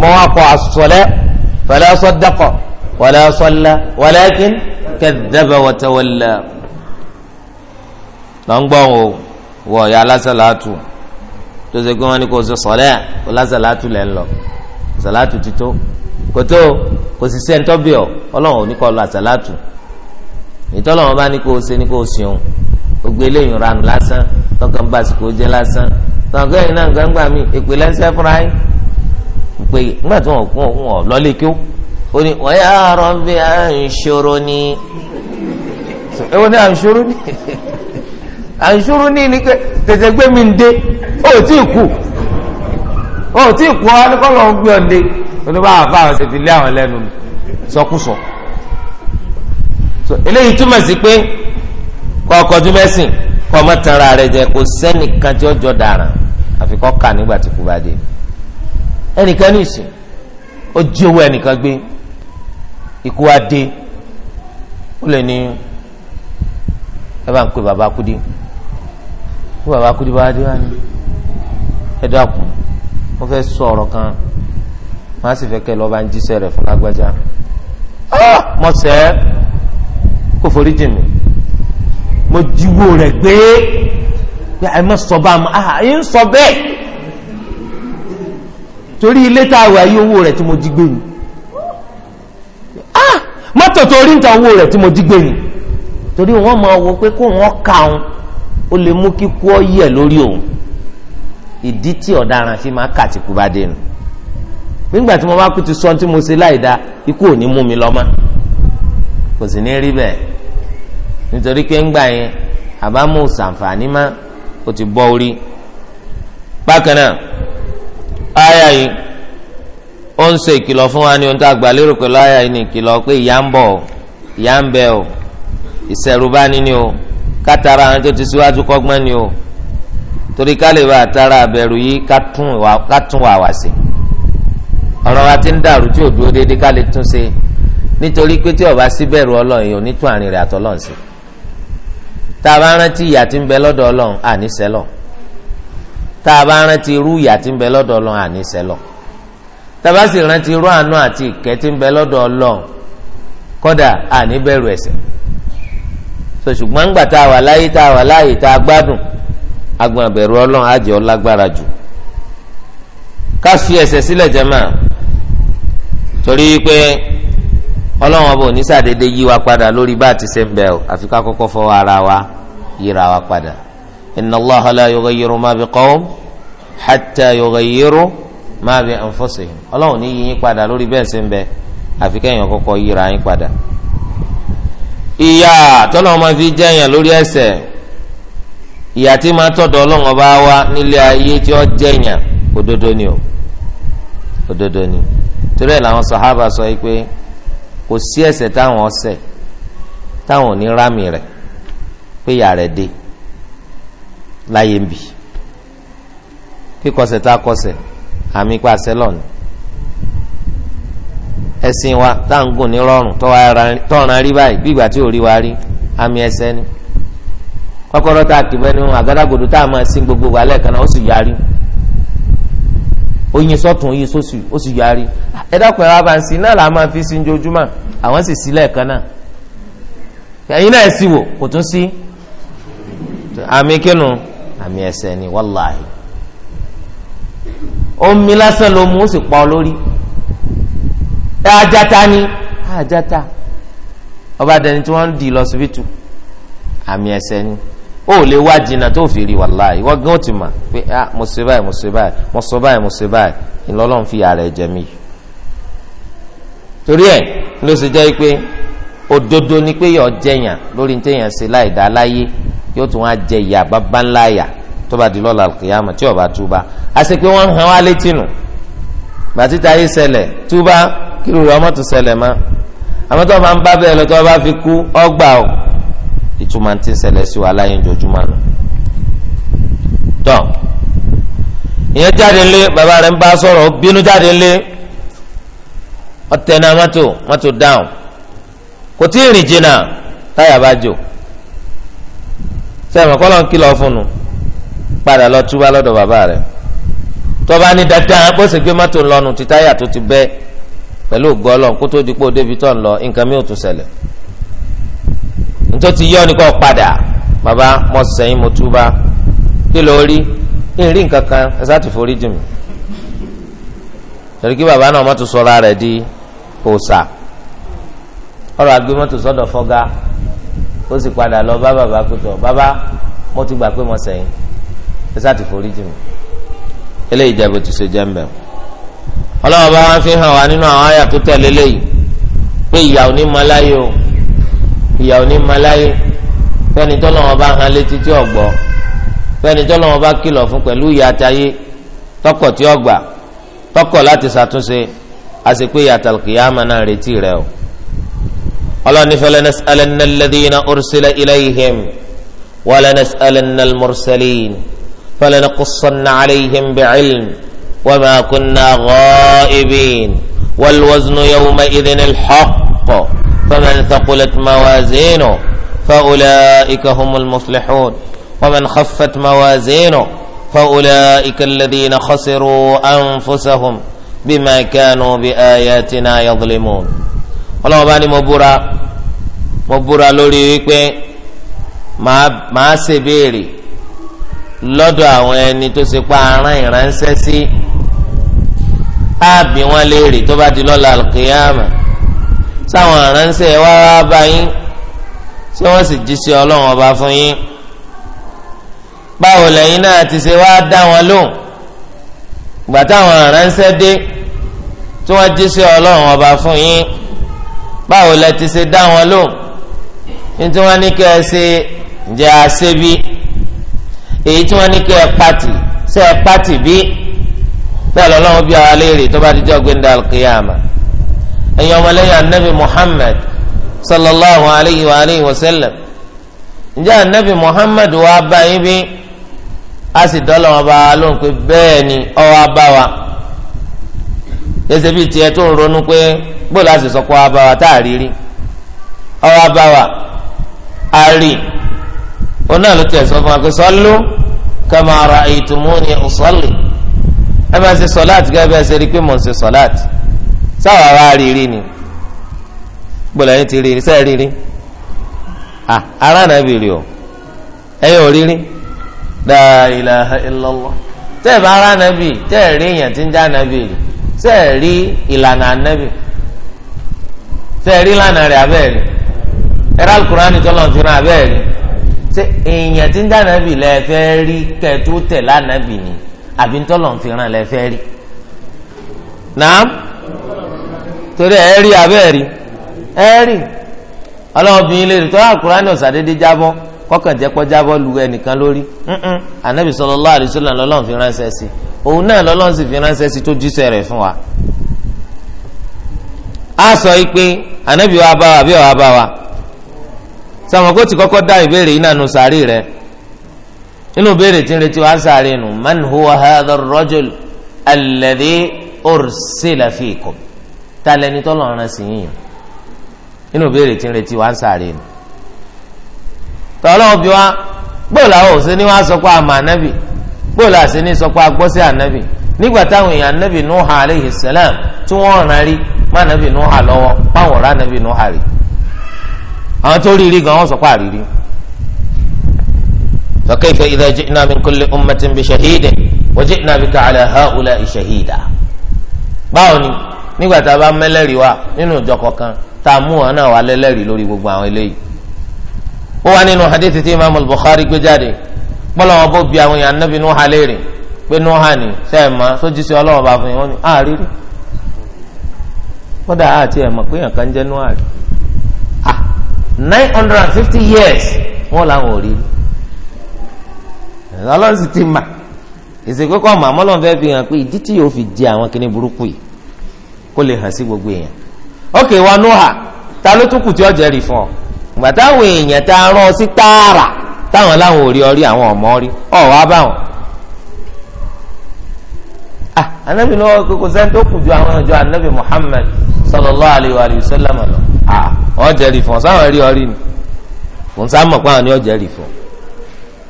S1: mọ́ wá kọ́ ọ̀sọ̀lẹ̀ fala saddaqa wala salla walakin kadhaba wa tawalla lọ́ngbọ̀n o wọ̀ ya lásàlátù tó ṣe pé wọ́n ní kó o ṣe lẹ́ ń lọ sàlátù ti tó kòtó kò sì sẹ́ni tọ́bí ọ ọlọ́run ò ní kọ́ lọ àsàlátù ìtọ́lọ́wọ́n bá ní kó o ṣe ní kó o ṣeun gbogbo eléyìí ranù lásán tọkàn bá àsìkò jẹ lásán tọkàn yìí náà nǹkan gbà mí èpè lẹ́sẹ̀ fúnra yín pé nígbà tí wọn kún wọn lọ́lé kí ó ó ní wọ́n yà á rán bí à ń ṣòro ni èwo ni à ń ṣòro ni à ń ṣòro ni ni pé tètè gbé mi ń dé ó tí ì kú ó tí ì kú ọ ní kọ́lọ́ ń gbé ọ̀dẹ oníbà àfa àwọn ṣe fi lé àwọn lẹ́nu sọkúsọ. eléyìí túmọ̀ sí pé kọ́ ọkọ̀jú mẹ́sìn kọ́ ọmọ tanra rẹ jẹ kó sẹ́nìkan tí ó jọ dàrán àfi kọ́ kà nígbà tí kú bá dé. ẹnìkan ní ìsìn ó jí owó ẹnìkan gbé ikú wa dé ó lè ní ẹ bá ń pe bàbá kúdí bí bàbá kúdí bá dé wá ní ẹ dákun. wọ́n fẹ́ sọ ọ̀rọ̀ kan màá sì fẹ́ kẹ́ lọ́ọ́ bá ń jíṣẹ́ rẹ̀ fún lágbájá ah! mo sẹ́ kó forí jì mí mo jíwó rẹ̀ gbé pé àyè má sọ bá a yín ah, sọ bẹ́ẹ̀ torí ilé tá a wà yí owó rẹ̀ tí mo jí gbé ni ah! mọ́tò tó rí ń ta owó rẹ̀ tí mo jí gbé ni torí wọ́n máa wọ pé kó wọ́n ka òun ó lè mú kíkú ọ yẹ̀ lórí òun. ìdí tí ọ̀daràn fi máa kà tìkú bá dé nu nígbà tí mo bá kú ti sọ tí mo ṣe láì dá ikú ò ní mú mi lọ́mọ kò sì ní rí bẹ́ẹ̀ nítorí pé ńgbà yẹn àbámu sàǹfààní má ó ti bọ́ orí bákan náà àyà yìí ó ń ṣe ìkìlọ̀ fún wa ní ohun tó àgbà lérò àyà yìí ní ìkìlọ̀ pé ìyá ń bọ̀ ìyá ń bẹ o ìṣẹ̀rù bá ní ni o kátàrà àwọn tó ti síwájú kọ́gbọ́n ni o torí ká lè bá àtàrà àbẹ̀rù yìí ká tún wà wá sí ọ̀rọ̀ wa ti ń dàrú tí ò dúró déédéé ká lè tún ṣe nítorí pé tí ọba sí bẹ̀rù ọlọ́run yìí ò ní tún àárín rẹ̀ àtọ́lọ́run sí tá a bá rántí ìyà tí ń bẹ lọ́dọ̀ ọlọ́run àní sẹ́lọ̀ tá a bá rántí irú ìyà tí ń bẹ lọ́dọ̀ ọlọ́run àní sẹ́lọ̀ tá a bá sì rántí irú àánú àti ìkẹ́ tí ń bẹ lọ́dọ̀ ọlọ́run kódà àní bẹ̀rù ẹ̀ṣẹ̀ so ṣùgbọ́n ńgbà tá a wà láyé tá a wà láyé tá a gbádùn agbọn abẹ̀rù ọlọ́run àjẹ́ ọlágbára jù ká fi ẹsẹ̀ sílẹ̀ jẹ́mà torí pé ọlọ́run ọba òní sàdédé yí wa padà lórí bá a ti ṣe ń bẹ̀ ọ́ àfi ká kọ́kọ́ fọwọ́ ara wa yíra wa padà inna Allaha la yughayyiru ma bi qawm hatta yughayyiru ma bi anfusihim ọlọ́run ní yí yín padà lórí bẹ́ẹ̀ ṣe ń bẹ àfi kẹ́yìn kọ́kọ́ yíra yín padà ìyá tọ́lọ́ fi jẹ́yàn lórí ẹsẹ̀ ìyá tí máa tọ̀dọ̀ ọlọ́run ọba wa nílé ayé tí ó jẹ̀yàn òdodo ni o òdodo ni torí ẹ̀ làwọn sàhábà sọ yìí pé kò sí ẹ̀ṣẹ̀ táwọn ọ̀ṣẹ̀ táwọn ò ní rámì rẹ̀ pé ìyá rẹ̀ dé láyé ń bì kíkọsẹ̀ tá a kọsẹ̀ àmì pa sẹ́lọ̀nù ẹ̀sìn wa táǹgùn ní rọrùn tọ́ran rí báyìí bí ìgbà tí ò rí wa rí àmì ẹ̀ṣẹ̀ ni. kọ́kọ́rọ́ tá a kì bẹ́ẹ̀ àgádágodo tá a gbogbo wa lẹ́ẹ̀kan náà ó sì yarí oyin sọ́tún oyin sósì ó sì yarí ẹ dákun bá ń sin náà là á máa fi sin jojúmọ́ àwọn sì sí lẹ́ẹ̀kan náà ẹ̀yin náà sì wò kò tún ni wàláhì omi lásán ló mú ó sì pa ọ lórí ẹ ajata ni ajata ọba dẹni tí di lọ àmì ni. o lè wá jìnnà tó fi rí wàláì gan ti mà pé ah mo ṣe báyìí mo ṣe báyìí mo sọ fi ara ẹ̀ jẹ mí. torí ẹ̀ ló ṣe jẹ́ pé òdodo ni pé yọ jẹyàn lórí téèyàn ṣe láì dá láyé yóò tún wá jẹ ìyá bàbá ńlá yà tó bá di lọ́la kìyàmù tí ọba túba àṣẹ pé wọ́n hàn wá létí nù bàtítà yìí ṣẹlẹ̀ túba kí lóore ọmọ tó ṣẹlẹ̀ ìtumọ̀ tí ń ṣẹlẹ̀ sí wa láyé ojoojúmọ́ nù. tọ́ ìyẹn jáde lé bàbá rẹ̀ ń bá sọ̀rọ̀ ó bínú jáde lé ọ̀tẹ̀ náà mọ́tò mọ́tò dáhùn kò tí ì rìn jìnnà táyà bá jò sẹ́wọ̀n kọ́ ló ń kìlọ̀ fún un padà lọ túbá lọ́dọ̀ bàbá rẹ̀ tọ́ba ní dandan bó ṣe gbé mọ́tò ńlọ́nu ti táyà tó ti bẹ́ pẹ̀lú ògbọ́lọ́ kó tó di débi tó ń lọ nǹkan mi ò tún ṣẹlẹ̀. nítorí ti yọ ni padà bàbá mo sẹ́yìn mo túbà kí ló rí kí nǹkan kan ẹ sá ti di òòsà ọ̀rọ̀ àgbé mọ́tò sọ́dọ̀ fọ́gá ó sì padà lọ bá bàbá pẹ̀tọ̀ esati mo ti gbà pé mo sẹ́yìn ẹ sá ti forí jù mí eléyìí jẹ́ bó ti ṣe fi hàn wá nínú àwọn àyà tó ìyàwó ní maláyé fẹ́ni tó lọ́wọ́ bá hàn létí tí ọ̀gbọ́ fẹ́ni tó lọ́wọ́ bá kìlọ̀ fún pẹ̀lú ìyà àtayé tọkọ̀ tí ọgbà tọkọ̀ láti ṣàtúnṣe àsìkò ìyàtọ̀ kìyàmà náà retí rẹ o. ọlọ́ni falanas'alanna alladhina ursila ilayhim walanas'alanna al-mursalin falanaqussanna alayhim bi'ilm wama kunna ghaibin wal waznu yawma idhin al-haqq. فمن ثقلت موازينه فأولئك هم المفلحون ومن خفت موازينه فأولئك الذين خسروا أنفسهم بما كانوا بآياتنا يظلمون ọlọ́wọ́ bá ní mo búra mo búra lórí wípé màá màá ṣe béèrè lọ́dọ̀ àwọn ẹni tó ṣe pa aràn ìránṣẹ́ sí ààbí wọn léèrè tó bá di lọ́la alkiyama sáwọn aránṣẹ́ wá wá bá yín tí wọ́n sì jíṣẹ́ Ọlọ́run ọba fún yín báwo lẹ́yìn náà ti ṣe wá dá wọn lóhùn ìgbà táwọn aránṣẹ́ dé tí wọ́n jíṣẹ́ Ọlọ́run ọba fún yín báwo lẹ ti ṣe dá wọn lóhùn ní tí wọ́n ní kẹ́ ẹ ṣe ǹjẹ́ àṣebí èyí tí wọ́n ní kẹ́ ẹ pàtì ṣe ẹ pàtì bí bẹ́ẹ̀ lọ́lọ́run bí ara léèrè tó bá ti jọ́ gbẹ̀ndà alqiyama. ẹ̀yin ọmọlẹ́yìn anabi muhammad sallallahu alayhi wa alayhi wa sallam ǹjẹ́ anabi muhammad wá bá yín bí a sì dọ́là wa lóhùn pé bẹ́ẹ̀ ni ọ wá wa ẹsẹ̀ bíi tiẹ̀ tó ń ronú pé bóòlù àti sọ́kọ́ wá bá wa taa a rí rí ọ wá bá wa a rí òun náà ló tiẹ̀ sọ fún wa pé sọ́lú kama ra'aytumuni usalli ẹ máa ṣe sọ́láàtì gẹ́gẹ́ bí ẹ sáwà wá rírí ni gbọ́dọ̀ yín ti rírí sẹ́ẹ̀ rírí ah, ará náà bìrì o ẹ̀yin ò rírí la ilaha illallah tẹ́ẹ̀ bá ará náà bì tẹ́ẹ̀ rí èèyàn tí ń já náà bìrì sẹ́ẹ̀ rí ìlànà ànábì sẹ́ẹ̀ rí lánàá rẹ̀ abẹ́ẹ̀rí ẹ̀rọ alukurani tọ́lọ̀ fi ràn abẹ́ẹ̀rí ṣé èèyàn tí ń já nábì lẹ́ẹ̀fẹ́ rí kẹ́ẹ̀tú tẹ̀ lánàá bì ni àbí tọ́lọ̀ fi ràn lẹ́ẹ̀fẹ́ rí nàá torí ẹ rí abẹ́ rí ẹ rí ọlọ́ọ̀bìnrin lè rí tó àkùránì ọ̀sàdédé jábọ́ kọ́kàn jẹ́ kọ́ jábọ́ lu ẹnìkan lórí anabi sallallahu alaihi wasallam lọ́lọ́run fi ránṣẹ́ sí òun náà lọ́lọ́run sì fi ránṣẹ́ sí tó jíṣẹ́ rẹ̀ fún wa. a sọ yìí pé anabi wa bá wa àbí wa bá wa sọmọ kó ti kọ́kọ́ dá ìbéèrè yìí nànú sàárì rẹ̀ nínú ìbéèrè tí ń retí wa sàárì nù man huwa hadha ar-rajul alladhi ursila fiikum ta lẹni tọ́lọ̀ ọ̀ràn sí yìnyín inú béèrè tí ń retí wá ń sáré ni tọ́lọ́ bí wá gbọ́dọ̀ àwọn òsín ni wọ́n á sọ pé àmà ànábì gbọ́dọ̀ àti ní sọ pé agbọ́ sí ànábì nígbà táwọn èèyàn ànábì Nuha aleyhi salam tí wọ́n ràn rí má ànábì Nuha lọ́wọ́ páwọn ọ̀rọ̀ ànábì Nuha rí àwọn tó rí rí gan wọ́n sọ pé àrírí. فكيف إذا جئنا من كل أمة بشهيد وجئنا بك على هؤلاء شهيدا báwo ni nígbà tá a bá mẹ́lẹ́rìí wa nínú ìjọ kọ̀ọ̀kan tá a mú wọn náà wà lẹ́lẹ́rìí lórí gbogbo àwọn eléyìí. ó wà nínú hadith tí imaamu Bukhari gbé jáde kpọ́lọ́ wọn bó bi àwọn èèyàn anábì nuha léèrè pé nuha ni sẹ́ẹ̀ma sójú sí ọlọ́wọ́ bá fún yín wọ́n ní àárírí kódà àti ẹ̀mọ̀ pé yàn kan jẹ́ nuha rí ah nine hundred and fifty years wọ́n làwọn ò rí ọlọ́run sì ti mà ìsìnkú kọ́ ọmọ àmọ́ lọ́n fẹ́ fi hàn pé ìdí tí yóò fi di àwọn kíní burúkú yìí kó lè hàn sí gbogbo èèyàn ok wọn Nóà ta ló tún kù tí ó jẹ́rìí fún ọ ìgbà táwọn èèyàn ta rán sí tààrà táwọn láwọn ò rí àwọn ọmọ rí ọ wá bá wọn. ah anabi lọ́wọ́ kókó sẹ́ni tó kù ju àwọn ọjọ́ anabi Muhammad sallallahu alayhi wa sallam lọ ah ọ jẹ́rìí fún ọ sáwọn rí ọ ni kò ń sá mọ̀ pé àwọn ni ọ jẹ́rìí fún ọ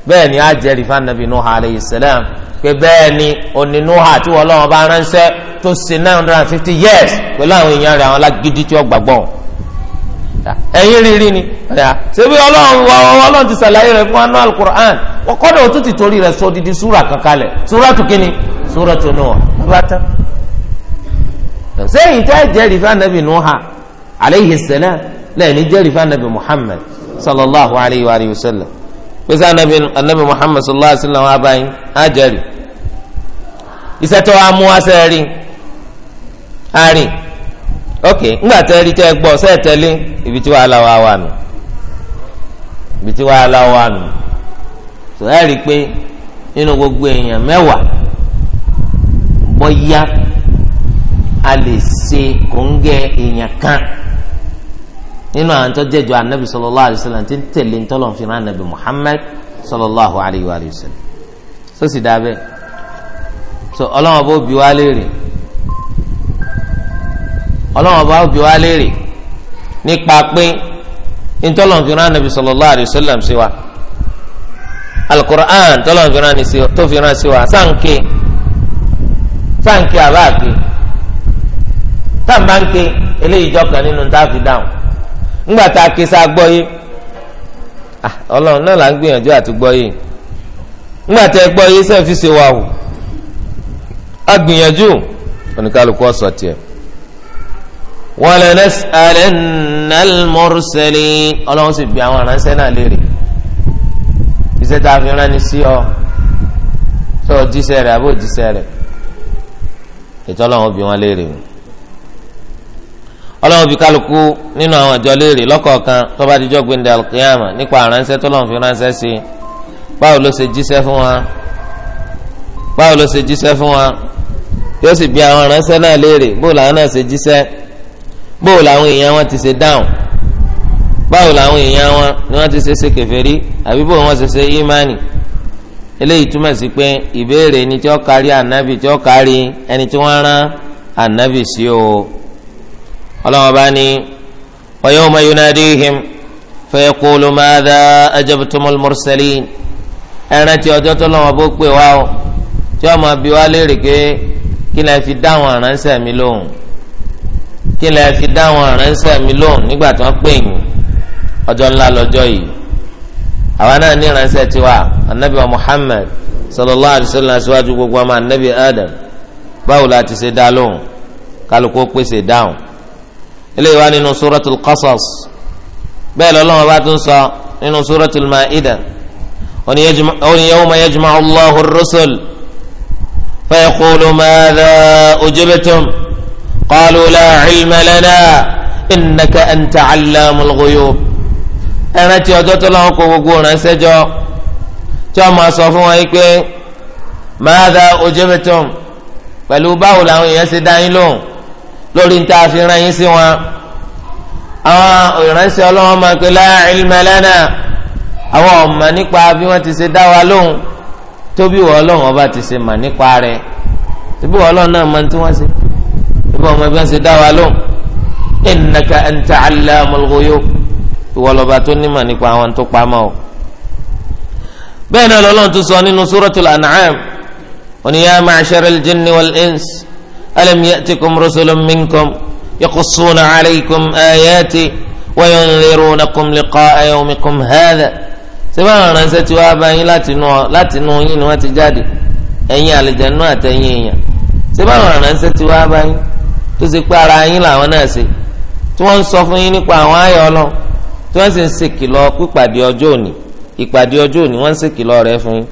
S1: bẹ́ẹ̀ ni a jẹ́rìí fún anabi nuha aleyhi salam pé bẹ́ẹ̀ ni òní nuha tí wọ́n lọ́wọ́ bá ránṣẹ́ tó ṣe nine hundred and fifty years pẹ̀lú àwọn èèyàn rẹ̀ àwọn alágídí tí wọ́n gbàgbọ́ ẹ̀yin rírí ni ṣebí ọlọ́run ọlọ́run ti ṣàlàyé rẹ̀ fún anú alukur'an wọ́n kọ́ dọ̀ tún ti torí rẹ̀ sọ didi súra kankanlẹ̀ súra tó kíni súra tó nù ọ́ sẹ́yìn tẹ́ jẹ́rìí fún nuha aleyhi salam lẹ́yìn jẹ́rìí fún anabi muhammad sallallahu alayhi wa sallam. pèsè anabi anabi muhammad sallallahu alaihi wa sallam abayin ajari iṣẹ́ tó wàá mú ari. rí arìn ok ńgbà tẹ rí tẹ gbọ́ ṣe tẹ̀lé ibi tí wàhálà wà wà nù ibi tí wàhálà wà nù tó ẹ rí i pé nínú gbogbo èèyàn mẹ́wàá bóyá a lè ṣe kòńgẹ́ èèyàn kan. nínú àwọn tó jẹ́jọ́ anabi sallallahu alayhi wa sallam ti ń tẹ̀lé ntọ́lọ́n fi rán anabi muhammad sallallahu alayhi wa sallam tó sì dábẹ́ so ọlọ́wọ́n bó bi wá léèrè ọlọ́wọ́n bá bi wá léèrè nípa pé ntọ́lọ́n fi rán anabi sallallahu alayhi wa sallam sí wa alukur'an tọ́lọ́n fi rán ni tó fi rán sí wa sáǹkì sáǹkì àbáàkì táǹbáǹkì eléyìí jọ nínú táàfin dáhùn ńgbà tá a ké sá gbọ́ yé ah, ọlọ́run náà là ń gbìyànjú àti gbọ́ yé ńgbà tá a gbọ́ yé sẹ́ẹ̀ fi ṣe wà o a gbìyànjú oníkálukú ọ̀sọ̀ tiẹ̀. ولنسألن المرسلين ọlọ́run sì bí àwọn aránṣẹ́ náà léèrè iṣẹ́ tá a fi rán ni sí ọ sọ jíṣẹ́ rẹ̀ àbí òjíṣẹ́ rẹ̀ ètò ọlọ́run bí wọn léèrè o ọlọ́run fi kálukú nínú àwọn àjọ léèrè lọ́kọ̀ọ̀kan tó bá dijọ́ gbé ndàlù kìyàmà nípa àránṣẹ́ tó lọ́n fi ránṣẹ́ sí i báwo ló ṣe jíṣẹ́ fún wa báwo ló ṣe jíṣẹ́ fún wa yóò sì bi àwọn àránṣẹ́ náà léèrè bóò làwọn náà ṣe jíṣẹ́ bóò làwọn èèyàn wọn ti ṣe dáhùn báwo làwọn èèyàn wọn ni wọ́n ti ṣe ṣe kèfèrí àbí bóò wọ́n ṣe ṣe ímánì eléyìí túmọ̀ sí pé ìbéèrè ni tí ó kárí ànábì tí ó kárí ẹni tí wọ́n rán ànábì sí o ọlọ́wọ́n bá ní wa yawma yunadihim fayaqulu madha ajabtumul mursalin ẹran tí ọjọ́ tó lọ́wọ́ bó pè wá o tí ọmọ bí wá léèrè pé kí lẹ fi dáhùn aránṣẹ́ mi lóhùn kí lẹ fi dáhùn aránṣẹ́ mi lóhùn nígbà tí wọ́n pè yín ọjọ́ ńlá lọ́jọ́ yìí àwa náà ní ìránṣẹ́ tiwa anabi wa Muhammad sallallahu alayhi wa sallam aṣíwájú gbogbo ọmọ anabi Adam báwo la ti ṣe dá lóhùn kálukú pèsè dáhùn eléyìí wá nínú suratul qasas bẹ́ẹ̀ lọ́lọ́wọ́ bá tún sọ nínú suratul ma'ida ó ní yawma yajma'u Allahu ar-rusul fa yaqulu madha ujibtum qalu la ilma lana innaka anta allamul ghuyub ẹran tí ọjọ́ tó lọ́wọ́ kó gbogbo ránṣẹ́ jọ tí wọ́n máa sọ fún wọn yìí pé madha ujibtum pẹ̀lú báwo làwọn èèyàn ṣe dá yín lóhùn lórí ní ta fi rán yín sí wọn àwọn ìránṣẹ́ ọlọ́wọ́n máa pe la ilma lana àwọn ọ̀mà nípa bí wọ́n ti ṣe dá wa lóhùn tóbi wọ́n ọlọ́run ọba ti ṣe mà nípa rẹ̀ tóbi wọ́n ọlọ́run náà máa ń tí wọ́n ṣe tóbi wọ́n ọmọ bí ṣe dá wa lóhùn innaka anta allamul ghuyub ìwọlọba tó ní mà nípa àwọn tó pamọ́ o. bẹ́ẹ̀ náà lọ́lọ́run tó sọ nínú suratul an'am ó ní ya ma'sharal jinni ألم يأتكم رسل منكم يقصون عليكم آياتي وينذرونكم لقاء يومكم هذا سبحان الله نسيت وابا لا تنو لا تنو ين واتجادي ẹ̀yin àlejànú àtẹ̀yin èèyàn ṣé báwọn àránṣẹ́ ti wá báyìí tó ṣe pé ara yín làwọn náà ṣe tí wọ́n ń sọ fún yín nípa àwọn ayọ̀ ọlọ́ tí wọ́n sì ń ṣèkìlọ̀ pípàdé ọjọ́ òní ìpàdé ọjọ́ òní wọ́n ń ṣèkìlọ̀ rẹ̀ fún yín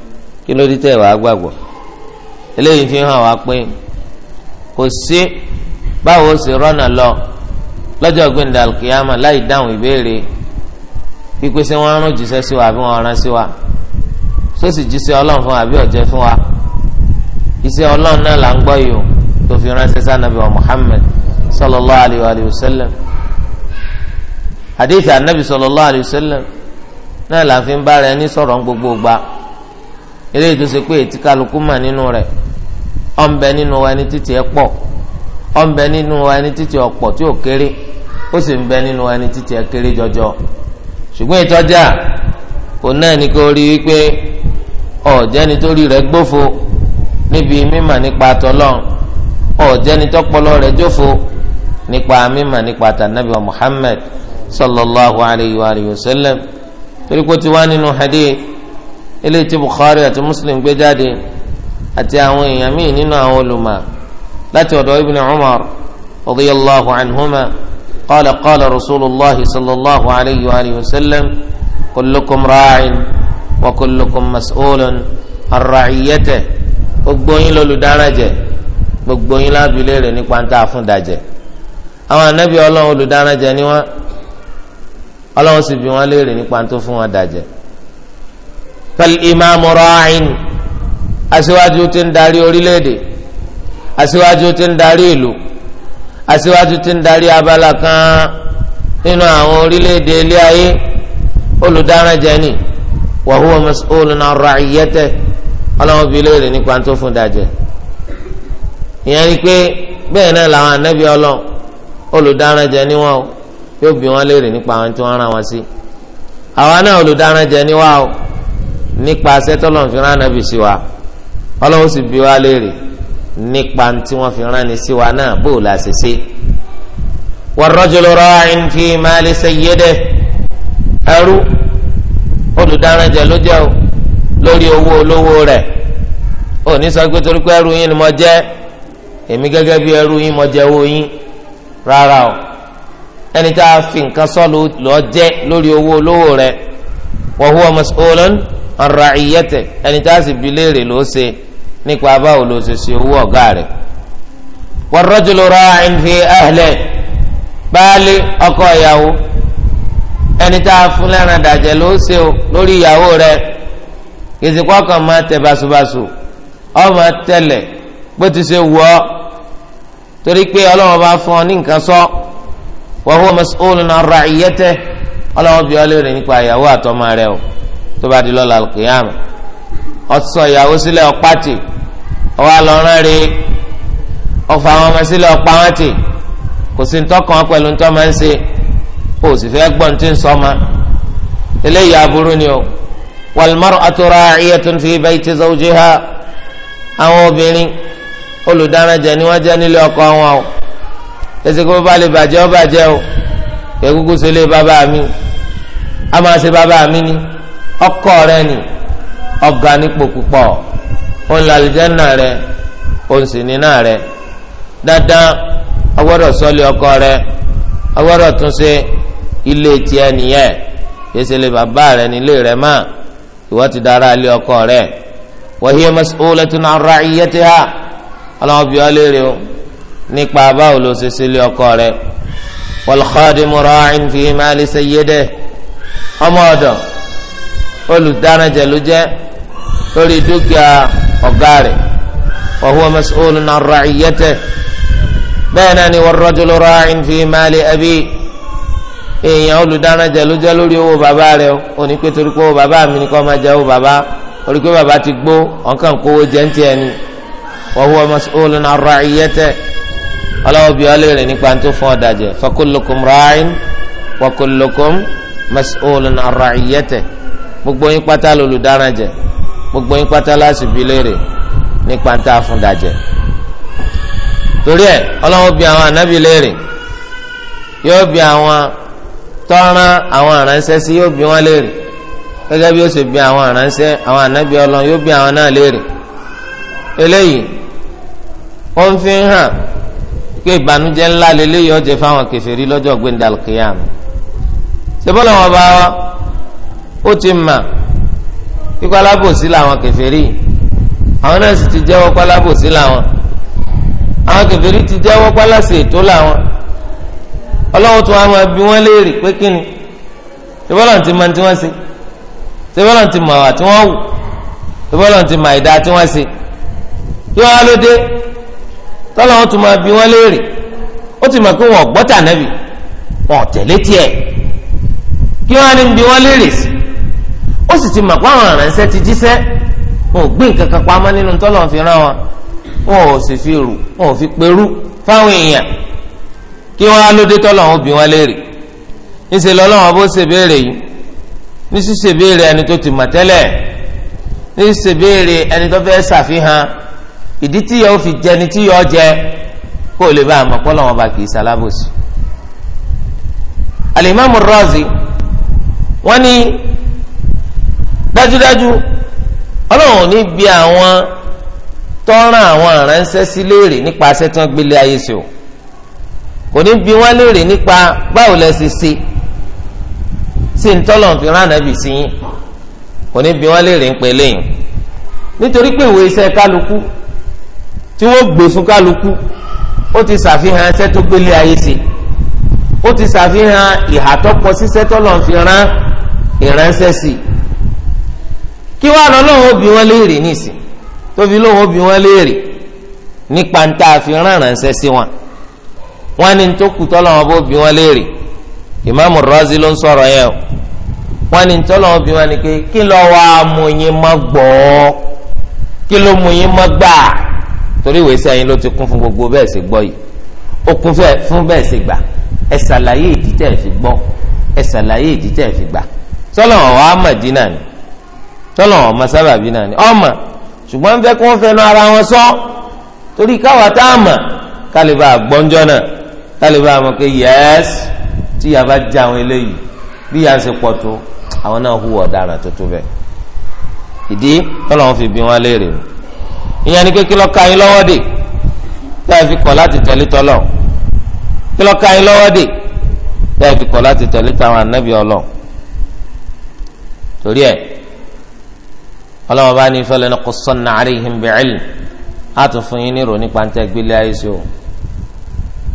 S1: kí ló dé tẹ̀ wá gbàgbọ́ eléyìí fi hàn wá pé kò sí báwo ó sì rọ́nà lọ lọ́jọ́ gbẹ̀ndà kìyàmà láì dáhùn ìbéèrè pípé sí wọn rán jíṣẹ́ sí wa àbí wọn rán sí wa sósì jíṣẹ́ ọlọ́run fún wa àbí ọ̀jẹ́ fún wa iṣẹ́ ọlọ́run náà là ń gbọ́ o tó fi ránṣẹ́ sànàbí Muhammad sallallahu anabi sallallahu náà là ń fi bára ẹni gbogbo gba eléyìí tó ṣe pé mà ọ̀nbẹ nínú wa ní títí ẹ pọ̀ ọ̀nbẹ nínú wa ní títí ọ̀pọ̀ tí ò kéré ó sì ń bẹ nínú wa ní títí ẹ kéré jọjọ ṣùgbọ́n ìtọ́jà òun náà ní kó rí wípé ọ̀jẹ́ni tó rí rẹ̀ gbófo níbi mímọ̀ nípa tọ́lọ́n ọ̀jẹ́ni tọ́pọlọ rẹ̀ jófo nípa mímọ̀ nípa tànàbí wa Muhammad sallallahu alayhi wa alihi wa sallam torí pé ti wá nínú hadith eléyìí tí Bukhari àti Muslim gbé jáde àti àwọn èèyàn míì nínú àwọn olùmọ̀ láti ọ̀dọ̀ ibn umar radiyallahu anhuma qala qala rasulillah sallallahu alayhi wa alihi wa sallam kullukum raa'in wa kullukum mas'ulun an ra'iyyatihi gbogbo yín lolùdárajẹ gbogbo yín lábìlẹ̀ rẹ̀ nípa ń àwọn anabi ọlọ́run olùdárajẹ ni wọ́n ọlọ́run sì bi wọ́n léèrè nípa ń fún wọn dajẹ. fal imaamu raa'in aṣíwájú tí ń darí orílẹ̀-èdè aṣíwájú tí ń darí ìlú aṣíwájú tí ń darí abala kan nínú àwọn orílẹ̀-èdè ilé ayé olùdáranjẹ ni wa huwa mas'ulun an ra'iyyatihi ọlọ́run fi léèrè nípa tó fún dajẹ́ ìyẹn ni pé bẹ́ẹ̀ náà làwọn anábì ọlọ́ olùdáranjẹ ni wọ́n o yóò bi wọ́n léèrè nípa àwọn tí wọ́n rán wọn sí àwa náà olùdáranjẹ ni wá o nípa sẹ́tọ́lọ́n fi rán anábì sí wa ọlọ́run sì bi wá léèrè nípa tí wọ́n fi rán ni sí wa náà bó o la ṣe ṣe. warrajulu ra'in fi mali sayyidih ẹrú olùdáranjẹ ló jẹ́ o lórí owó olówó rẹ̀ ò ní sọ pé torí pé ẹrú yín ni mo jẹ́ èmi gẹ́gẹ́ bí ẹrú yín mo jẹ́ owó yín rárá o ẹni tá a fi nǹkan sọ lọ jẹ́ lórí owó olówó rẹ̀ wa huwa mas'ulun an ra'iyyatihi ẹni tá a sì bi léèrè ló ṣe. nípa báwo ló ṣe ṣe owó ọ̀gá rẹ̀ warrajulu ra'in fi ahlihi baálé ọkọ ìyàwó ẹni tá a fún lẹ́ran dàjẹ́ ló ṣe o lórí ìyàwó rẹ̀ ìsìnkú kan máa tẹ basubasu ọmọ tẹlẹ̀ bó ti ṣe wù torí pé ọlọ́wọ́n bá fún ọ ní nǹkan sọ wa huwa mas'ulun an ra'iyatihi ọlọ́wọ́n bí ọ léèrè nípa ìyàwó àtọmọ o tó bá di lọ́la al ọsọ ìyàwó sílẹ̀ ọpátì ọwọ àlọrán rè ọfọ àwọn ọmọ sílẹ̀ ọpáwọntì kò sí ntọkàn pẹ̀lú ntọ máa ń ṣe kò sì fẹ́ gbọ́ ntí ń sọ ma eléyìí aburú ni o wal mar'atu ra'iyatun fi bayti zawjiha àwọn obìnrin olùdáranjẹ ni wọ́n jẹ́ nílé ọkọ wọn o ẹsẹ kó bá lè bàjẹ́ ọ bàjẹ́ o kẹkúkú sílé bàbá mi a máa ṣe bàbá mi ni ọkọ rẹ ni ọ̀gá nípò púpọ̀ òun là àlùjánnà rẹ̀ òun sì ní náà rẹ̀ dáadáa ọgbọ́dọ̀ sọ́lé ọkọ rẹ̀ ọgbọ́dọ̀ tún ṣe ilé tiẹ̀ nìyẹn yẹsẹlẹ bàbá rẹ̀ nílé rẹ̀ mọ́ ìwọ ti dára ilé ọkọ rẹ̀ wa hiya mas'ulatun 'an ra'iyyatiha ọlọ́wọ́ bí wọ́n léèrè o nípa báwo ló ṣe sílé ọkọ rẹ̀ wal khadimu ra'in fi mali sayyidihi ọmọ ọ̀dọ̀ olùdáranjẹ ló jẹ́ lórí dúkìá ọ̀gá rẹ̀ wa huwa mas'ulun 'an ra'iyyatihi bẹ́ẹ̀ náà ni war-rajulu ra'in fi mali abi èèyàn olùdáranjẹ ló jẹ́ lórí owó bàbá rẹ̀ òní pé torí pé owó bàbá mi ni kò máa jẹ owó bàbá orí pé bàbá ti gbó ọ̀nkàn kówó jẹ́ ń tiẹ̀ ni wa huwa mas'ulun 'an ọlọ́wọ́ bí ọlẹ́ rẹ̀ nípa tó fún ọ̀dà jẹ fa gbogbo yín pátá láti fi léèrè nípa ń tá fún dajẹ torí ẹ ọlọ́run bi àwọn ànábì léèrè yóò bi àwọn tọ́ran àwọn àránṣẹ́ sí yóò bi wọ́n léèrè gẹ́gẹ́ bí ó ṣe bi àwọn àránṣẹ́ àwọn ànábì ọlọ́run yóò bi àwọn náà léèrè eléyìí ó ń fi hàn pé ìbànújẹ́ ńlá lélẹ́yìí ọjẹ́ fáwọn kèfèrí lọ́jọ́ gbẹ̀ndàlùkìyàmù ṣe bọ́lá wọn bá ó ti mà ikú alábòsí làwọn kèfèrí àwọn náà sì ti jẹ́wọ́ pálábòsí làwọn àwọn kèfèrí ti jẹ́wọ́ pálásì ètò làwọn ọlọ́wọ́ tó wá máa bi wọ́n léèrè pé kí ni tẹ́bọ́lọ̀ ti máa tí wọ́n ṣe tẹ́bọ́lọ̀ ti mọ̀ àwa tí wọ́n wù tẹ́bọ́lọ̀ ti mọ̀ àìdá tí wọ́n ṣe kí wọ́n á ló dé tọ́lọ́wọ́ tó máa bi wọ́n léèrè ó ti mọ̀ pé wọ́n gbọ́tà nẹ́bì wọ́n tẹ̀lé tiẹ̀ kí wọ́n á ní bi wọ́n léèrè sí i ó sì ti mọ̀ pé àwọn aránṣẹ́ ti jíṣẹ́ wọn ò gbé nǹkan kan pamọ́ nínú tọ́lọ̀ fi rán wọn wọn ò sì fi rù wọn ò fi perú fáwọn èèyàn kí wọn á lóde tọ́lọ̀ wọn bí wọn léèrè níṣẹ́ lọ́lọ́wọ́n bó ṣe béèrè yìí ní ṣíṣe béèrè ẹni tó ti mọ̀ tẹ́lẹ̀ ní ṣíṣe béèrè ẹni tó fẹ́ ṣàfihàn ìdí tí yóò fi jẹ ni tí yóò jẹ kó o lè bá àmọ́ pọ́lọ́ wọn bá kì í ṣalábòsí. Al-Imam Ar-Razi wọ́n ní dájúdájú ọlọ́run ò ní bi àwọn tọ́ran àwọn aránṣẹ́ sí léèrè nípa aṣẹ́ tí wọ́n gbélé ayé sí o kò ní bi wọ́n léèrè nípa báwo lẹ ṣe ṣe sí ntọ́lọ̀ fi rán ànábì sí yín kò ní bi wọ́n léèrè ń pè léyìn nítorí pé ìwé iṣẹ́ kálukú tí wọ́n gbé fún kálukú ó ti ṣàfihàn aṣẹ́ tó gbélé ayé sí ó ti ṣàfihàn ìhàtọ́kọ síṣẹ́ tọ́lọ̀ fi rán ìránṣẹ́ sí i kí wàá lọ lọ́wọ́ bí wọ́n léèrè nísìn tóbi lọ́wọ́ bí wọ́n léèrè nípa ń tá a fi rán ránṣẹ́ sí wọn wọ́n ní tó kù tọ́lọ́wọ́ bó bí wọ́n léèrè ìmáàmù Razi ló ń sọ̀rọ̀ yẹn o wọ́n ní tọ́lọ́wọ́ bí wọ́n ní pé kí lọ́ wá mú yín gbọ́ kí ló mú yín gbà torí ìwé sẹ́yìn ló ti kún fún gbogbo bẹ́ẹ̀ sì gbọ́ yìí ó kún fún bẹ́ẹ̀ sì gbà ẹ ṣàlàyé ìdí tẹ̀ fi gbọ́ ẹ ṣàlàyé ìdí tẹ̀ fi gbà tọ́lọ́wọ́ wa Mádínà ni sọlọ ọmọ sábàbí náà ni ọmọ ṣùgbọ́n fẹ́ kí wọ́n fẹnu ara wọn sọ torí káwa tá a mọ̀ kálíbà gbọ́njọ́ náà kálíbà mọ̀ pé yẹ́s tí yàrá bá já àwọn eléyìí bí yàrá ṣe pọ̀ tó àwọn náà hùwà ọ̀daràn tó tó bẹ́ẹ̀ ìdí tọ́lọ̀ wọn fi bí wọn léèrè o ìyẹn ni kékeré ọ̀ka yín lọ́wọ́ dè tẹ́ fi kọ̀ láti tẹ̀lé tọ́lọ̀ kékeré ọ̀ka yín lọ́wọ́ dè tẹ́ fi kọ̀ láti tẹ̀lé táwọn anábì ọlọ́ torí ẹ̀ ọlọ́wọ́ bá ní fẹlẹ́ kó sọ́nà na bẹ̀ẹ́lì á fún yín nírò nípa ntẹ́ gbélé ayé o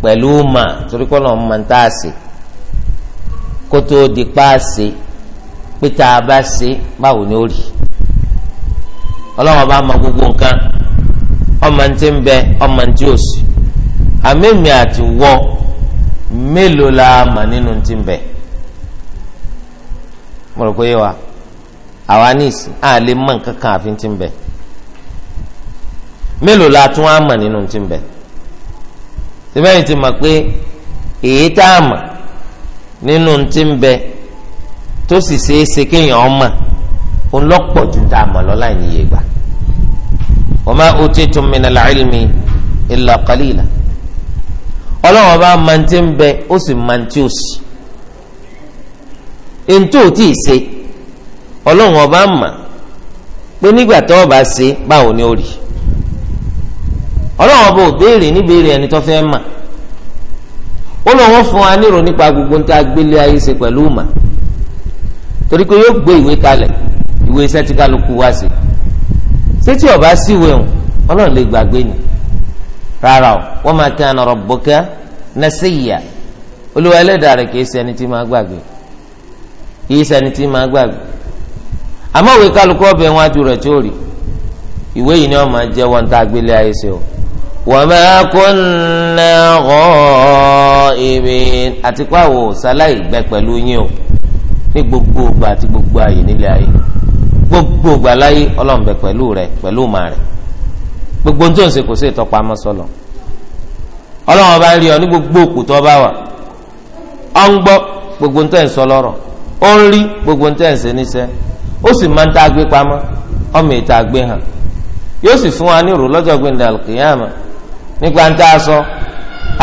S1: pẹ̀lú mà torí kọ́ lọ́n mọ̀ kó tó di pa àsè pé a báwo ni ó rí ọlọ́wọ́ bá mọ gbogbo nǹkan ọmọ ntí ń bẹ ọmọ ntí ò sí àmẹ́mi àti mélòó la mà nínú ntí ń bẹ mo àwa ní ìsìn lè mọ nǹkan kan àfi ti ń bẹ mélòó la tún á mọ̀ nínú ti ń bẹ síbẹ̀yìn ti mọ̀ pé èyí tá a mọ̀ nínú ti ń bẹ tó sì ṣe kéèyàn ọmọ ju tá a mọ̀ lọ́la gbà ilmi illa qalila ọlọ́wọ́n bá máa ti ń bẹ ó sì ti ọlọ́run ọba mà pé nígbà tó ọba ṣe báwo ni ó rí ọlọ́run ọba ò béèrè níbèrè ẹni tó fẹ́ mà ó lọ wọ́n fún wa nípa gbogbo níta gbélé ayé ṣe pẹ̀lú mà torí pé yóò gbé ìwé kalẹ̀ ìwé iṣẹ́ tí kálukú wá sí ṣé tí ọba síwèé hàn ọlọ́run lè gbàgbé ni rárá o ma olúwa ẹlẹ́dàá rẹ̀ kì àmọ́ òwe kálukú ọbẹ̀ wọn adu rẹ̀ tí ó rí ìwé yìí ni wọ́n máa jẹ́ wọn tá a gbélé ayé ṣe o. wa ma kunna ghaibin àti pé àwọn òsáláì gbẹ pẹ̀lú yín o ní gbogbo ògbà àti gbogbo ayé nílé ayé gbogbo ògbà láyé ọlọ́run bẹ pẹ̀lú rẹ pẹ̀lú màá rẹ gbogbo nítorí ṣe kò sí ìtọ́pamọ́ sọlọ ọlọ́run bá rí ọ ní gbogbo òkú bá wà ọ ń gbọ́ gbogbo nítorí sọlọ́rọ̀ ó ń rí gbogbo nítorí ṣe níṣẹ́ ó sì máa ń tá a gbé pamọ́ ọmọ ìta ha hàn yóò sì fún wa ní ìrò lọ́jọ́ gbẹ̀ndẹ̀ alùkìyàmà nípa ń tá a sọ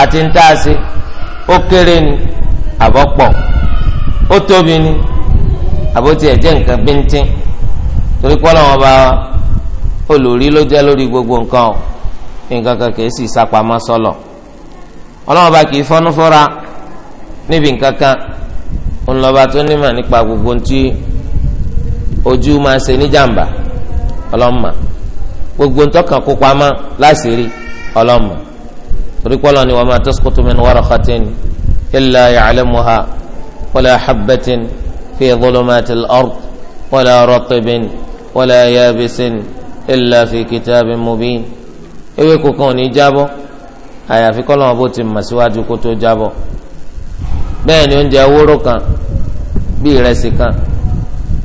S1: àti ń tá a ṣe ó kéré ni àbọ̀pọ̀ ó tóbi ni àbótí ẹ̀jẹ̀ nǹkan bíntín torí pé ọlọ́wọ́n bá olùrí ló jẹ́ lórí gbogbo nǹkan o nǹkan kan kì sì ọlọ́wọ́n bá kì í fọ́nú fọ́ra níbi nǹkan ojú máa ṣe níjàmbá ọlọ́mọ gbogbo ntọ́kàn kó pamọ́ láṣìírí ọlọ́mọ torí pọ́lọ́ ni wa ma tasqutu min waraqatin illa ya'lamuha wala habbatin fi dhulumatil ard wala ratbin wala yabisin illa fi kitabin mubin ewé kankan ò ní jábọ́ àyàfi kọ́lọ́mọ bó ti mọ̀ síwájú kó tó jábọ́ bẹ́ẹ̀ ni oúnjẹ wóró kan bí ìrẹsì kan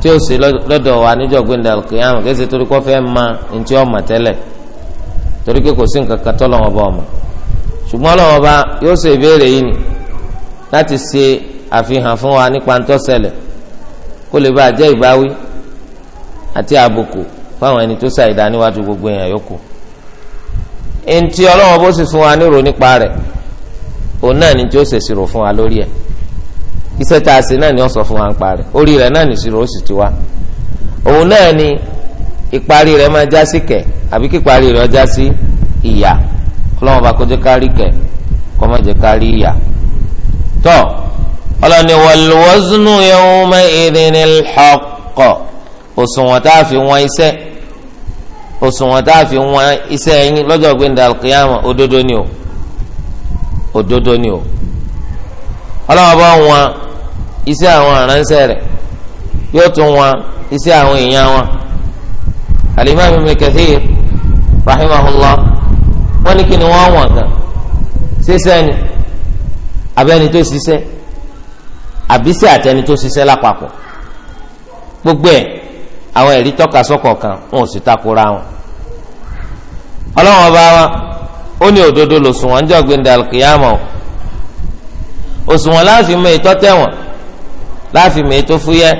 S1: tí ó sì lọ́dọ̀ wa níjọ́ gbẹ̀ndà kìyàmù kí torí kó fẹ́ ma ntí ọmọ tẹ́lẹ̀ torí kò sí nǹkan kan ọmọ ṣùgbọ́n ọlọ́wọ́n bá yóò ṣe ìbéèrè yìí ni láti ṣe àfihàn fún wa nípa kó lè bá jẹ́ ìbáwí gbogbo èèyàn yòókù ntí bó sì fún wa nípa rẹ̀ òun náà ni tí ó ṣèṣirò iṣẹ́ tá a ṣe náà ni wọ́n sọ fún wa ń parẹ́ orí rẹ̀ náà nìṣirò ó sì ti wá òun náà ni ìparí rẹ̀ máa já sí kẹ̀ àbí kíparí rẹ̀ já sí ìyà ọlọ́wọ́n bá kọjá kárí kẹ̀ kọ́ má jẹ́ kárí ìyà. tọ́ ọlọ́ni wàlúwọ́sùnù yawma ìdìní lọ́kọ̀ òṣùwọ̀n tá a fi wọn iṣẹ́ òṣùwọ̀n tá a fi wọn iṣẹ́ yín lọ́jọ́ gbẹ̀ndà òdodo ni o òdodo ni o. ọlọ́wọ́ bá wọn iṣẹ́ àwọn aránṣẹ́ rẹ̀ yóò tún wọn iṣẹ́ àwọn èèyàn wọn alimami ibn kathir rahimahullah wọn ní kí ni wọ́n wọn kan ṣiṣẹ́ ni abẹ́ni tó ṣiṣẹ́ àbísí àtẹni tó ṣiṣẹ́ lápapọ̀ gbogbo ẹ̀ àwọn ẹ̀rí tọ́ka kan wọn ò sì takora wọn òṣùwọ̀n láàfin mọ ètò tẹ̀wọ̀n láàfin mọ ètò fúyẹ́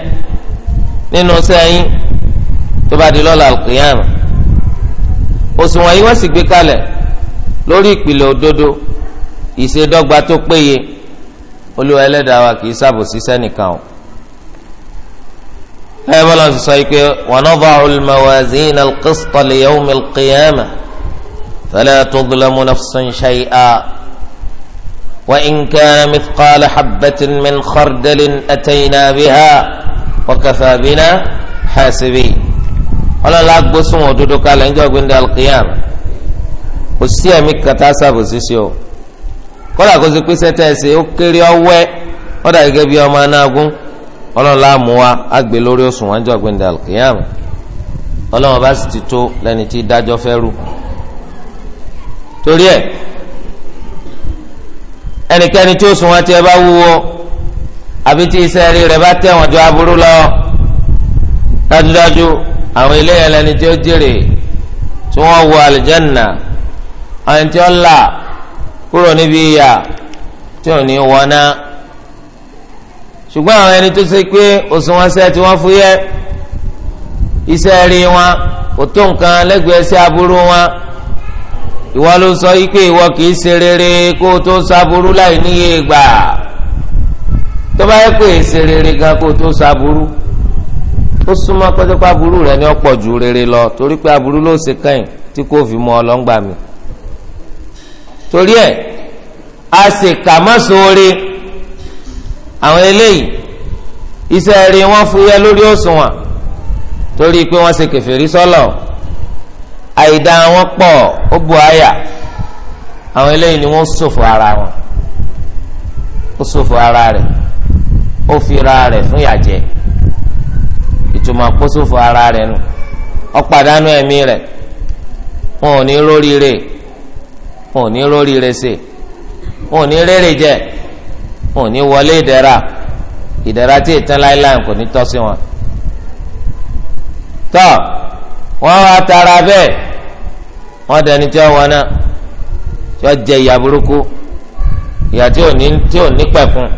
S1: nínú sẹ́yìn tó bá di lọ́la àlùkìyàmù òṣùwọ̀n yìí wọ́n sì gbé kalẹ̀ lórí ìpìlẹ̀ òdodo ìṣèdọ́gba tó péye olúwa ẹlẹ́dàá wa kì í ṣàbòsí sẹ́nìkan o ẹ bọ́lá ti sọ pé wa nada'u al-mawazina al-qista li yawmi al-qiyamah fala tudlamu nafsun shay'a. وإن كان مثقال حبة من خردل أتينا بها وكفى بنا حاسبين ولا لا أقبسون ودودوك على إنجا عند القيامة òsì ẹ̀mí kàtà sábò ṣíṣe o kọ́lá kó ti pèsè tẹ̀sí ó kéré ọwẹ́ ó dà gẹ́gẹ́ bí ọmọ anágún ọlọ́run láàmú wa àgbè lórí òsùn wọn jọ gbẹ̀ndẹ̀ alkiyama ọlọ́run bá sì ti tó lẹ́ni tí dájọ́ fẹ́ rú torí ẹ̀ ẹnikẹ́ni tí òṣùwọ̀n tiẹ̀ bá wúwo àbí tí iṣẹ́ rí rẹ̀ bá tẹ̀wọ̀n ju aburú lọ dájúdájú àwọn eléyìí ẹlẹ́ni tí ó jèrè tí wọ́n wọ àlìjẹ́nà àwọn tí ó là kúrò níbi ìyà tí ò ní wọná ṣùgbọ́n àwọn ẹni tó ṣe pé òṣùwọ̀n ṣẹ́ tí wọ́n fúyẹ́ iṣẹ́ rí wọn kò tó nǹkan lẹ́gbẹ̀ẹ́ sí aburú wọn ìwọ ló sọ yìí pé ìwọ kì í ṣe rere kó o tó sábúrú láì níye ìgbà tó bá yẹ pé ṣe rere gan kó o tó sábúrú ó súnmọ́ pẹ́tẹ́pẹ́ aburú rẹ̀ ni ó pọ̀ ju rere lọ torí pé aburú ló ṣe kẹ́yìn tí kò fi mọ ọlọ́ngbà mi torí ẹ̀ a ṣe kà má sóore àwọn eléyìí iṣẹ́ rí wọ́n fúyẹ́ lórí òṣùwọ̀n torí pé wọ́n ṣe kèfèrí sọ́lọ̀ àìdá wọn pọ̀ ó bu àyà àwọn eléyìí ni wọ́n ṣòfò ara wọn ó ṣòfò ara rẹ̀ ó fi ra rẹ̀ fún yàjẹ́ ìtumọ̀ kó ṣòfò ara rẹ̀ nù ó pàdánù ẹ̀mí rẹ̀ wọn ò ní róríire wọn ò ní róríire ṣe wọn ò ní rere jẹ wọn ò ní wọlé ìdẹ̀ra ìdẹ̀ra tí ìtàn láéláé kò ní tọ́ sí wọn tọ́ wọ́n wá tara bẹ́ẹ̀ wọ́n dẹni tí wọ́n náà tí wọ́n jẹ ìyà burúkú ìyà tí ò ní tí ò ní pẹ̀kun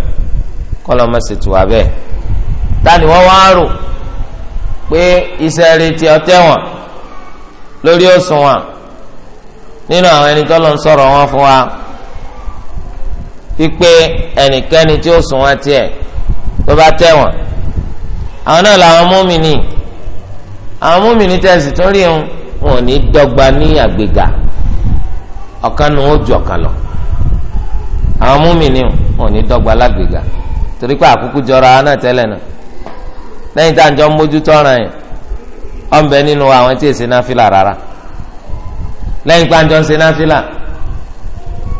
S1: kọ́lọ́ ma ṣètò wá tani wọ́n wá rò pé iṣẹ́ rẹ̀ tí ọ tẹ̀wọ̀n lórí òṣùwọ̀n nínú àwọn ẹni tó lọ ń sọ̀rọ̀ wọn fún wa pípé ẹnikẹ́ni tí òṣùwọ̀n tiẹ̀ tó bá tẹ̀wọ̀n àwọn náà làwọn múmi ni àwọn múmi ni tẹ̀sí tó rí òun wọn ò ní ní agbega ọ̀kan nu ó ju lọ àwọn múmìnì wọn ní dọ́gba lágbéga torí pé àkúkú jọra náà tẹ́lẹ̀ náà lẹ́yìn tá à ń jọ mójútó yẹn nínú àwọn tí èsì náfìlà rárá lẹ́yìn pé à ń jọ ń náfìlà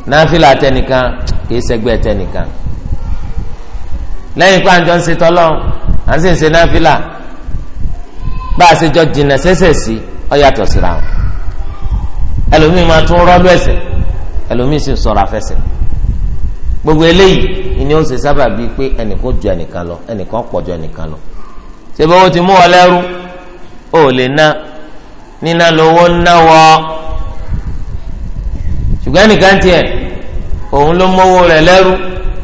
S1: náfìlà tẹnìkan kì í jọ ń ọ yàtọ̀ síra wọn ẹlòmíì máa tún rọ́ọ̀lù ẹsẹ̀ ẹlòmíì sì sọ̀rọ̀ afẹsẹ̀ gbogbo eléyìí ni ó ṣe sábà bíi pé ẹnìkan ju ẹnìkan lọ ẹnìkan pọ̀ ju ẹnìkan lọ ṣé bọ́wọ́ ti mú ọ lẹ́rú ó lè ná níná lówó ná wọ́ ṣùgbọ́n ẹnìkan tiẹ̀ òun ló mówó rẹ̀ lẹ́rú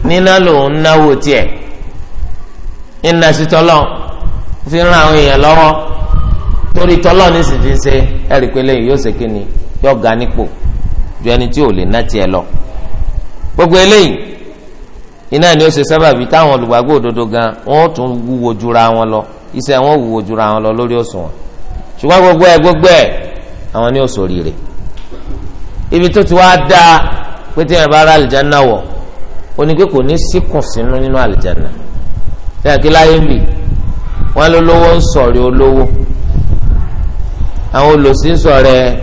S1: níná lòun náwó tiẹ̀ ńnà sí fi ń ran àwọn èèyàn lọ́wọ́ torí tọ́lọ́ ní sì ti ṣe ẹ̀rí pé lẹ́yìn yóò ṣe kí ni yóò ga nípò ju ẹni tí ò lè ná tiẹ̀ lọ. gbogbo eléyìí iná ni ó ṣe sábàbí táwọn olùgbàgbọ́ òdodo gan wọn ó tún wúwo jura wọn lọ iṣẹ́ wọn wúwo jura wọn lọ lórí òṣùwọ̀n ṣùgbọ́n gbogbo ẹ̀ gbogbo ẹ̀ àwọn ni ó ṣoríire. ibi tó ti wá dáa pé tí yẹn bá ra àlìjáná wọ̀ ó pé kò ní síkùn sínú nínú àlìjáná. sẹ́yìn kí láyé ń wọ́n lólówó ń sọ̀rí àwọn olòṣì ń ṣọ̀rẹ́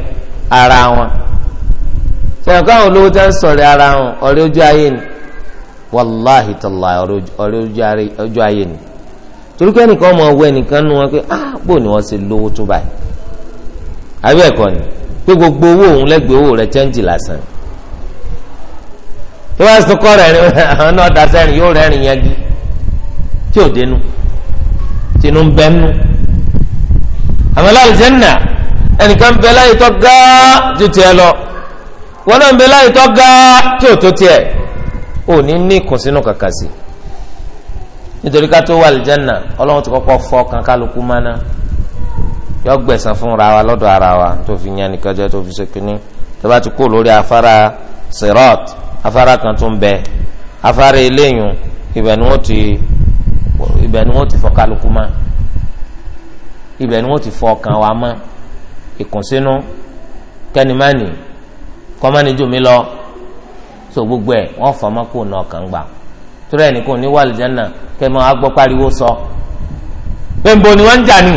S1: ara wọn sẹ́yìn káwọn olówó tẹ́ ń ṣọ̀rẹ́ ara wọn ọ̀rẹ́ ojú ayé ni wàláhì tàlá ọ̀rẹ́ ojú ayé ni torí pé ẹnìkan ọmọ ọwọ́ ẹnìkan nu wọn pé ah bò ni wọ́n ṣe lówó tó báyìí àbí ni pé gbogbo owó òun lẹ́gbẹ̀ẹ́ owó rẹ̀ chẹ́ǹjì lásán tó bá sọ kọ́ rẹ̀ àwọn náà da sẹ́rìn yóò rẹ́rìn yẹn gí tí ò dénú àmọ́ láwùjẹ́ náà. ẹnìkan ń bẹ láyé tó gáá ju tiẹ̀ lọ wọn náà ń bẹ láyé tó gáá tí ò tó tiẹ̀ ò ní ní ìkùnsínú kàkà sí nítorí ká tó wà lìjánà ọlọ́run ti kọ́kọ́ fọ́ kan kálukú máná yọ gbẹ̀sán fúnra wa lọ́dọ̀ ara wa tó fi yan nìkan jẹ́ tó fi ṣe kínní tó bá ti kó lórí afárá sirat afárá kan tó ń bẹ afárá eléyìn ibẹ̀ ni wọ́n ti ibẹ̀ ni wọ́n ti fọ́ kálukú má ibẹ̀ ni wọ́n ti fọ́ kan wa mọ́ ìkùnsínú kẹ́nìmánì kọ́mánìjù mi lọ so gbogbo ẹ̀ wọ́n fọmọ́ kó nà ọkàn gbà torí ẹ̀ nìkan ní wàlìjánà kẹ́mọ́ agbọ́ pariwo sọ pembo ni wọ́n ń jà ní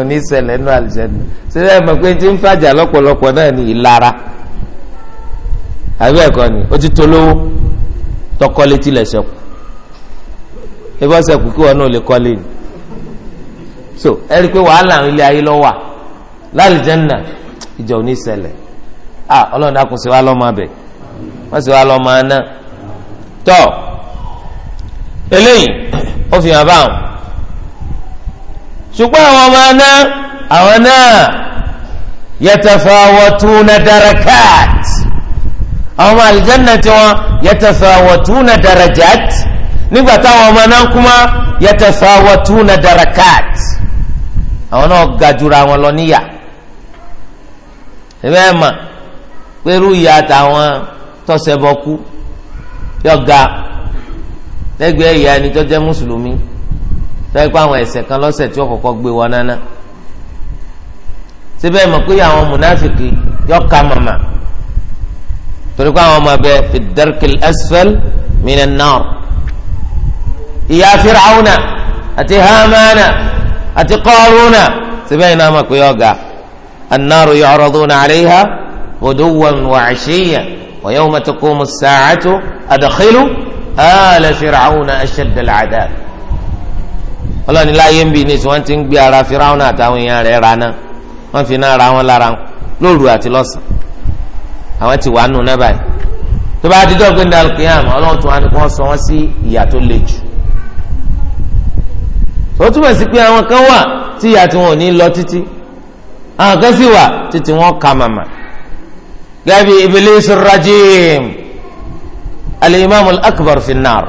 S1: oníṣẹ̀lẹ̀ nù àlìjánà síbẹ̀ ẹ̀ mọ̀ pé tí ń fàjà lọ́pọ̀lọpọ̀ náà ní ìlara àbí ẹ̀kọ́ ni ó ti tolówó tọkọ́lé tilẹ̀ sẹ́kù ẹ bá sẹ́kù kí wọn náà lè kọ́lé ni so ẹ rí i pé wàhálà ilé ayé lọ wà lálìjẹ́nà ìjà ò ní ṣẹlẹ̀ à ah, ọlọ́run dákun sí wa lọ́mọ abẹ wọ́n sì wá lọ́mọ aná tọ́ eléyìí ó fi hàn báwọn ṣùgbọ́n àwọn ọmọ aná àwọn náà yatafawatuna darakat àwọn ọmọ àlìjẹ́nà tiwọn yatafawatuna darajat nígbà táwọn ọmọ náà kúmá yatafawatuna darakat. àwọn náà ga jura wọn lọ níyà ẹ bẹ́ẹ̀ mà pẹ̀lú ìyá àtàwọn tọ́sẹ̀ bọ́ kú yọ ga lẹ́gbẹ̀ẹ́ ìyá ẹni tó jẹ́ mùsùlùmí tọ́yẹ pé àwọn ẹ̀ṣẹ̀ kan lọ́sẹ̀ tí ó kọ́kọ́ gbé wọn náná síbẹ̀ mọ̀ pé àwọn mùnáfìkì yọ ka màmá torí pé àwọn ọmọ abẹ fi darkil asfal minan nar ìyá firawuna àti hamana. àti Qaruna síbẹ̀ iná mọ̀ pé ọ̀gá an-naru yu'raduna 'alayha ghuduwwan wa 'ashiyyan wa yawma taqumu as-sa'atu adkhilu ala fir'auna ashadda al-'adhab ọlọ́ni láyé ń bi ní tí wọ́n ti ń gbé ara firawuna àtàwọn èèyàn rẹ̀ rana wọ́n fi náà ra wọn lára lóru àti lọ́sàn àwọn ti wà nù náà báyìí
S2: tó bá dídọ́ gbé ní ọlọ́run tó
S1: wà ní kí wọ́n sọ wọ́n sí ìyà tó le jù otu túmọ̀ sí pé àwọn kan wà tí ìyá ò ní lọ títí àwọn kan sì wà títí wọn kà màmá gàbí rajim alimami akbar finnar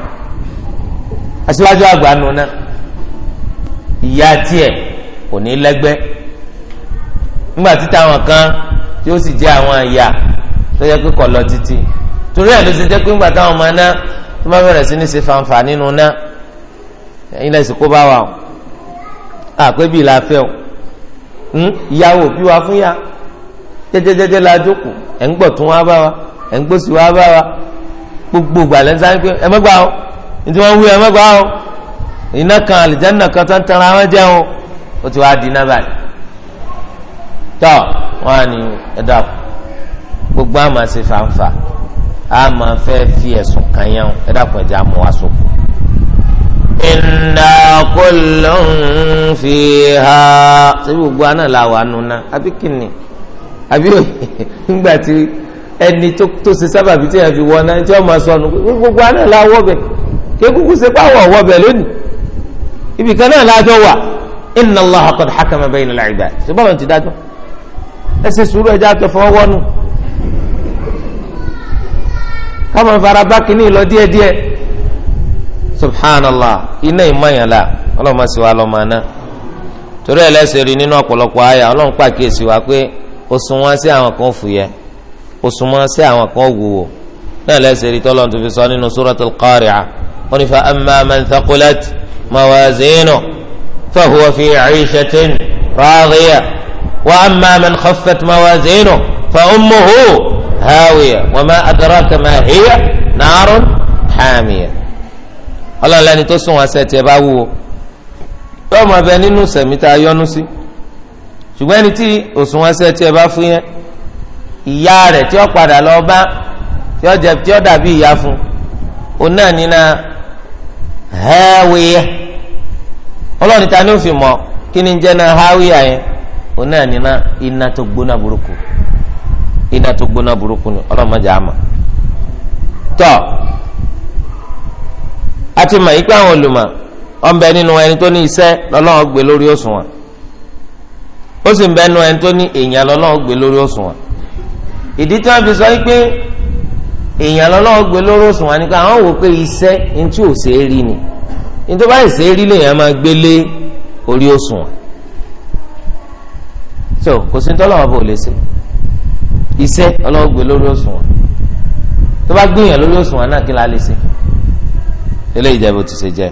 S1: aṣíwájú àgbà nuna ìyá tiẹ̀ kò ní lẹ́gbẹ́ nígbà títa àwọn kan tí ó sì jẹ́ àwọn ìyá tó yẹ kó lọ títí torí ẹ̀ jẹ́ pé ńgbà táwọn ọmọ náà tó bá bẹ̀rẹ̀ fanfa nínú náà ẹ̀yin lẹ́sìn kó bá wa o àpébí la fẹ́ o hmm? ìyàwó òbí wa fún yà jẹ́jẹ́jẹ́jẹ́ la jókòó ẹ̀ ń gbọ̀ tún wá bá wa ẹ̀ ń gbòsì wá bá wa gbogbo gbàlẹ́ ń sáré pé ẹ mẹ́gbà o ní tí wọ́n wí ẹ mẹ́gbà o iná kan àlìjáná kan tó ń ara wọn jẹun ó ti wá di iná báyìí tọ́ wọn á ní ẹ̀dá gbogbo àmà ṣe fàǹfà àmà fẹ́ fi ẹ̀sùn kàn yẹn ẹ̀dá kan ẹ̀jẹ̀ àmọ́ wa sọ̀kù. inna kóló ń fi gbogbo aná la wà nùnà àbí kìnnì àbí nígbà tí ẹni tó ṣe tí yẹn fi wọ náà tí máa sọ gbogbo aná la wọ bẹ inna allah hakama ti dájọ́ sùúrù ẹja tó fọwọ́ wọnú káwọn fara bá kínní lọ subhanallah iná ìmọ̀yànlá ọlọ́run máa sì wá lọ́mọ náà torí ẹlẹ́sẹ̀ rí nínú ọ̀pọ̀lọpọ̀ àyà ọlọ́run pàkíyèsí wa pé òṣùwọ̀n sí àwọn kan fúyẹ́ òṣùwọ̀n sí àwọn kan wúwo náà lẹ́sẹ̀ rí tọ́lọ́run tó fi sọ nínú suratul qari'ah wọ́n ní fa amma man thaqulat mawazinuhu fi 'ishatin radiyah wa amma man khaffat mawazinuhu fa wa ma adraka ma hiya narun hamiyah ọlọ́ọ̀lá ni tó sùn wọn sẹ́ tiẹ̀ bá o yóò máa bẹ nínú sẹ̀mí yọnu sí ṣùgbọ́n ẹni tí òsùn wọn sẹ́ tiẹ̀ bá fún yẹn ìyá rẹ̀ padà lọ bá tí ó jẹ tí ó dàbí ìyá fún òun náà hẹ́wìyẹ ta ni ó fi mọ̀ kí ni jẹ́ náà hẹ́wìyẹ yẹn òun náà iná tó gbóná burúkú iná tó gbóná burúkú ni a ti mọ̀ ikú àwọn olùmọ̀ ọ̀nbẹ nínú ẹni tó ní iṣẹ́ lọ́lọ́wọ́ gbé lórí òṣùwọ̀n ó sì ń bẹ nínú ẹni tó ní èèyàn lọ́lọ́wọ́ gbé lórí òṣùwọ̀n sọ pé èèyàn lọ́lọ́wọ́ gbé lórí òṣùwọ̀n ni pé àwọn wò pé iṣẹ́ ní tí ò ṣe é rí ni ní tó bá ìṣe é rí lèèyàn máa gbé lé orí òṣùwọ̀n tó kò sí tọ́lọ́wọ́ bò lè ṣe iṣẹ́ gbé eléyìí jẹ́ bó ti ṣe jẹ́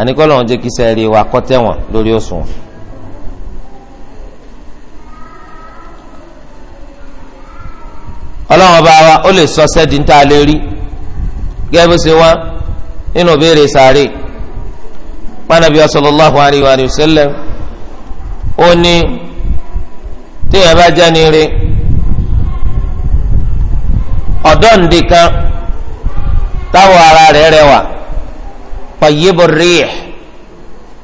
S1: àníkọ́lọ́ wọn jẹ́ kí sẹ́ẹ̀rì wa kọ́ tẹ̀wọ̀n lórí òsùn. ọlọ́wọ́n bá wa ó lè sọ sẹ́ẹ̀dì ń ta lè rí gẹ́gẹ́ bó ṣe wá nínú béèrè sàárè pànàbí sallallahu alayhi wa sallam ó ní téèyàn bá jẹ́ ni rí ọ̀dọ́ ǹdí kan táwọ̀ ara rẹ̀ rẹwà. Re tayyibu rih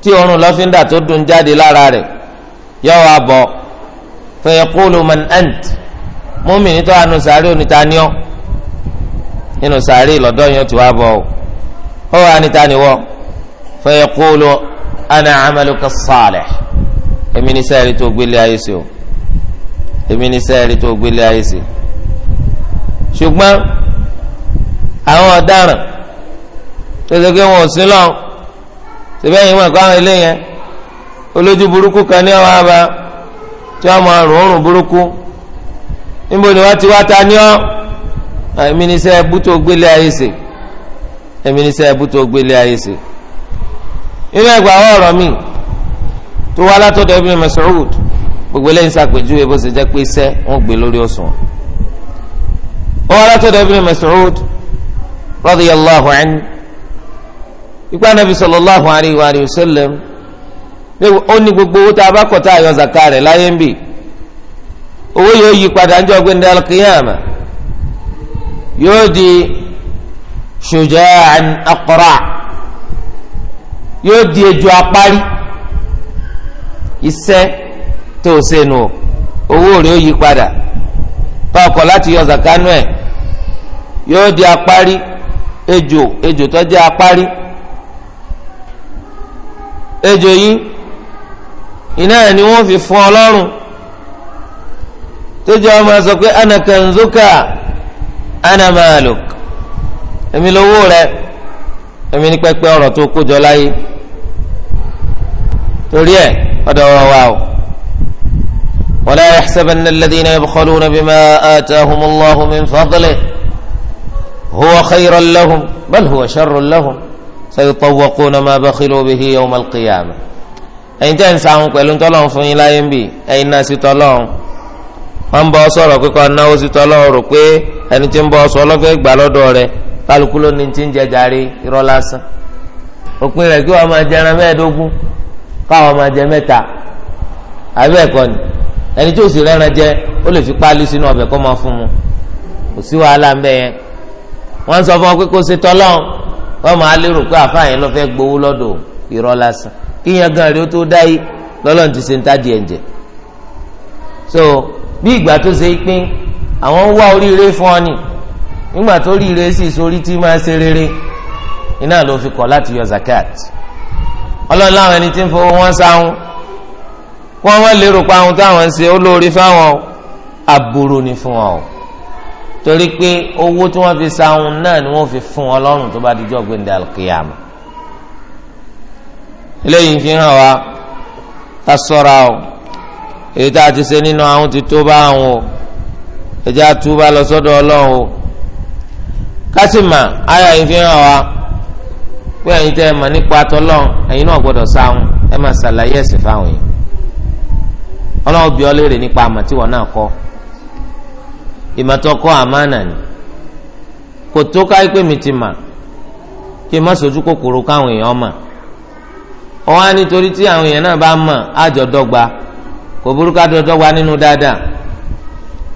S1: tí òórùn lọ́fíńdà tó dùn jáde lára rẹ̀ yóò wá bọ̀ fa yaqulu man ant múmìnì tó wà nù sàárè onítàníọ́ nínú sàárè lọ́dọ̀ yẹn ti wá bọ̀ ó wà nítàníwọ́ fa yaqulu ana amaluka salih èmi ní sẹ́ẹ̀rì tó gbélé ayé sí o èmi ní sẹ́ẹ̀rì tó gbélé ayé sí ṣùgbọ́n àwọn ọ̀daràn. tètè pé wọn ò sí lọ síbẹ̀ yìí wọn kọ́ àwọn ilé yẹn olójú burúkú kan ní ọ̀hún àbá tí wọn máa àrùn rùn burúkú níbo ni wọn ti wá ta ní ọ ẹ̀mí ní sẹ́ ẹbú gbélé ayé sè ní gbélé ayé sè ẹgbà mi tó ìpá nàbì sallallahu alayhi wa sallam ó ní gbogbo owó tá a bá kọ̀ tá a yọ zaka rẹ̀ láyé ń bì owó yóò yí padà ńjọ́ gbẹndé alkiyama yóò di shuja'an aqra yóò di ejò apárí iṣẹ́ tó o ṣe nù owó rẹ̀ ó yí padà tó ọkọ̀ láti yọ zakanu ẹ̀ yóò di apárí ejò ejò tó jẹ́ apárí ejò yìí iná ẹ̀ ni wọ́n fi fún ọlọ́run tójú ọmọ sọ pé ana kanzuka ana maaluk èmi lówó rẹ èmi ní pẹpẹ ọ̀rọ̀ tó kó láyé torí ẹ ọdọ ọ̀rọ̀ wa o. ولا يحسبن الذين يبخلون بما آتاهم الله من فضله هو خيرا لهم بل هو شر لهم sayutawwaquna ma bakhilu bihi yawm al-qiyamah ẹ̀yin tẹ́ ń sahun pẹ̀lú tọ́lọ́hún fún yín láyé ń bì ẹ̀yin náà sí tọ́lọ́hún wọ́n ń bọ́ sọ̀rọ̀ kíkọ́ náwó sí tọ́lọ́hún rò pé ẹni tí ń bọ́ sọ ọlọ́fẹ́ gbà lọ́dọ̀ rẹ̀ kálukú ló ní ti ń jẹjàre irọ́ lásán òpin rẹ̀ kí wọ́n máa jẹ ẹran mẹ́ẹ̀ẹ́dógún káwọn máa jẹ mẹ́ta àbẹ́ ẹ̀kọ́ ni ẹni tí ò sì rẹ́ran jẹ ó lè fi páálí sínú ọbẹ̀ kó máa fún mu kò sí wàhálà ń bẹ yẹn wọ́n sọ fún ọ pé kó ṣe tọ́lọ́hún wọ́n máa lérò pé àfààyàn lọ fẹ́ gbowó lọ́dọ̀ irọ́ lásán kíyan gan rí ó tó dá yìí lọ́lọ́run ti ṣe ń tádìí ẹ̀jẹ̀ so bí ìgbà tó ṣe pé àwọn ń wá oríire fún ọ ni nígbà tó ríire sì sórí tí máa ṣe rere iná ló fi kọ̀ láti yọ zakat ọlọ́run láwọn ẹni tí ń fowó wọn sáwọn kí wọ́n wọ́n lérò pa àwọn táwọn ń ṣe ó lóore fáwọn aburú ni fún wọn o. torí pé owó tí wọ́n fi sáhun náà ni wọ́n fi fún ọlọ́run tó bá dijọ́ gbẹ̀ndẹ̀ alkiyama eléyìí fi hàn wá ká sọ́ra o èyí tá a ti ṣe nínú àwọn ti tó bá àwọn o ẹjẹ́ àtúbà lọ sọ́dọ̀ ọlọrun o ká fi hàn wá pé ẹ nípa náà ẹ máa ṣàlàyé fáwọn yìí bí ọ nípa tí ìmọ̀tọ́kọ́ àmánà ni kò tó káyí pé mi ti mà kí n má sojú kòkòrò káwọn èèyàn mà wọn á nítorí tí àwọn èèyàn náà bá mọ̀ àjọ kò burú nínú dáadáa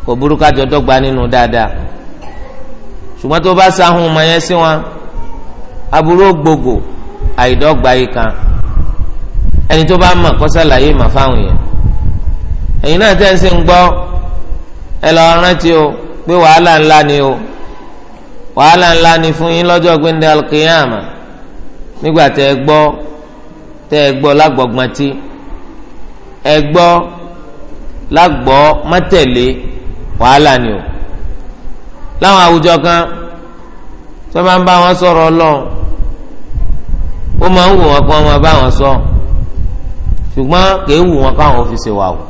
S1: kò nínú dáadáa ṣùgbọ́n tó bá sáhùn ọmọ yẹn sí wọn aburú gbogbo àìdọ́gba yìí kan ẹni tó bá mọ̀ mà fáwọn èèyàn ẹ̀yin náà tẹ́ ẹ lọ rántí o pé wàhálà ńlá ni o wàhálà ńlá ni fún yín lọ́jọ́ gbẹ̀ndẹ̀ alkiyama nígbà tẹ ẹ gbọ́ tẹ ẹ gbọ́ lágbọ̀gbọ̀ntì ẹ gbọ́ lágbọ́ mọ́tẹ̀lé wàhálà ni o láwọn àwùjọ kan tó máa ń bá wọn sọ̀rọ̀ ọlọ́run ó máa ń wù wọn kí wọ́n bá wọn sọ ṣùgbọ́n kì í wù wọn káwọn fi ṣe wà o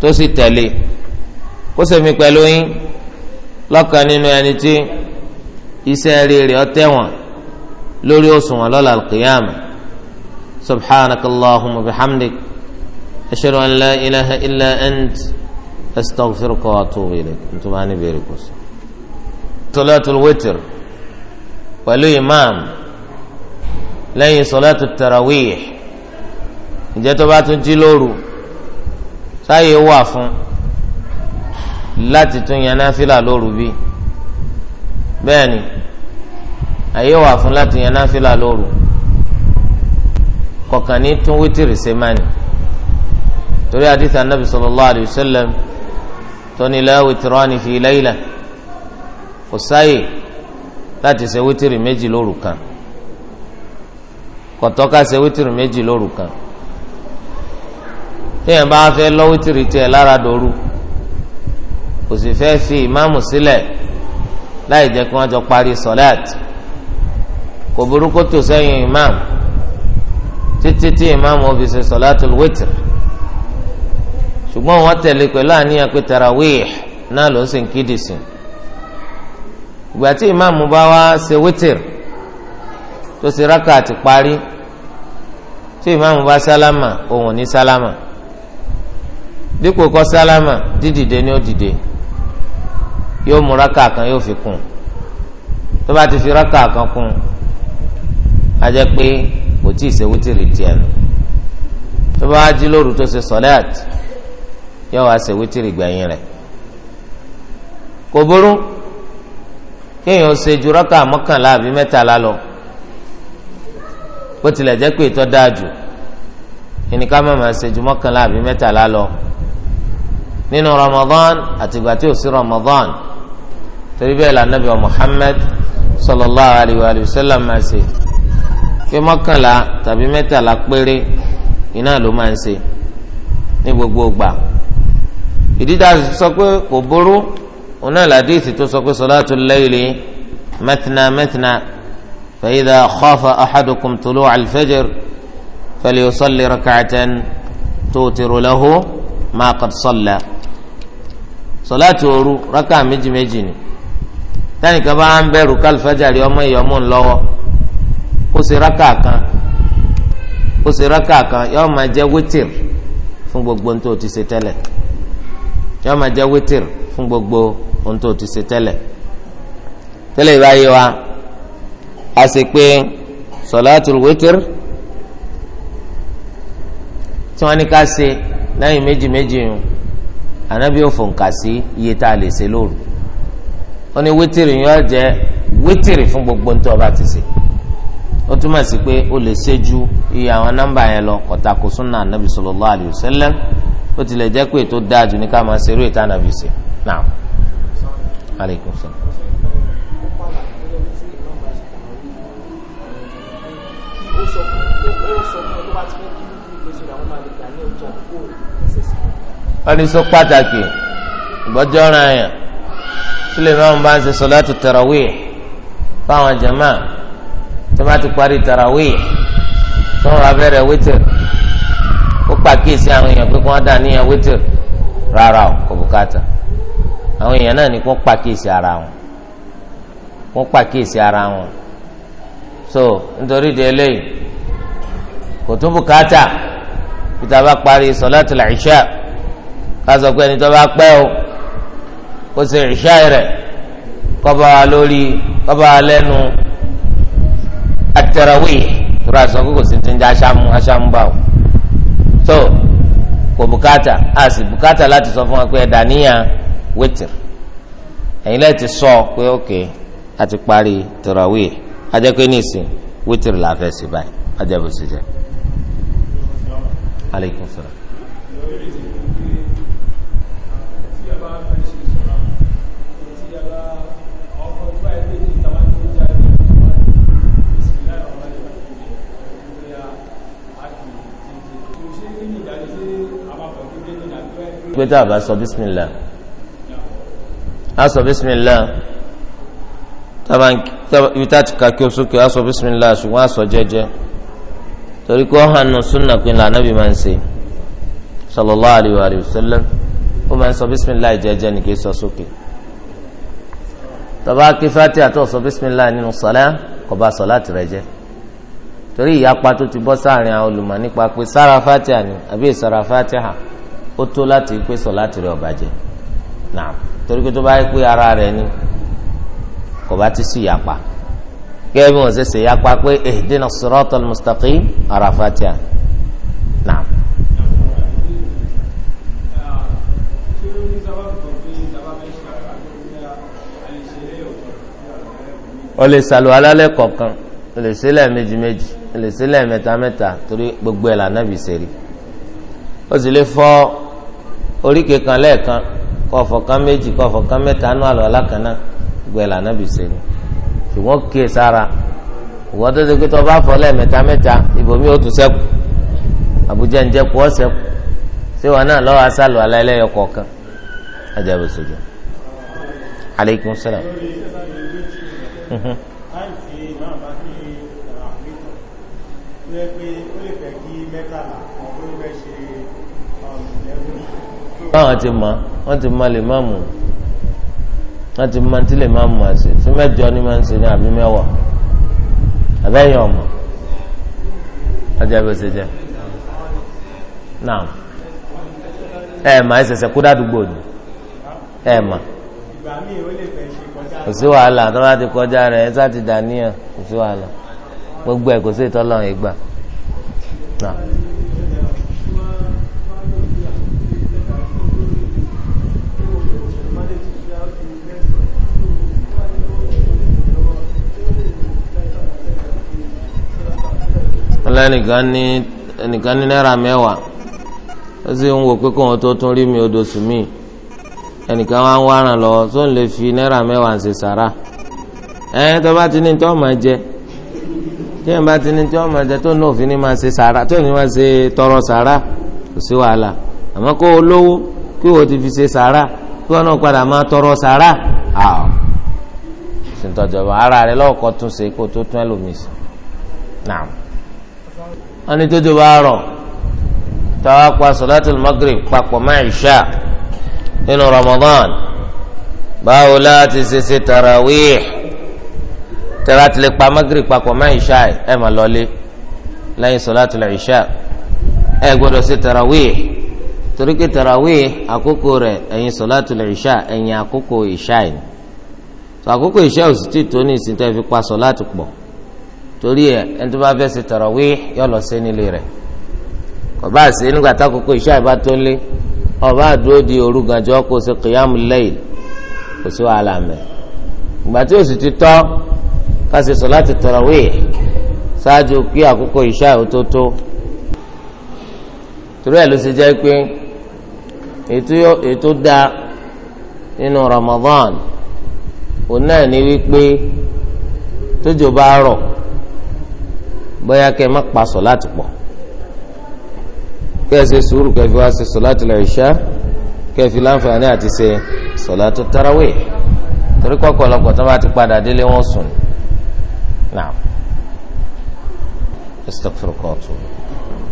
S1: tó sì tẹ̀lé kó sèmi pẹ̀lú yín lọ́kàn nínú ẹni tí iṣẹ́ rere ọ̀tẹ̀wọ̀n lórí òṣùwọ̀n lọ́la alqiyama subhanaka allahumma bihamdik ashhadu an la ilaha illa ant astaghfiruka wa atubu ilayk ntoma ni bèrè kò sí. salatul witr pẹ̀lú imam lẹ́yìn salatul tarawih ǹjẹ́ tó bá tún jí lóru táyé wà fún láti tún yan náfìlà lóru bí bẹ́ẹ̀ ni àyè wà fún láti yan náfìlà lóru kọ̀ọ̀kan ní tún wítìrì ṣe máa nì torí àdìsí anábì sallallahu alayhi wa sallam tóní la witrani fi layla kò sáyè láti ṣe wítìrì méjì lóru kan kò ká ṣe wítìrì méjì lóru kan téèyàn bá fẹ́ lọ́wọ́ tìrì tiẹ̀ lára dòru kò sì fẹ́ fi ìmáàmù sílẹ̀ láì jẹ́ kí wọ́n jọ parí sọ́láàt kò burúkú tò sẹ́yìn ìmáàmù títí tí ìmáàmù ó fi ṣe sọ́láàtul wítìr ṣùgbọ́n wọ́n tẹ̀lé pẹ̀lú àníyàn pé tarawih náà ló ń sìn kídì sìn ìgbà tí ìmáàmù bá wá ṣe wítìr tó ṣe rákà parí tí ìmáàmù bá sálámà òun ò ní sálámà dípò kọ sálámà dídìde ni ó dìde yóò mú rákà kan yóò fi kún tó bá ti fi rákà kan kún a jẹ pé kò tí ì ṣe wítìrì tiẹ̀ nù tó bá jí lóru tó ṣe sọlẹ́t yóò wá ṣe wítìrì gbẹ̀yìn rẹ̀ kò burú kéèyàn ṣe ju rákà mọ́kànlá àbí mẹ́tàlá lọ bó tilẹ̀ jẹ́ pé ìtọ́ dáa jù ẹnì ká má máa ṣe ju mọ́kànlá àbí mẹ́tàlá lọ nínú ramadan àtìgbà tí ò sí ramadan torí bẹ́ẹ̀ la nabi wa muhammad sallallahu alayhi wa sallam máa ṣe pé mọ́kànlá tàbí mẹ́tàlá péré iná ló máa ń ṣe ní gbogbo ìgbà ìdí tá a sọ pé kò burú òun náà làdíìsì tó sọ pé salatul layli matna matna fa idha khafa ahadukum tulu al-fajr falyusalli rak'atan tutiru lahu ma qad salla sọláàtì òru rákà méjì méjì ni tẹnìkan bá ń bẹ̀rù kálífàjárì ọmọ ìyọmọ ńlọ́wọ́ kó ṣe rákà kan kó ṣe rákà kan yọọ máa jẹ wítìr fún gbogbo ohun tó ti ṣe tẹ́lẹ̀ yọọ máa jẹ wítìr fún gbogbo ohun tó ti ṣe tẹ́lẹ̀ tẹ́lẹ̀ ìbáyé wa a sì pé sọláàtì wítìr tí wọ́n ní ká ṣe lẹ́yìn méjì méjì yìí anabi ò fòǹkà sí iye tá a lè ṣe lóru ó ní wítìrì yóò jẹ wítìrì fún gbogbo ntọ́ bá ti ṣe ó túmọ̀ sí pé ó lè ṣe ju iye àwọn nọ́mbà yẹn lọ kọ̀tà kò súnà anabi sallallahu alayhi wa sallam ó tilẹ̀ jẹ́ pé ètò dáa jù ní ká máa ṣerú ètò anabi ṣe náà aleykum salaam. sọ fún ó ọdínsó pàtàkì ìbọjọ́ra yẹn tí lè máa ń bá ń ṣe sọláàtù tarawih fáwọn jama tí wọ́n ti parí tarawih tí wọ́n bá bẹ̀rẹ̀ wítìrì ó pàkíyèsí àwọn èèyàn pé kí wọ́n dà níyàn wítìrì rárá o kò bùkátà àwọn èèyàn náà ni kò pàkíyèsí ara wọn kò pàkíyèsí ara wọn so nítorí di eléyìí kò tún bùkátà bí tá a bá parí sọláàtù làìṣá ká sọ pé ẹni tó bá pẹ́ o kó ṣe ìṣá rẹ̀ kó bá wa lórí kó bá wa lẹ́nu at-tarawih tó ra sọ pé kò sí ti ń jẹ́ aṣáàmú aṣáàmú báwò tó kò bùkátà a sì bùkátà láti sọ fún wa pé ẹ̀dá níyà wẹ́tìr ẹ̀yin sọ pé ókè a ti parí tarawih ajẹ́ ní ìsìn wẹ́tìr là fẹ́ sí báyìí ajẹ́ bó jẹ́ aleykum salaam. pé tá a bá sọ bísímìlá a sọ bísímìlá ibi tá a ti ka kí o sókè a sọ bísímìlá ṣùgbọ́n a sọ jẹ́jẹ́ torí kó hàn nù súnà pé lànàbì máa ń ṣe sallallahu alayhi wa alayhi wa sallam ó máa ń sọ bísímìlá jẹ́jẹ́ ni kì í sọ sókè tó bá kí Fatiha bísímìlá nínú sọlá kò bá sọ láti rẹ jẹ́ torí ìyapa tó ti bọ́ sáàrin àwọn olùmọ̀ nípa pé sára Fatiha ni àbí ìsára Fatiha. ó tó láti pé sọ láti rẹ ọba jẹ náà torí pé tó bá pé ara rẹ ni kò bá ti sí yapa gẹ́gẹ́ bí wọ́n ṣe ṣe yapa pé ihdina siratal mustaqim ara fatia náà. o lè sàlù alálẹ̀ kọ̀ọ̀kan o lè sílẹ̀ méjì o lè sílẹ̀ mẹ́ta torí gbogbo ẹ̀ lànà bìí ṣe o sì lè oríkè kan lẹ́ẹ̀kan kan fọ̀kan méjì kọ́ fọ̀kan mẹ́ta nú àlọ́ alákanná gbẹ̀là nábì sẹ́nu ṣùgbọ́n kíyè sára ìwọ́n tó ṣe pé tó bá fọ̀ lẹ́ẹ̀mẹ́ta mẹ́ta ibòmí ó tún sẹ́kù àbújá ń jẹ́ kó sẹ́kù síwọ́n náà lọ́wọ́ asálù alálẹ́yọ kọ̀ọ̀kan ajabu sojú aleykum salaam. Ilé mhm. báwọn ti mọ wọn ti mọ lè má mú wọn ti mọ tí lè má mú àṣẹ tí mẹ́jọ ni máa ń ṣe ní àbí mẹ́wàá àbẹ́yìn ọmọ ọjà bó ṣe jẹ náà ẹ mà ẹ ṣẹ̀ṣẹ̀ ni ẹ mà kò sí wàhálà tó bá ti kọjá rẹ ẹ sá ti dàníyàn kò sí wàhálà gbogbo ẹ kò sí ìtọ́lọ́run ìgbà náà. ọlá ẹnìkan ní ẹnìkan ní náírà mẹ́wàá ó sì ń wò pé kóun tó tún rí mi odò sùn mí ẹnìkan wá ń wá ràn lọ tó ń lè fi náírà mẹ́wàá ṣe sàrà ẹ tó bá ti ní tí wọ́n máa jẹ tí wọ́n bá ti ní tí wọ́n máa jẹ tó ní òfin ní máa ṣe sàrà tó ní máa ṣe tọrọ sàrà kò sí wàhálà àmọ́ kó o lówó kí o ti fi ṣe sàrà kí wọ́n náà padà máa tọrọ sàrà àwọ̀ ṣètọ́jọba ara rẹ lọ́kọ̀ tún ṣe kó tó tún ẹlòmíì sí náà wọn ní tójú bá rọ̀ táwa pa sọláàtì magrib papọ̀ mọ́ ìṣá nínú ramadan báwo láti ṣe ṣe tarawih tẹ̀lá ti lè pa magrib papọ̀ mọ́ ìṣá ẹ̀ mà lọ́lé lẹ́yìn sọláàtì ìṣá ẹ̀ gbọ́dọ̀ ṣe tarawih torí pé tarawih àkókò rẹ̀ ẹ̀yìn sọláàtì ìṣá ẹ̀yìn àkókò ìṣá ẹ̀ àkókò ìṣá ò sì tí tó ní ìsìn fi pa sọláàtì pọ̀ torí ẹ ẹni tó bá fẹ́ ṣe tarawih yọ lọ sí nílé rẹ̀ ọba àṣẹ nígbà tákòókò iṣẹ́ àìbá tó lé ọba àdúró di òru gànjọ́ kó o ṣe qiyam kò sí wàhálà mẹ́ ìgbà tí oṣù ti tọ́ ká ṣe salati tarawih ṣáájú kí àkókò iṣẹ́ àìtótó torí ẹ ló ṣe jẹ́ pé ètò da nínú Ramadan òun náà ní wípé tójò bá rọ̀ bóyá kẹ́ ẹ má pa sọ̀láàtì pọ̀ kẹ́ ẹ ṣe sùúrù kẹ́ ẹ fi wá ṣe sọ̀láàtì l'ìṣá kẹ́ ẹ fi láǹfààní àti ṣe sọ̀láàtì tarawih torí kọ́kọ́ ọlọ́pàá tó bá ti padà délé wọn sùn náà astaghfirullah.